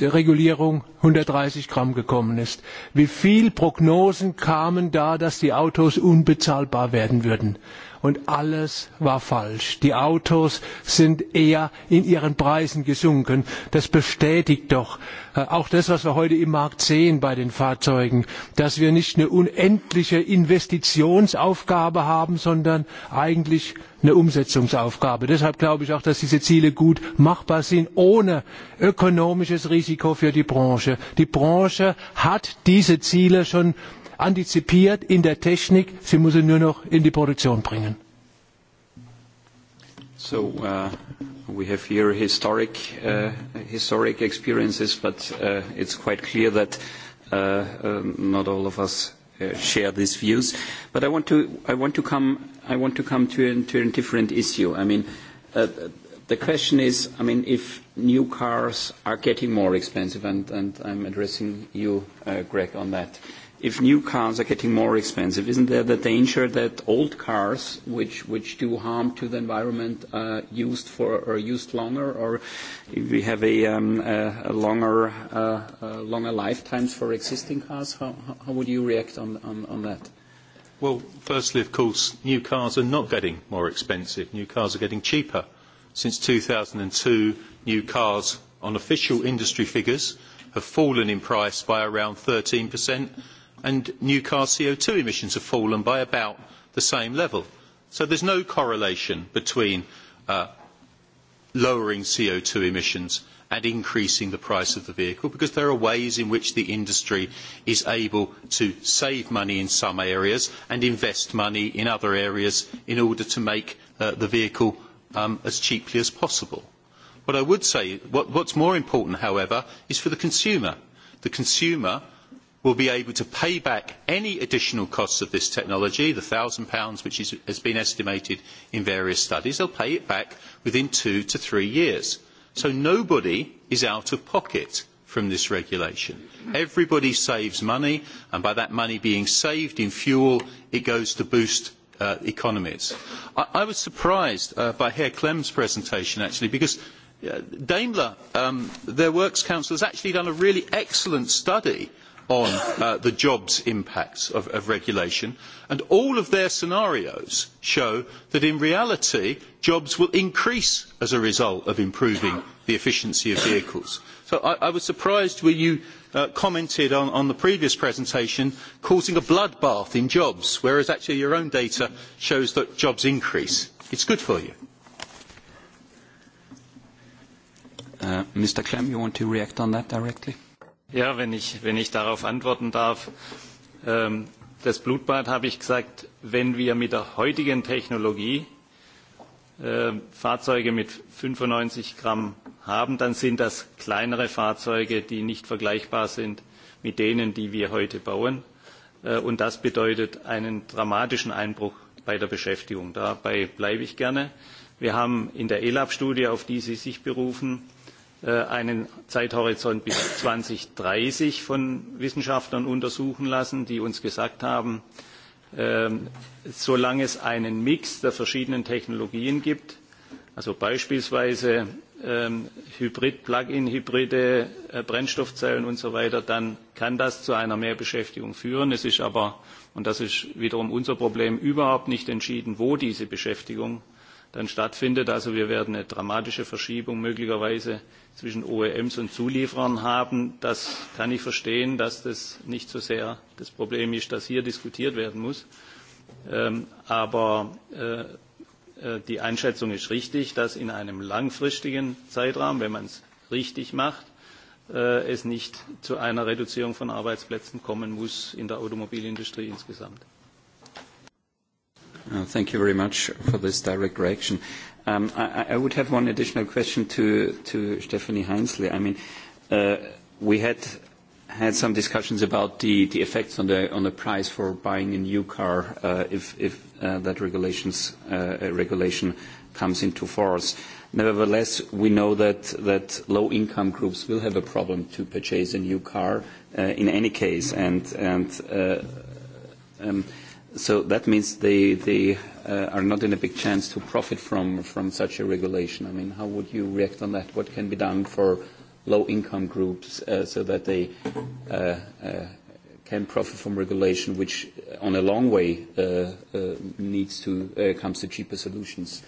S1: der Regulierung 130 Gramm gekommen ist. Wie viele Prognosen kamen da, dass die Autos unbezahlbar werden würden? und alles war falsch. Die Autos sind eher in ihren Preisen gesunken. Das bestätigt doch auch das, was wir heute im Markt sehen bei den Fahrzeugen, dass wir nicht eine unendliche Investitionsaufgabe haben, sondern eigentlich eine Umsetzungsaufgabe. Deshalb glaube ich auch, dass diese Ziele gut machbar sind, ohne ökonomisches Risiko für die Branche. Die Branche hat diese Ziele schon antizipiert in der Technik. Sie muss sie nur noch in die Produktion bringen.
S10: So uh, we have here historic, uh, historic experiences, but uh, it's quite clear that uh, uh, not all of us uh, share these views. But I want to, I want to come, I want to come to, a, to a different issue. I mean, uh, the question is, I mean, if new cars are getting more expensive, and, and I'm addressing you, uh, Greg, on that. Uh, if new cars are getting more expensive, isn't there the danger that old cars, which which do harm to the environment, are used for or used longer, or if we have a longer lifetimes for existing cars? How how would you react on on on that?
S12: Well, firstly, of course, new cars are not getting more expensive. New cars are getting cheaper. Since 2002, new cars, on official industry figures, have fallen in price by around 13%, and new car co two emissions have fallen by about the same level. So there is no correlation between lowering co two emissions and increasing the price of the vehicle because there are ways in which the industry is able to save money in some areas and invest money in other areas in order to make the vehicle as cheaply as possible. What I would say, what, what's more important, however, is for the consumer. The consumer will be able to pay back any additional costs of this technology, the £1,000 which is, has been estimated in various studies, they'll pay it back within two to three years. So nobody is out of pocket from this regulation. Everybody saves money, and by that money being saved in fuel, it goes to boost economies. I, I was surprised by Herr Klem's presentation, actually, because Daimler, their works council, has actually done a really excellent study on the jobs impacts of, regulation. And all of their scenarios show that in reality, jobs will increase as a result of improving the efficiency of vehicles. So I, I was surprised when you commented on, the previous presentation causing a bloodbath in jobs, whereas actually your own data shows that jobs increase. It's good for you.
S10: Mr. Clem, you want to react on that directly?
S14: Ja, wenn ich, wenn ich darauf antworten darf. das Blutbad habe ich gesagt, wenn wir mit der heutigen Technologie Fahrzeuge mit 95 Gramm haben, dann sind das kleinere Fahrzeuge, die nicht vergleichbar sind mit denen, die wir heute bauen. Und das bedeutet einen dramatischen Einbruch bei der Beschäftigung. Dabei bleibe ich gerne. Wir haben in der ELAB-Studie, auf die Sie sich berufen, einen Zeithorizont bis 2030 von Wissenschaftlern untersuchen lassen, die uns gesagt haben, solange es einen Mix der verschiedenen Technologien gibt, also beispielsweise Hybrid, Plug-in-Hybride, Brennstoffzellen und so weiter, dann kann das zu einer Mehrbeschäftigung führen. Es ist aber, und das ist wiederum unser Problem, überhaupt nicht entschieden, wo diese Beschäftigung dann stattfindet. Also wir werden eine dramatische Verschiebung möglicherweise zwischen OEMs und Zulieferern haben. Das kann ich verstehen, dass das nicht so sehr das Problem ist, das hier diskutiert werden muss. aber die Einschätzung ist richtig, dass in einem langfristigen Zeitraum, wenn man es richtig macht, es nicht zu einer Reduzierung von Arbeitsplätzen kommen muss in der Automobilindustrie insgesamt.
S10: Thank you very much for this direct reaction. I would have one additional question to Stephanie Heinzle. I mean, we had had some discussions about the effects on the price for buying a new car if that regulation comes into force. Nevertheless, we know that low-income groups will have a problem to purchase a new car in any case. and So that means they, they uh, are not in a big chance to profit from, from such a regulation. I mean, how would you react on that? What can be done for low-income groups uh, so that they uh, uh, can profit from regulation, which on a long way uh, uh, needs to uh, comes to cheaper
S2: solutions?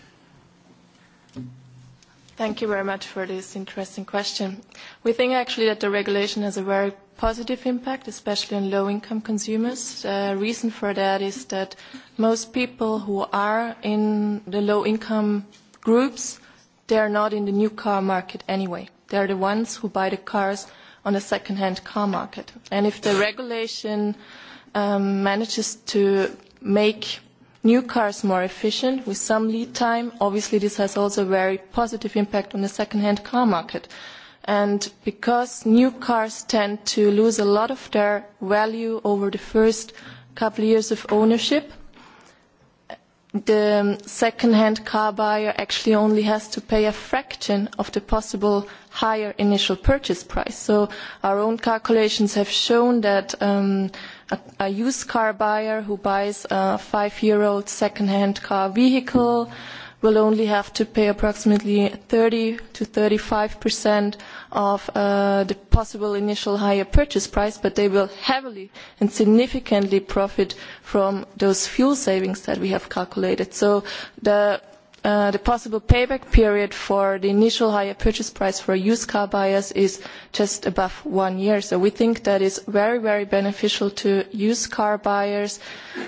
S13: Thank you very much for this interesting question. We think actually that the regulation has a very positive impact, especially on low-income consumers. The reason for that is that most people who are in the low-income groups, they are not in the new car market anyway. They are the ones who buy the cars on the second-hand car market. And if the regulation um, manages to make new cars more efficient with some lead time. Obviously, this has also a very positive impact on the second-hand car market. And because new cars tend to lose a lot of their value over the first couple of years of ownership, the second-hand car buyer actually only has to pay a fraction of the possible higher initial purchase price. So our own calculations have shown that a used car buyer who buys a five-year-old second-hand car vehicle will only have to pay approximately 30 to 35 percent of the possible initial higher purchase price, but they will heavily and significantly profit from those fuel savings that we have calculated. So the the possible payback period for the initial higher purchase price for used car buyers is just above one year. So we think that is very, very beneficial to used car buyers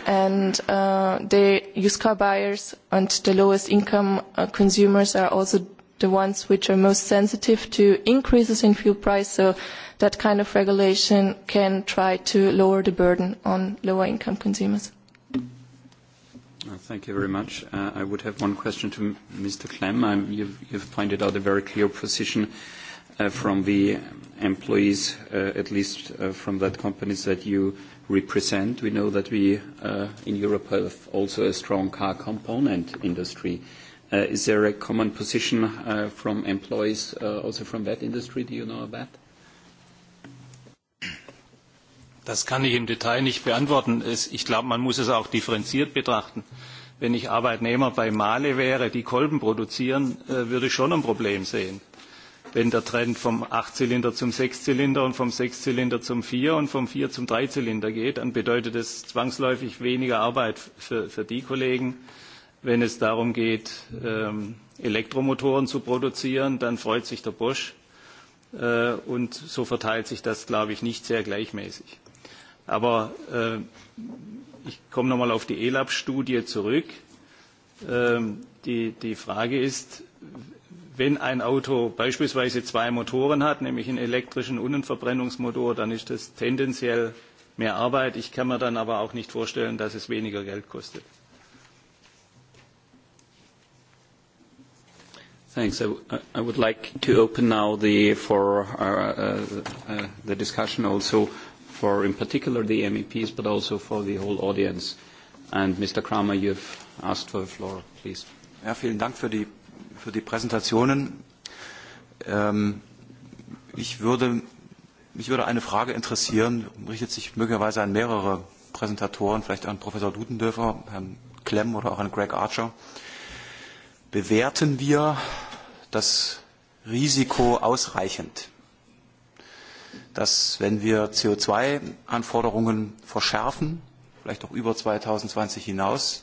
S13: and the used car buyers and the lowest income consumers are also the ones which are most sensitive to increases in fuel price. So that kind of regulation can try to lower the burden on lower income consumers.
S10: Thank you very much. I would have one question to Mr. Klemm. You've pointed out a very clear position from the employees, at least from that companies that you represent. We know that we in Europe have also a strong car component industry. Is there a common position from employees also from that industry? Do you know of that?
S14: Das kann ich im Detail nicht beantworten. Ich glaube, man muss es auch differenziert betrachten. Wenn ich Arbeitnehmer bei Male wäre, die Kolben produzieren, würde ich schon ein Problem sehen. Wenn der Trend vom Achtzylinder zum Sechszylinder und vom Sechszylinder zum Vier und vom Vier zum Dreizylinder geht, dann bedeutet das zwangsläufig weniger Arbeit für, die Kollegen. Wenn es darum geht, Elektromotoren zu produzieren, dann freut sich der Bosch. Und so verteilt sich das, glaube ich, nicht sehr gleichmäßig. Aber ich komme nochmal auf die ELAB-Studie zurück. die Frage ist, wenn ein Auto beispielsweise zwei Motoren hat, nämlich einen elektrischen und einen Verbrennungsmotor, dann ist das tendenziell mehr Arbeit. Ich kann mir dann aber auch nicht vorstellen, dass es weniger Geld kostet.
S10: Thanks. I would like to open now the for the discussion also for, in particular, the MEPs, but also for the whole audience. And Mr. Kramer, you've asked for the floor, please.
S7: Ja, vielen Dank für die, für die Präsentationen. Ähm, ich würde, mich würde eine Frage interessieren, richtet sich möglicherweise an mehrere Präsentatoren, vielleicht an Professor Dudendörfer, Herrn Klemm oder auch an Greg Archer. Bewerten wir das Risiko ausreichend? dass wenn wir CO2-Anforderungen verschärfen, vielleicht auch über 2020 hinaus,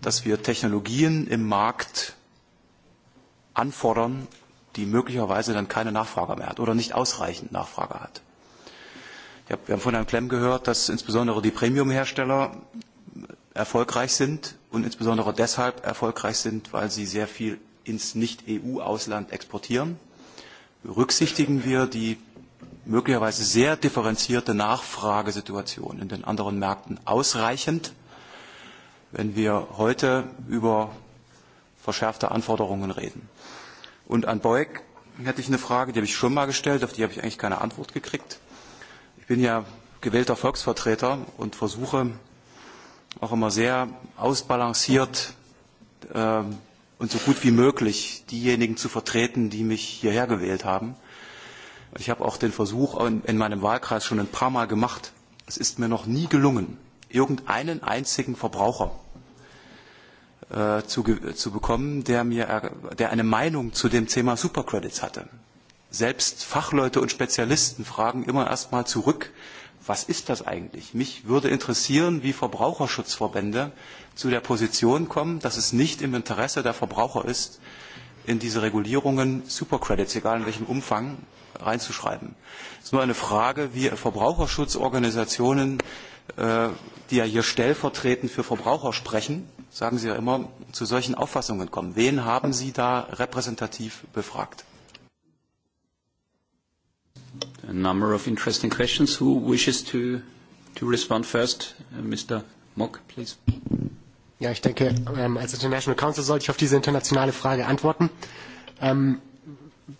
S7: dass wir Technologien im Markt anfordern, die möglicherweise dann keine Nachfrage mehr hat oder nicht ausreichend Nachfrage hat. Wir haben von Herrn Klemm gehört, dass insbesondere die Premium-Hersteller erfolgreich sind und insbesondere deshalb erfolgreich sind, weil sie sehr viel ins Nicht-EU-Ausland exportieren. Berücksichtigen wir die möglicherweise sehr differenzierte Nachfragesituation in den anderen Märkten ausreichend. Wenn wir heute über verschärfte Anforderungen reden. Und an Beug hätte ich eine Frage, die habe ich schon mal gestellt, auf die habe ich eigentlich keine Antwort gekriegt. Ich bin ja gewählter Volksvertreter und versuche auch immer sehr ausbalanciert und so gut wie möglich diejenigen zu vertreten, die mich hierher gewählt haben. Ich habe auch den Versuch in meinem Wahlkreis schon ein paar Mal gemacht. Es ist mir noch nie gelungen, irgendeinen einzigen Verbraucher zu, zu bekommen, der, mir, der eine Meinung zu dem Thema Supercredits hatte. Selbst Fachleute und Spezialisten fragen immer erst mal zurück, was ist das eigentlich? Mich würde interessieren, wie Verbraucherschutzverbände zu der Position kommen, dass es nicht im Interesse der Verbraucher ist, in diese Regulierungen Supercredits, egal in welchem Umfang, reinzuschreiben. Es ist nur eine Frage, wie Verbraucherschutzorganisationen, die ja hier stellvertretend für Verbraucher sprechen, sagen Sie ja immer, zu solchen Auffassungen kommen. Wen haben Sie da repräsentativ befragt?
S10: A number of interesting questions. Who wishes to, to respond first? Mr. Mock, please.
S5: Ja, ich denke, als International Council sollte ich auf diese internationale Frage antworten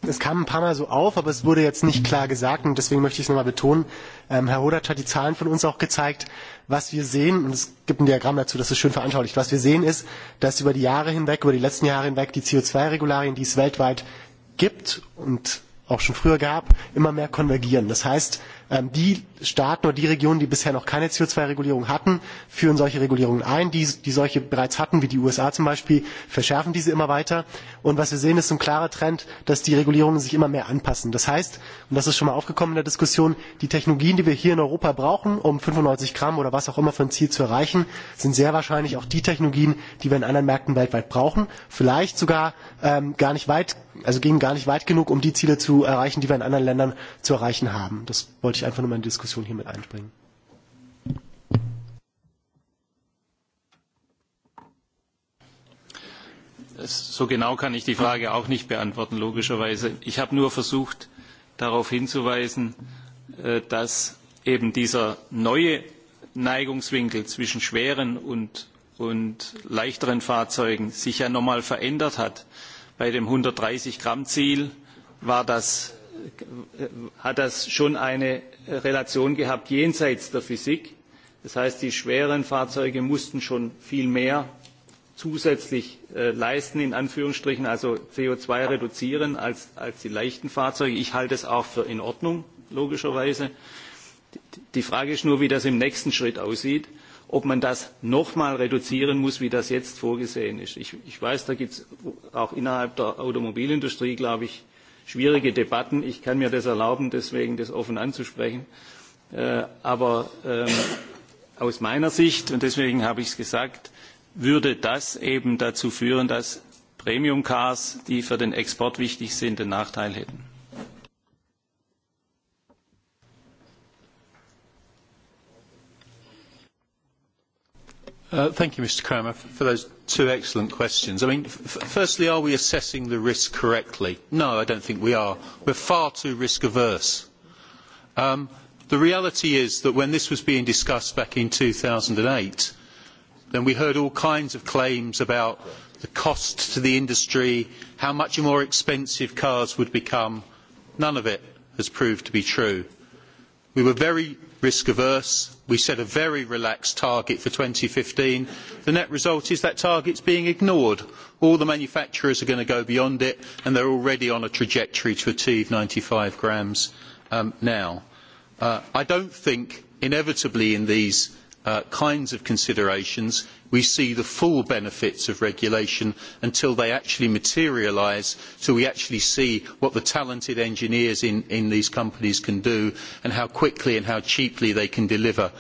S5: es kam ein paar Mal so auf, aber es wurde jetzt nicht klar gesagt und deswegen möchte ich es nochmal betonen. Ähm, Herr Hodatsch hat die Zahlen von uns auch gezeigt. Was wir sehen, und es gibt ein Diagramm dazu, das ist schön veranschaulicht, was wir sehen ist, dass über die Jahre hinweg, über die letzten Jahre hinweg die CO2-Regularien, die es weltweit gibt und auch schon früher gab, immer mehr konvergieren. Das heißt, die Staaten oder die Regionen, die bisher noch keine co zwei regulierung hatten, führen solche Regulierungen ein. Die, die solche bereits hatten, wie die USA zum Beispiel, verschärfen diese immer weiter. Und was wir sehen, ist ein klarer Trend, dass die Regulierungen sich immer mehr anpassen. Das heißt, und das ist schon mal aufgekommen in der Diskussion, die Technologien, die wir hier in Europa brauchen, um 95 Gramm oder was auch immer für ein Ziel zu erreichen, sind sehr wahrscheinlich auch die Technologien, die wir in anderen Märkten weltweit brauchen. Vielleicht sogar ähm, gar nicht weit, also gehen gar nicht weit genug, um die Ziele zu erreichen, die wir in anderen Ländern zu erreichen haben. Das wollte wollte ich einfach nur mal Diskussion hier mit einbringen.
S14: So genau kann ich die Frage auch nicht beantworten, logischerweise. Ich habe nur versucht, darauf hinzuweisen, dass eben dieser neue Neigungswinkel zwischen schweren und, leichteren Fahrzeugen sich ja nochmal verändert hat. Bei dem 130 Gramm Ziel war das hat das schon eine Relation gehabt jenseits der Physik. Das heißt, die schweren Fahrzeuge mussten schon viel mehr zusätzlich leisten, in Anführungsstrichen, also co zwei reduzieren als, die leichten Fahrzeuge. Ich halte es auch für in Ordnung, logischerweise. Die Frage ist nur, wie das im nächsten Schritt aussieht, ob man das nochmal reduzieren muss, wie das jetzt vorgesehen ist. Ich, weiß, da gibt es auch innerhalb der Automobilindustrie, glaube ich, schwierige Debatten. Ich kann mir das erlauben, deswegen das offen anzusprechen. Aber aus meiner Sicht, und deswegen habe ich es gesagt, würde das eben dazu führen, dass Premium Cars, die für den Export wichtig sind, den Nachteil hätten.
S12: Thank you, Mr. Cramer, for those two excellent questions. I mean, firstly, are we assessing the risk correctly? No, I don't think we are. We're far too risk averse. the reality is that when this was being discussed back in two thousand eight, then we heard all kinds of claims about the cost to the industry, how much more expensive cars would become. None of it has proved to be true We were very risk averse. We set a very relaxed target for fifteen. The net result is that target is being ignored. All the manufacturers are going to go beyond it, and they are already on a trajectory to achieve ninety five grams now. I do not think, inevitably, in these kinds of considerations. We see the full benefits of regulation until they actually materialise, so we actually see what the talented engineers in, these companies can do and how quickly and how cheaply they can deliver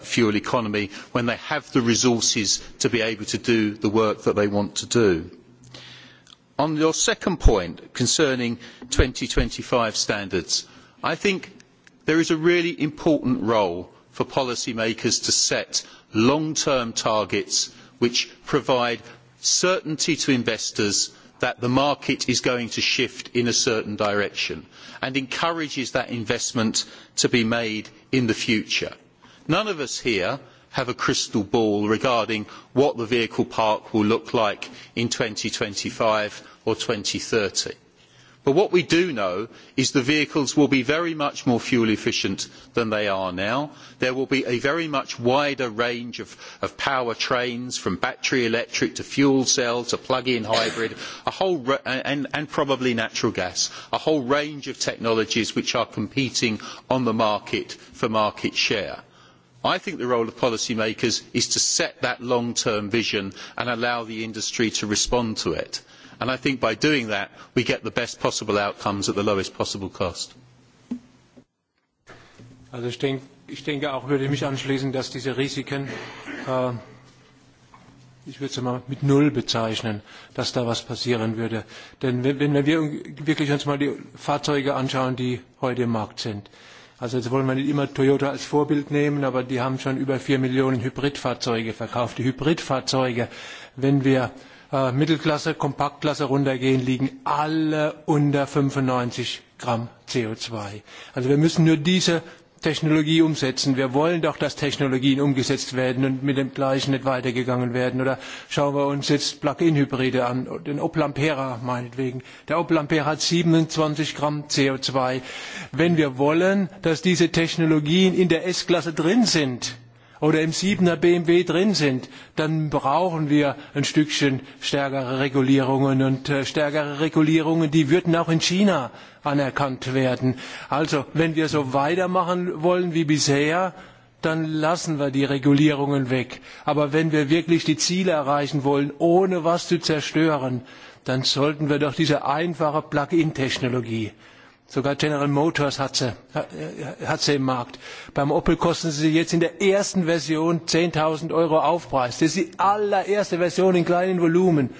S12: fuel economy when they have the resources to be able to do the work that they want to do. On your second point concerning twenty five standards, I think there is a really important role for policymakers to set long-term targets which provide certainty to investors that the market is going to shift in a certain direction and encourages that investment to be made in the future. None of us here have a crystal ball regarding what the vehicle park will look like in five or thirty But what we do know is the vehicles will be very much more fuel efficient than they are now. There will be a very much wider range of, of trains, from battery electric to fuel cell to plug-in hybrid a whole and, and probably natural gas, a whole range of technologies which are competing on the market for market share. I think the role of policymakers is to set that long-term vision and allow the industry to respond to it and I think by doing that we get the best possible outcomes at the lowest possible cost.
S1: Also ich denke auch, würde mich anschließen, dass diese Risiken, ich würde es mal mit Null bezeichnen, dass da was passieren würde. Denn wenn, wir wirklich uns mal die Fahrzeuge anschauen, die heute im Markt sind, also jetzt wollen wir nicht immer Toyota als Vorbild nehmen, aber die haben schon über vier Millionen Hybridfahrzeuge verkauft. Die Hybridfahrzeuge, wenn wir Mittelklasse, Kompaktklasse runtergehen, liegen alle unter 95 Gramm co zwei. Also wir müssen nur diese Technologie umsetzen. Wir wollen doch, dass Technologien umgesetzt werden und mit dem gleichen nicht weitergegangen werden. Oder schauen wir uns jetzt Plug-in-Hybride an, den Opel Ampera meinetwegen. Der Opel Ampera hat 27 Gramm CO2. Wenn wir wollen, dass diese Technologien in der S-Klasse drin sind, oder im 7er BMW drin sind, dann brauchen wir ein Stückchen stärkere Regulierungen und stärkere Regulierungen, die würden auch in China anerkannt werden. Also, wenn wir so weitermachen wollen wie bisher, dann lassen wir die Regulierungen weg. Aber wenn wir wirklich die Ziele erreichen wollen, ohne was zu zerstören, dann sollten wir doch diese einfache Plug-in-Technologie Sogar General Motors hat sie, hat sie im Markt. Beim Opel kosten sie jetzt in der ersten Version 10.000 Euro Aufpreis. Das ist die allererste Version in kleinen Volumen.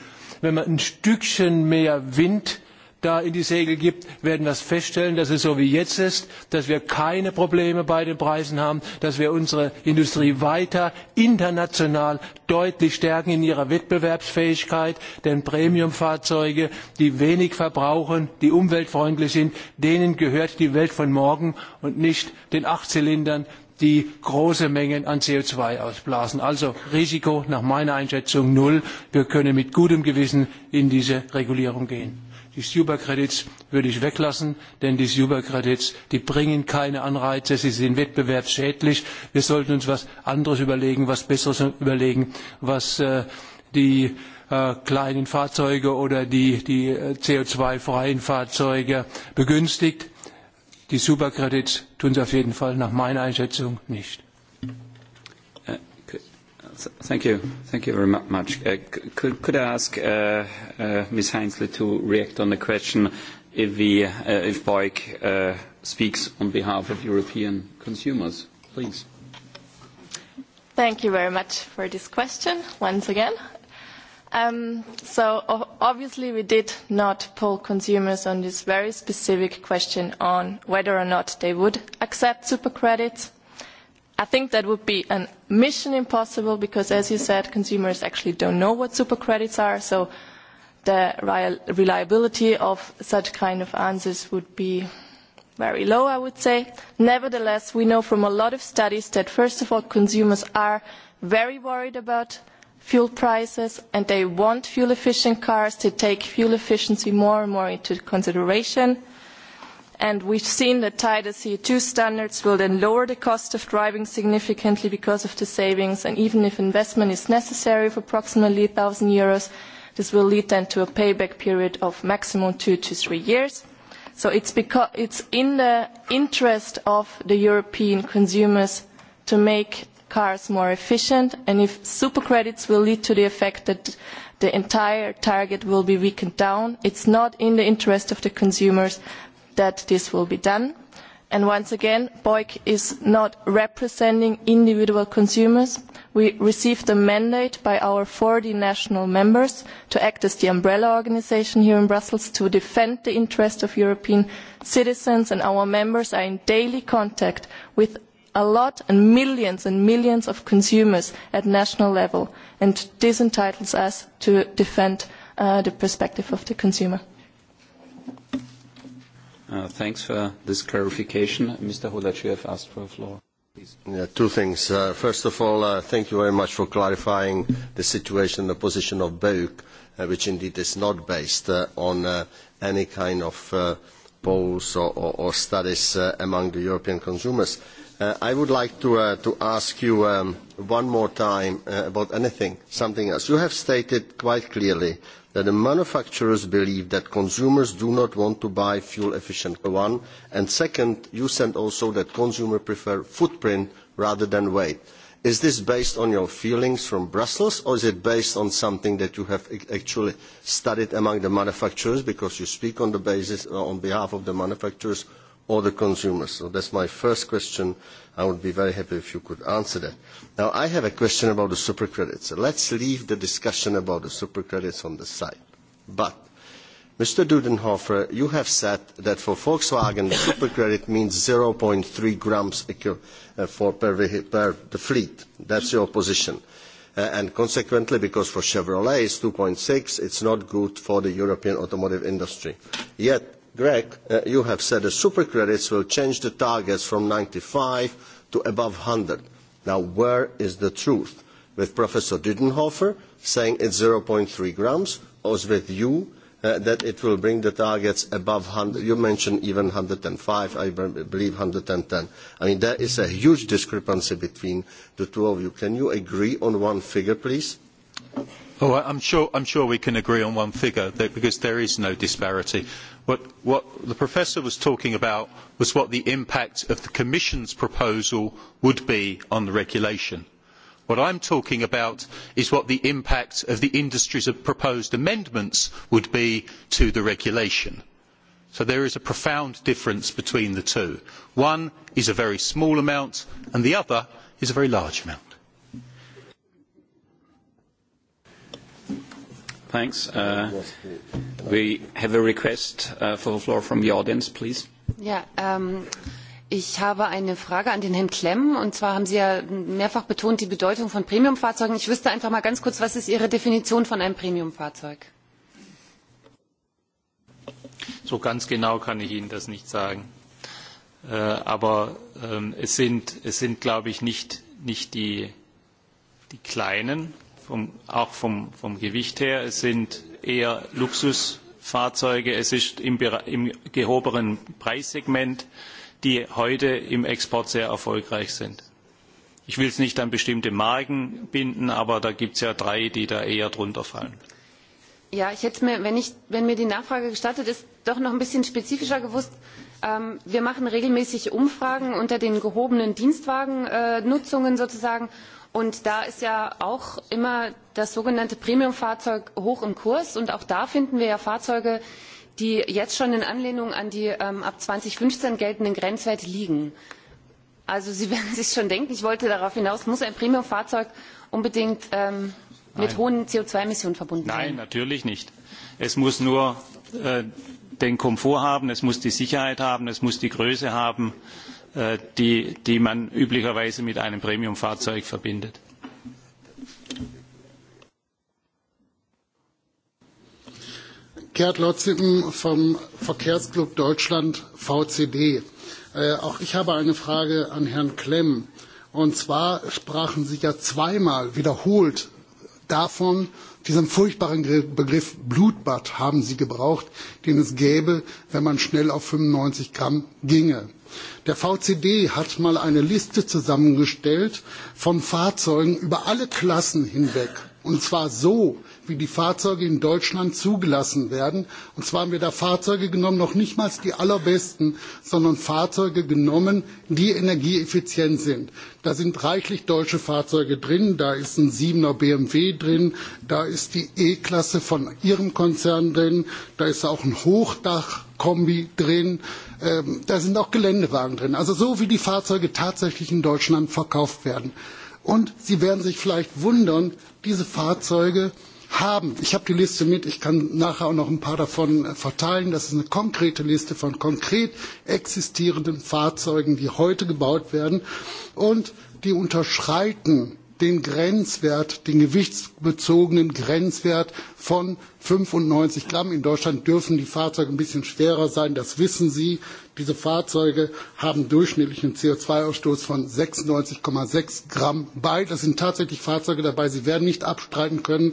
S1: Wenn man ein Stückchen mehr Wind da in die Segel gibt, werden wir feststellen, dass es so wie jetzt ist, dass wir keine Probleme bei den Preisen haben, dass wir unsere Industrie weiter international deutlich stärken in ihrer Wettbewerbsfähigkeit, denn Premiumfahrzeuge, die wenig verbrauchen, die umweltfreundlich sind, denen gehört die Welt von morgen und nicht den Achtzylindern, die große Mengen an co zwei ausblasen. Also Risiko nach meiner Einschätzung null. Wir können mit gutem Gewissen in diese Regulierung gehen. Die Supercredits würde ich weglassen, denn die Supercredits credits bringen keine Anreize, sie sind wettbewerbsschädlich. Wir sollten uns was anderes überlegen, was Besseres überlegen, was die kleinen Fahrzeuge oder die, die CO2-freien Fahrzeuge begünstigt. Die Superkredits tun es auf jeden Fall nach meiner Einschätzung nicht.
S10: Thank you. Thank you very much. Could I ask Ms. Heinzle to react on the question if BOIC speaks on behalf of European consumers, please?
S13: Thank you very much for this question once again. So obviously, we did not poll consumers on this very specific question on whether or not they would accept super credits I think that would be a mission impossible because, as you said, consumers actually don't know what super credits are. So the reliability of such kind of answers would be very low, I would say. Nevertheless, we know from a lot of studies that, first of all, consumers are very worried about fuel prices and they want fuel efficient cars to take fuel efficiency more and more into consideration and we have seen that tighter co two standards will then lower the cost of driving significantly because of the savings, and even if investment is necessary of approximately 1,000 euros, this will lead then to a payback period of maximum two to three years. So it's, because, it's in the interest of the European consumers to make cars more efficient, and if super credits will lead to the effect that the entire target will be weakened down, it's not in the interest of the consumers that this will be done. And once again, BOIC is not representing individual consumers. We received a mandate by our forty national members to act as the umbrella organisation here in Brussels to defend the interests of European citizens, and our members are in daily contact with a lot and millions and millions of consumers at national level, and this entitles us to defend the perspective of the consumer.
S10: Thanks for this clarification. Mr. Hodacz, you have asked for the floor.
S11: Two things. First of all, thank you very much for clarifying the situation, the position of BEUC, which indeed is not based on any kind of polls or studies among the European consumers. I would like to ask you one more time about anything, something else. You have stated quite clearly that the manufacturers believe that consumers do not want to buy fuel efficient one and second you said also that consumers prefer footprint rather than weight. is this based on your feelings from brussels or is it based on something that you have actually studied among the manufacturers because you speak on behalf of the manufacturers or the consumers? So that's my first question. I would be very happy if you could answer that. Now, I have a question about the super credits. Let's leave the discussion about the super credits on the side. But, Mr. Dudenhofer, you have said that for Volkswagen, the super credit means 0.3 grams for per, per the fleet. That's your position. and consequently, because for Chevrolet it's 2.6, it's not good for the European automotive industry. Yet, Greg, you have said the super credits will change the targets from ninety five to above hundred. Now, where is the truth? With Professor Didenhofer saying it's zero three grams, or with you that it will bring the targets above 100. You mentioned even one hundred and five, I believe one hundred and ten. I mean, there is a huge discrepancy between the two of you. Can you agree on one figure, please? Oh, I'm I'm sure we can agree on one
S12: figure because there is no disparity what the professor was talking about was what the impact of the commission's proposal would be on the regulation. what i am talking about is what the impact of the industry's proposed amendments would be to the regulation. so there is a profound difference between the two. one is a very small amount and the other is a very large amount.
S10: Thanks. Uh, we have a request uh, for the floor from the audience, please.
S9: Yeah. Um, Ich habe eine Frage an den Herrn Klemm. Und zwar haben Sie ja mehrfach betont die Bedeutung von Premiumfahrzeugen. Ich wüsste einfach mal ganz kurz, was ist Ihre Definition von einem Premiumfahrzeug?
S14: So ganz genau kann ich Ihnen das nicht sagen. aber es sind, glaube ich, nicht, die, kleinen auch vom, Gewicht her. Es sind eher Luxusfahrzeuge. Es ist im, im gehobenen Preissegment, die heute im Export sehr erfolgreich sind. Ich will es nicht an bestimmte Marken binden, aber da gibt es ja drei, die da eher drunter fallen.
S9: Ja, ich hätte mir, wenn, mir die Nachfrage gestattet ist, doch noch ein bisschen spezifischer gewusst. wir machen regelmäßig Umfragen unter den gehobenen Dienstwagennutzungen sozusagen Und da ist ja auch immer das sogenannte Premiumfahrzeug hoch im Kurs. Und auch da finden wir ja Fahrzeuge, die jetzt schon in Anlehnung an die ähm, ab 2015 geltenden Grenzwerte liegen. Also Sie werden sich schon denken, ich wollte darauf hinaus, muss ein Premiumfahrzeug unbedingt mit hohen co zwei emissionen verbunden sein? Nein,
S14: natürlich nicht. Es muss nur den Komfort haben, es muss die Sicherheit haben, es muss die Größe haben die man üblicherweise mit einem Premiumfahrzeug verbindet.
S15: Gerd Lotzippen vom Verkehrsclub Deutschland VCD. auch ich habe eine Frage an Herrn Klemm. Und zwar sprachen Sie ja zweimal wiederholt davon, diesen furchtbaren Begriff Blutbad haben Sie gebraucht, den es gäbe, wenn man schnell auf 95 Gramm ginge Der VCD hat mal eine Liste zusammengestellt von Fahrzeugen über alle Klassen hinweg. Und zwar so, wie die Fahrzeuge in Deutschland zugelassen werden. Und zwar haben wir da Fahrzeuge genommen, noch nicht mal die allerbesten, sondern Fahrzeuge genommen, die energieeffizient sind. Da sind reichlich deutsche Fahrzeuge drin, da ist ein 7er BMW drin, da ist die E-Klasse von Ihrem Konzern drin, da ist auch ein Hochdachkombi drin, da sind auch Geländewagen drin. Also so wie die Fahrzeuge tatsächlich in Deutschland verkauft werden. Und Sie werden sich vielleicht wundern, diese Fahrzeuge haben. Ich habe die Liste mit, ich kann nachher auch noch ein paar davon verteilen. Das ist eine konkrete Liste von konkret existierenden Fahrzeugen, die heute gebaut werden und die unterschreiten den Grenzwert, den gewichtsbezogenen Grenzwert von 95 Gramm. In Deutschland dürfen die Fahrzeuge ein bisschen schwerer sein, das wissen Sie. Diese Fahrzeuge haben durchschnittlichen co zwei ausstoß von 96,6 Gramm bei. Das sind tatsächlich Fahrzeuge dabei. Sie werden nicht abstreiten können,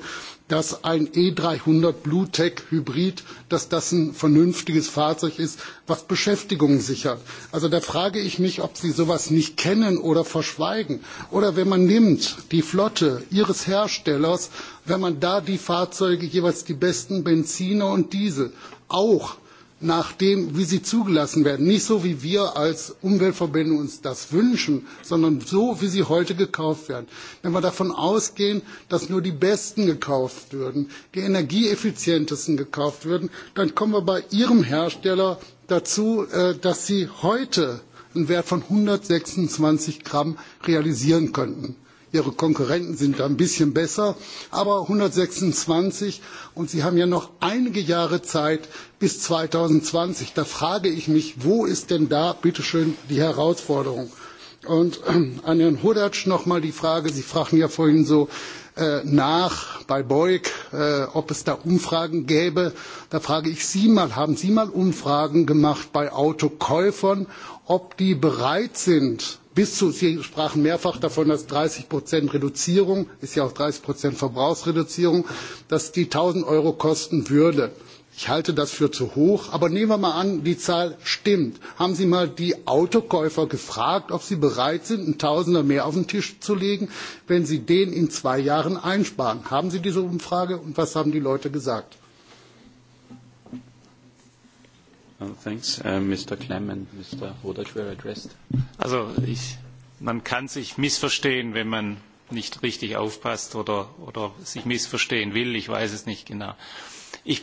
S15: dass ein E 300 Bluetech Hybrid, dass das ein vernünftiges Fahrzeug ist, was Beschäftigung sichert. Also da frage ich mich, ob Sie sowas nicht kennen oder verschweigen. Oder wenn man nimmt die Flotte Ihres Herstellers, wenn man da die Fahrzeuge jeweils die besten Benziner und Diesel auch nach dem, wie sie zugelassen werden. Nicht so, wie wir als Umweltverbände uns das wünschen, sondern so, wie sie heute gekauft werden. Wenn wir davon ausgehen, dass nur die Besten gekauft würden, die energieeffizientesten gekauft würden, dann kommen wir bei Ihrem Hersteller dazu, dass Sie heute einen Wert von 126 Gramm realisieren könnten. Ihre Konkurrenten sind da ein bisschen besser, aber 126 und Sie haben ja noch einige Jahre Zeit bis 2020. Da frage ich mich, wo ist denn da bitteschön die Herausforderung? Und an Herrn Hudatsch nochmal die Frage, Sie fragten ja vorhin so nach bei Beug, ob es da Umfragen gäbe. Da frage ich Sie mal, haben Sie mal Umfragen gemacht bei Autokäufern, ob die bereit sind, bis zu, Sie sprachen mehrfach davon, dass 30 Prozent Reduzierung, ist ja auch 30 Prozent Verbrauchsreduzierung, dass die 1000 Euro kosten würde. Ich halte das für zu hoch, aber nehmen wir mal an, die Zahl stimmt. Haben Sie mal die Autokäufer gefragt, ob sie bereit sind, einen Tausender mehr auf den Tisch zu legen, wenn sie den in zwei Jahren einsparen? Haben Sie diese Umfrage und was haben die Leute gesagt?
S10: Thanks. Mr. and Mr.
S14: were addressed. Also man kann sich missverstehen, wenn man nicht richtig aufpasst oder, sich missverstehen will. Ich weiß es nicht genau. Ich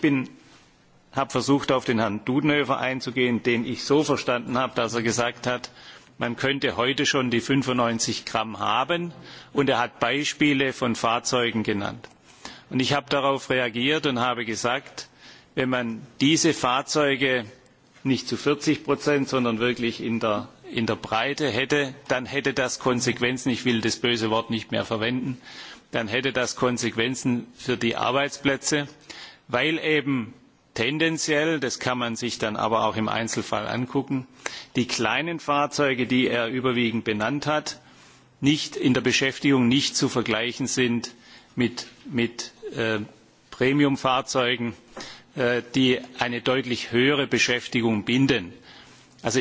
S14: habe versucht, auf den Herrn Dudenhöfer einzugehen, den ich so verstanden habe, dass er gesagt hat, man könnte heute schon die 95 Gramm haben. Und er hat Beispiele von Fahrzeugen genannt. Und ich habe darauf reagiert und habe gesagt, wenn man diese Fahrzeuge nicht zu vierzig, sondern wirklich in der, Breite hätte, dann hätte das Konsequenzen, ich will das böse Wort nicht mehr verwenden, dann hätte das Konsequenzen für die Arbeitsplätze, weil eben tendenziell, das kann man sich dann aber auch im Einzelfall angucken, die kleinen Fahrzeuge, die er überwiegend benannt hat, nicht in der Beschäftigung nicht zu vergleichen sind mit, Premiumfahrzeugen, die eine deutlich höhere Beschäftigung binden. Also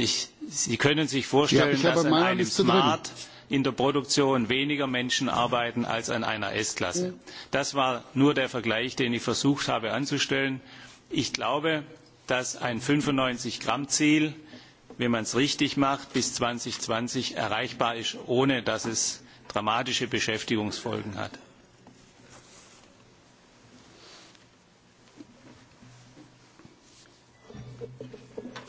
S14: Sie können sich vorstellen, dass an einem Smart in der Produktion weniger Menschen arbeiten als an einer S-Klasse. Das war nur der Vergleich, den ich versucht habe anzustellen. Ich glaube, dass ein 95-Gramm-Ziel, wenn man es richtig macht, bis 2020 erreichbar ist, ohne dass es dramatische
S11: Beschäftigungsfolgen hat.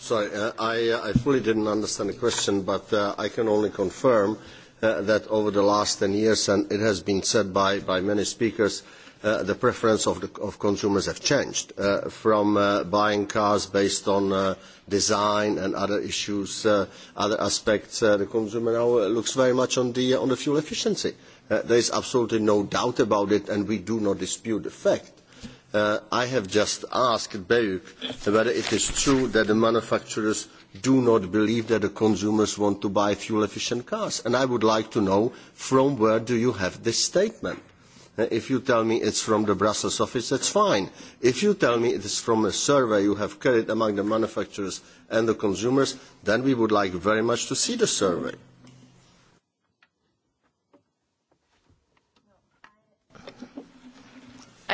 S11: Sorry, I fully didn't understand the question, but I can only confirm that over the last ten years, and it has been said by many speakers, the preference of consumers have changed from buying cars based on design and other issues, other aspects. The consumer now looks very much on the fuel efficiency. There is absolutely no doubt about it, and we do not dispute the fact I have just asked BEUC whether it is true that the manufacturers do not believe that the consumers want to buy fuel-efficient cars. And I would like to know from where do you have this statement? If you tell me it is from the Brussels office, that is fine. If you tell me it is from a survey you have carried among the manufacturers and the consumers, then we would like very much to see the survey.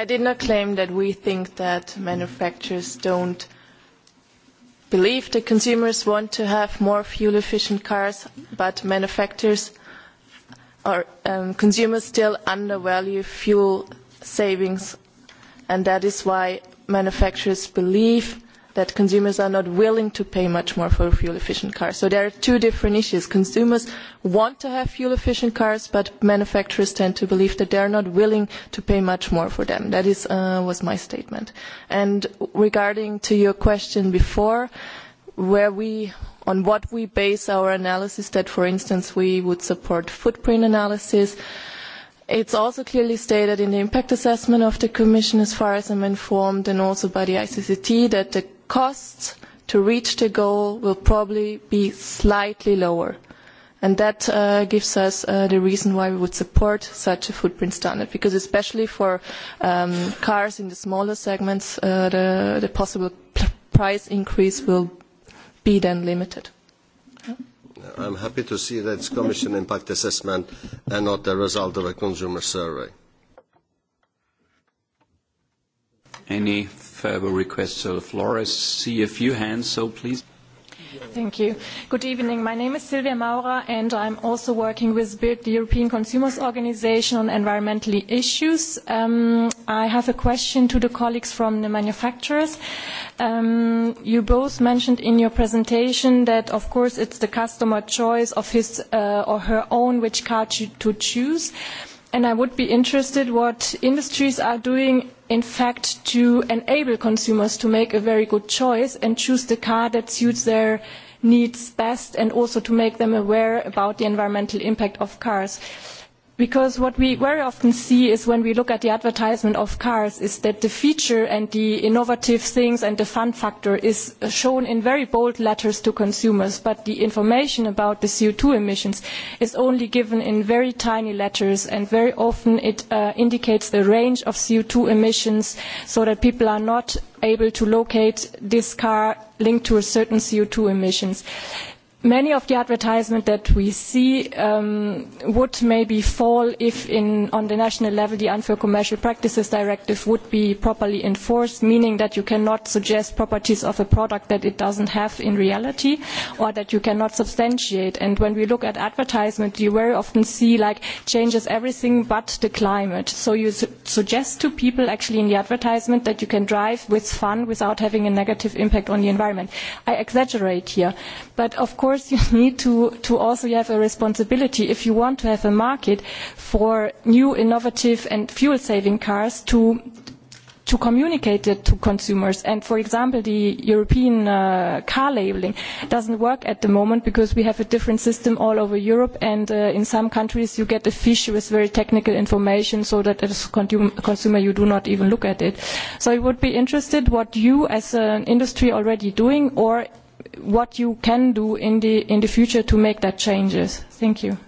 S13: I did not claim that we think that manufacturers don't believe that consumers want to have more fuel-efficient cars, but manufacturers or um consumers still undervalue fuel savings, and that is why manufacturers believe that consumers are not willing to pay much more for fuel efficient cars. So there are two different issues. Consumers want to have fuel efficient cars, but manufacturers tend to believe that they are not willing to pay much more for them. That is, uh, was my statement. And regarding to your question before, where we on what we base our analysis that for instance we would support footprint analysis it's also clearly stated in the impact assessment of the commission as far as i'm informed and also by the icct that the costs to reach the goal will probably be slightly lower. And that gives us the reason why we would support such a footprint standard, because especially for cars in the smaller segments, the, possible price increase will be then limited.
S11: I am happy to see that it's Commission impact assessment and not the result of a consumer survey. Any
S10: further requests to the floor. I see a few hands, so please.
S16: Thank you. Good evening. My name is Silvia Maurer, and I'm also working with BIRD, the European Consumers Organization, on environmental issues. I have a question to the colleagues from the manufacturers. you both mentioned in your presentation that, of course, it's the customer choice of his uh or her own which car to choose and I would be interested what industries are doing, in fact, to enable consumers to make a very good choice and choose the car that suits their needs best and also to make them aware about the environmental impact of cars. Because what we very often see is when we look at the advertisement of cars is that the feature and the innovative things and the fun factor is shown in very bold letters to consumers, but the information about the co two emissions is only given in very tiny letters and very often it indicates the range of co two emissions so that people are not able to locate this car linked to a certain co two emissions. Uh, many of the advertisements that we see would maybe fall if on the national level the unfair commercial practices directive would be properly enforced, meaning that you cannot suggest properties of a product that it does not have in reality or that you cannot substantiate. And when we look at advertisement, you very often see like changes everything but the climate. So you suggest to people actually in the advertisement that you can drive with fun without having a negative impact on the environment. I exaggerate here, but of course course, you need to, to also have a responsibility if you want to have a market for new innovative and fuel-saving cars to to communicate it to consumers. And for example, the European uh, car labeling doesn't work at the moment because we have a different system all over Europe. And uh, in some countries, you get a fish with very technical information so that as a consumer, you do not even look at it. So I would be interested what you as an industry already doing or what you can do in the in the future to make that changes. Thank you.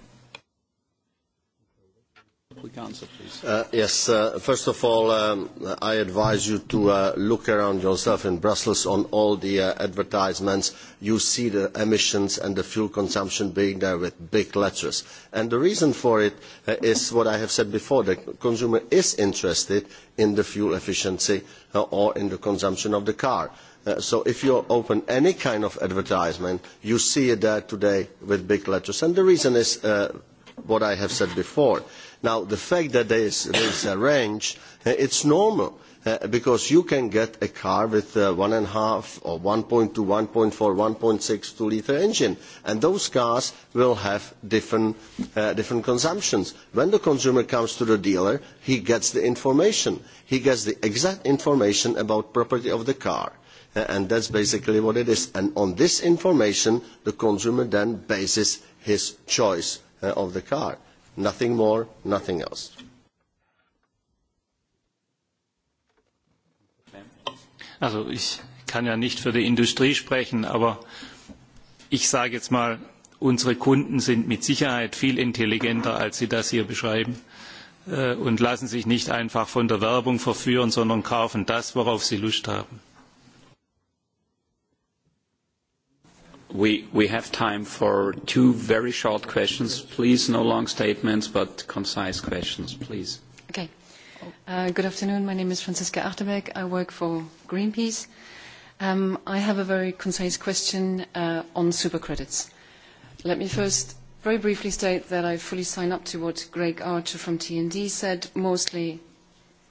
S11: Yes. First of all, I advise you to look around yourself in Brussels on all the advertisements. You see the emissions and the fuel consumption being there with big letters. And the reason for it is what I have said before. The consumer is interested in the fuel efficiency or in the consumption of the car so if you open any kind of advertisement, you see it there today with big letters. And the reason is what I have said before. Now, the fact that there is, a range, uh, it's normal. because you can get a car with uh, one and a half or one point two, one point four, one point six two liter engine, and those cars will have different, consumptions. When the consumer comes to the dealer, he gets the information. He gets the exact information about property of the car and that is basically what it is. And on this information, the consumer then bases his choice of the car. Nothing more, nothing else.
S14: Also ich kann ja nicht für die Industrie sprechen, aber ich sage jetzt mal, unsere Kunden sind mit Sicherheit viel intelligenter, als sie das hier beschreiben und lassen sich nicht einfach von der Werbung verführen, sondern kaufen das, worauf sie Lust haben.
S10: We have time for two very short questions. Please, no long statements, but concise questions,
S17: please. Okay. Good afternoon. My name is Franziska Achterbeck. I work for Greenpeace. I have a very concise question on supercredits. Let me first very briefly state that I fully sign up to what Greg Archer from TND said. Mostly,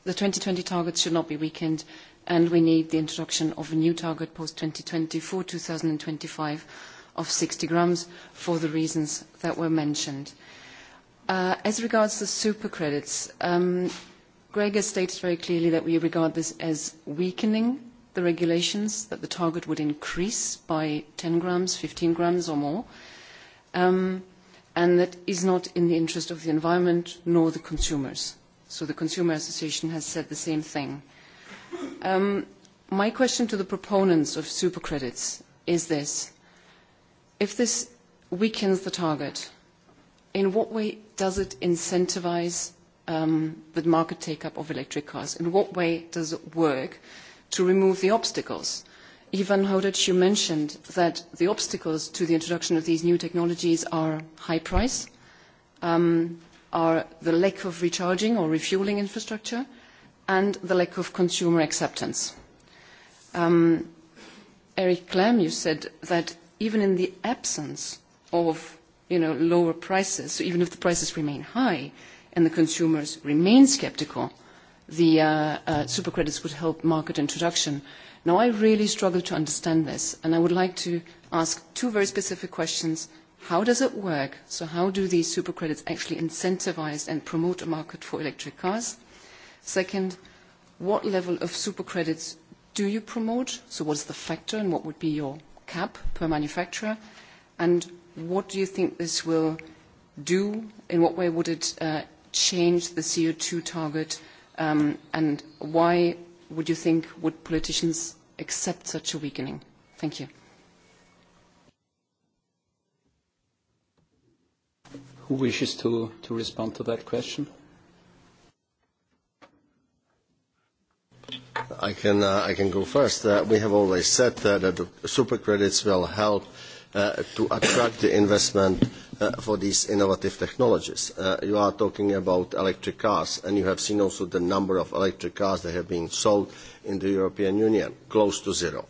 S17: the 2020 targets should not be weakened and we need the introduction of a new target post-2020 for 2025 of 60 grams for the reasons that were mentioned. As regards the super credits, Greg has stated very clearly that we regard this as weakening the regulations, that the target would increase by 10 grams, 15 grams or more, and that is not in the interest of the environment nor the consumers. So the Consumer Association has said the same thing my question to the proponents of supercredits is this. If this weakens the target, in what way does it incentivise the market take-up of electric cars? In what way does it work to remove the obstacles? Ivan Hodic, you mentioned that the obstacles to the introduction of these new technologies are high price, are the lack of recharging or refuelling infrastructure, and the lack of consumer acceptance. Eric Clem, you said that even in the absence of lower prices, so even if the prices remain high and the consumers remain sceptical, the uh, uh, super credits would help market introduction. Now, I really struggle to understand this, and I would like to ask two very specific questions. How does it work? So how do these super credits actually incentivize and promote a market for electric cars? Second, what level of super credits do you promote? So what's the factor and what would be your cap per manufacturer? And what do you think this will do? In what way would it change the CO2 target? and why would you think would politicians accept such a weakening? Thank you.
S10: Who wishes to respond to that question?
S11: I can, uh, I can go first. Uh, we have always said uh, that the super credits will help uh, to attract the investment uh, for these innovative technologies. Uh, you are talking about electric cars, and you have seen also the number of electric cars that have been sold in the European Union, close to zero.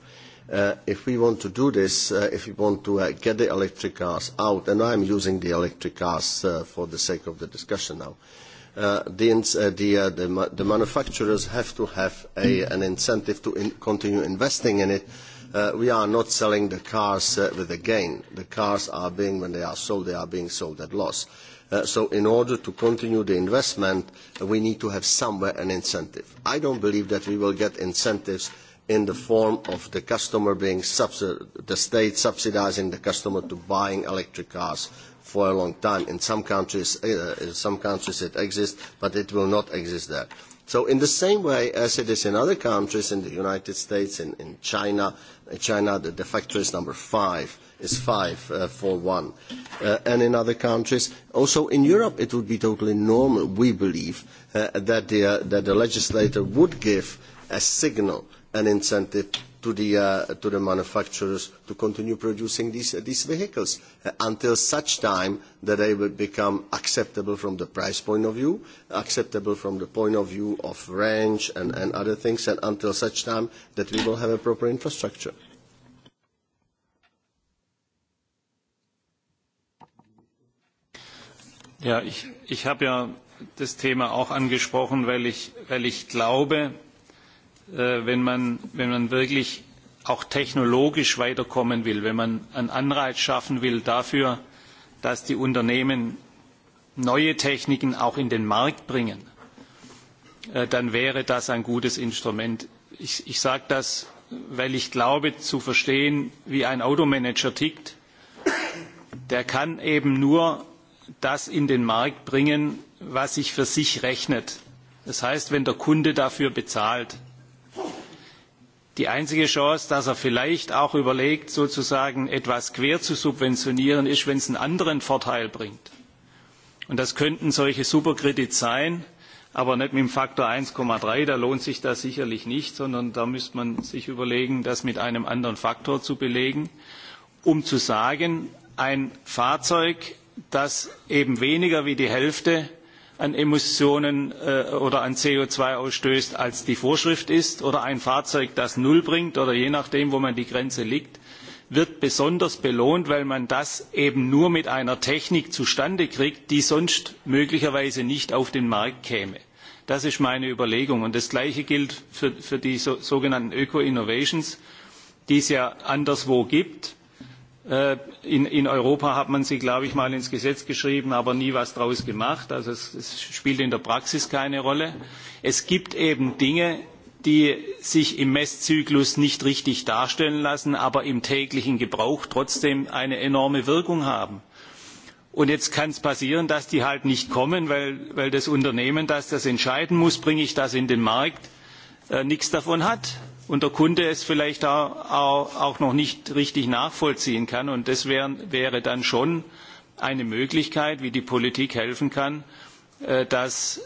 S11: Uh, if we want to do this, uh, if we want to uh, get the electric cars out, and I'm using the electric cars uh, for the sake of the discussion now, uh, the, manufacturers have to have an incentive to continue investing in it. we are not selling the cars with a gain. The cars are being, when they are sold, they are being sold at loss. so in order to continue the investment, we need to have somewhere an incentive. I don't believe that we will get incentives in the form of the customer being the state subsidizing the customer to buying electric cars for a long time. In some countries, in some countries it exists, but it will not exist there. So in the same way as it is in other countries, in the United States, in, in China, in China the, the factor is number five, is five for one, and in other countries. Also in Europe it would be totally normal, we believe, that, the, that the legislator would give a signal, an incentive to the, manufacturers to continue producing these, vehicles until such time that they will become acceptable from the price point of view, acceptable from the point of view of range and, other things, and until such time that we will have a proper infrastructure.
S14: ich, habe ja das Thema auch angesprochen, weil ich glaube, wenn man, wirklich auch technologisch weiterkommen will, wenn man einen Anreiz schaffen will dafür, dass die Unternehmen neue Techniken auch in den Markt bringen, dann wäre das ein gutes Instrument. Ich, sage das, weil ich glaube zu verstehen, wie ein Automanager tickt. Der kann eben nur das in den Markt bringen, was sich für sich rechnet. Das heißt, wenn der Kunde dafür bezahlt die einzige chance dass er vielleicht auch überlegt sozusagen etwas quer zu subventionieren ist wenn es einen anderen vorteil bringt. und das könnten solche superkredits sein aber nicht mit dem faktor eins drei da lohnt sich das sicherlich nicht sondern da müsste man sich überlegen das mit einem anderen faktor zu belegen um zu sagen ein fahrzeug das eben weniger als die hälfte an Emissionen oder an co zwei ausstößt, als die Vorschrift ist, oder ein Fahrzeug, das null bringt, oder je nachdem, wo man die Grenze liegt, wird besonders belohnt, weil man das eben nur mit einer Technik zustande kriegt, die sonst möglicherweise nicht auf den Markt käme. Das ist meine Überlegung. Und das Gleiche gilt für, die sogenannten Öko-Innovations, die es ja anderswo gibt In, Europa hat man sie, glaube ich, mal ins Gesetz geschrieben, aber nie etwas daraus gemacht. Also es, spielt in der Praxis keine Rolle. Es gibt eben Dinge, die sich im Messzyklus nicht richtig darstellen lassen, aber im täglichen Gebrauch trotzdem eine enorme Wirkung haben. Und jetzt kann es passieren, dass die halt nicht kommen, weil, das Unternehmen, das das entscheiden muss, bringe ich das in den Markt, nichts davon hat und der Kunde es vielleicht auch noch nicht richtig nachvollziehen kann. Und das wäre dann schon eine Möglichkeit, wie die Politik helfen kann, dass,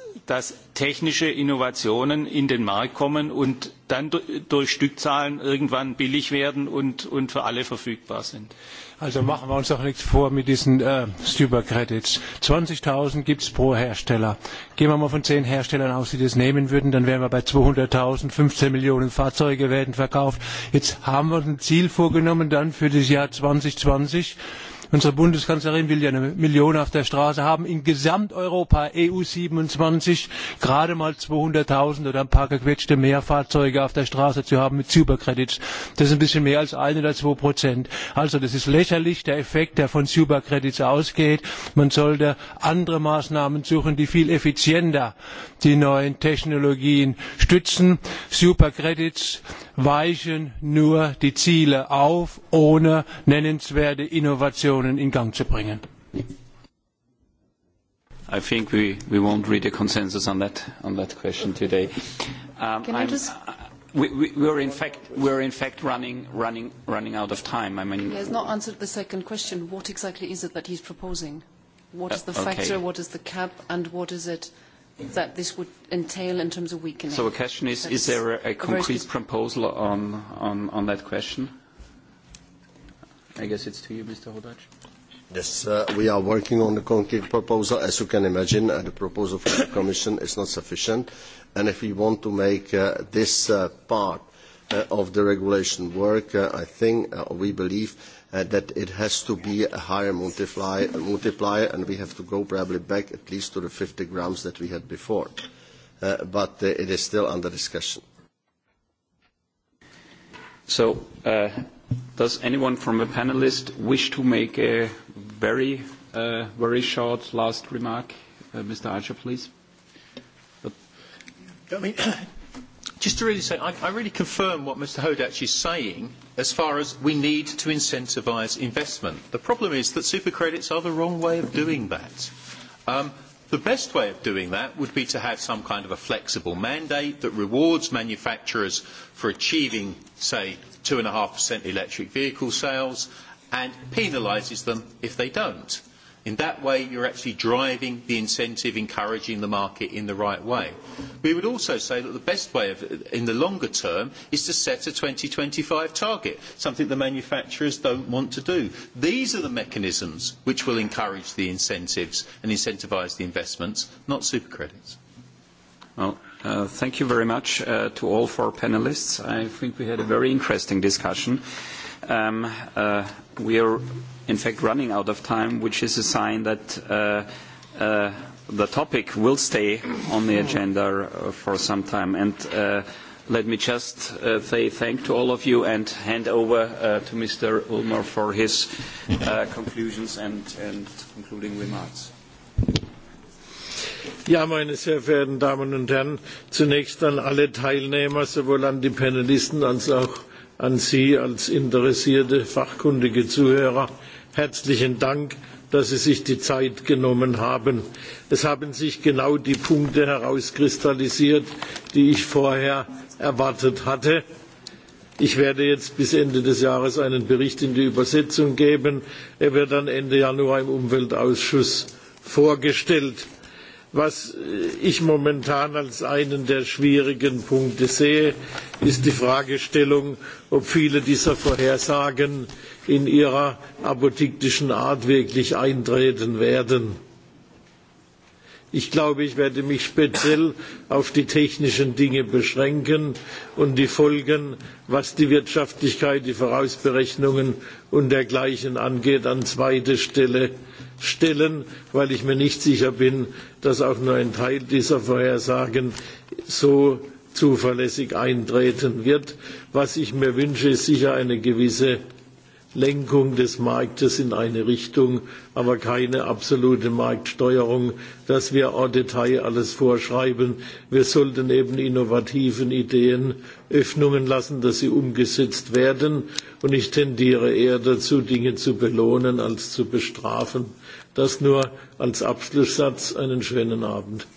S14: technische Innovationen in den Markt kommen und dann durch Stückzahlen irgendwann billig werden und, für alle verfügbar sind.
S1: Also machen wir uns doch nichts vor mit diesen super Credits. null gibt es pro Hersteller. Gehen wir mal von zehn Herstellern aus, die das nehmen würden, dann wären wir bei null fünfzehn Millionen Fahrzeuge werden verkauft. Jetzt haben wir uns ein Ziel vorgenommen dann für das Jahr zweitausendzwanzig Unsere Bundeskanzlerin will ja eine Million auf der Straße haben. In Gesamteuropa, EU 27, gerade mal 200.000 oder ein paar gequetschte mehr Fahrzeuge auf der Straße zu haben mit Supercredits. Das ist ein bisschen mehr als ein oder zwei Prozent. Also das ist lächerlich, der Effekt, der von Supercredits ausgeht. Man sollte andere Maßnahmen suchen, die viel effizienter die neuen Technologien stützen. Supercredits weichen nur die Ziele auf, ohne nennenswerte Innovationen in
S10: Gang zu bringen. I think we, we won't a consensus on that, on that question today. Um, Can I just... We, we, we're in fact, we're in fact running, running, running out of time. I mean, he has not
S17: answered the second question. What exactly is it that he's proposing? What is the factor? What is the cap? And what is it? that this would entail in terms of weakening. So the question is, is there a concrete
S10: proposal
S11: on that question?
S10: I guess it's to you, Mr. Hodacz.
S11: Yes, we are working on the concrete proposal. As you can imagine, the proposal from the Commission is not sufficient. And if we want to make this part of the regulation work, I think, we believe that it has to be a higher multiplier, and we have to go probably back at least to the 50 grams that we had before. But it is still under discussion.
S10: So, does anyone from the panelists wish to make a very, very short last remark? Mr. Archer, please. I mean, just to really say, I, I really confirm what Mr.
S12: Hodach is saying as far as we need to incentivise investment. The problem is that super credits are the wrong way of doing that. Um, the best way of doing that would be to have some kind of a flexible mandate that rewards manufacturers for achieving, say, 2.5% electric vehicle sales and penalises them if they don't In that way, you're actually driving the incentive, encouraging the market in the right way. We would also say that the best way of, in the longer term is to set a 2025 target, something the manufacturers don't want to do. These are the mechanisms which will encourage the incentives and incentivise the investments, not super credits.
S10: Well, thank you very much to all four panelists. I think we had a very interesting discussion. We are in fact running out of time, which is a sign that the topic will stay on the agenda for some time. And let me just say thank to all of you and hand over to Mr. Ulmer for his conclusions and concluding remarks.
S2: Ja, meine sehr verehrten Damen und Herren, zunächst an alle Teilnehmer, sowohl an die Panelisten als auch an Sie als interessierte, fachkundige Zuhörer herzlichen Dank, dass Sie sich die Zeit genommen haben. Es haben sich genau die Punkte herauskristallisiert, die ich vorher erwartet hatte. Ich werde jetzt bis Ende des Jahres einen Bericht in die Übersetzung geben. Er wird dann Ende Januar im Umweltausschuss vorgestellt. Was ich momentan als einen der schwierigen Punkte sehe, ist die Fragestellung, ob viele dieser Vorhersagen in ihrer apodiktischen Art wirklich eintreten werden. Ich glaube, ich werde mich speziell auf die technischen Dinge beschränken und die Folgen, was die Wirtschaftlichkeit, die Vorausberechnungen und dergleichen angeht, an zweite Stelle stellen, weil ich mir nicht sicher bin, dass auch nur ein Teil dieser Vorhersagen so zuverlässig eintreten wird. Was ich mir wünsche, ist sicher eine gewisse Lenkung des Marktes in eine Richtung, aber keine absolute Marktsteuerung, dass wir en Detail alles vorschreiben. Wir sollten eben innovativen Ideen Öffnungen lassen, dass sie umgesetzt werden. Und ich tendiere eher dazu, Dinge zu belohnen als zu bestrafen. Das nur als Abschlusssatz. Einen schönen Abend.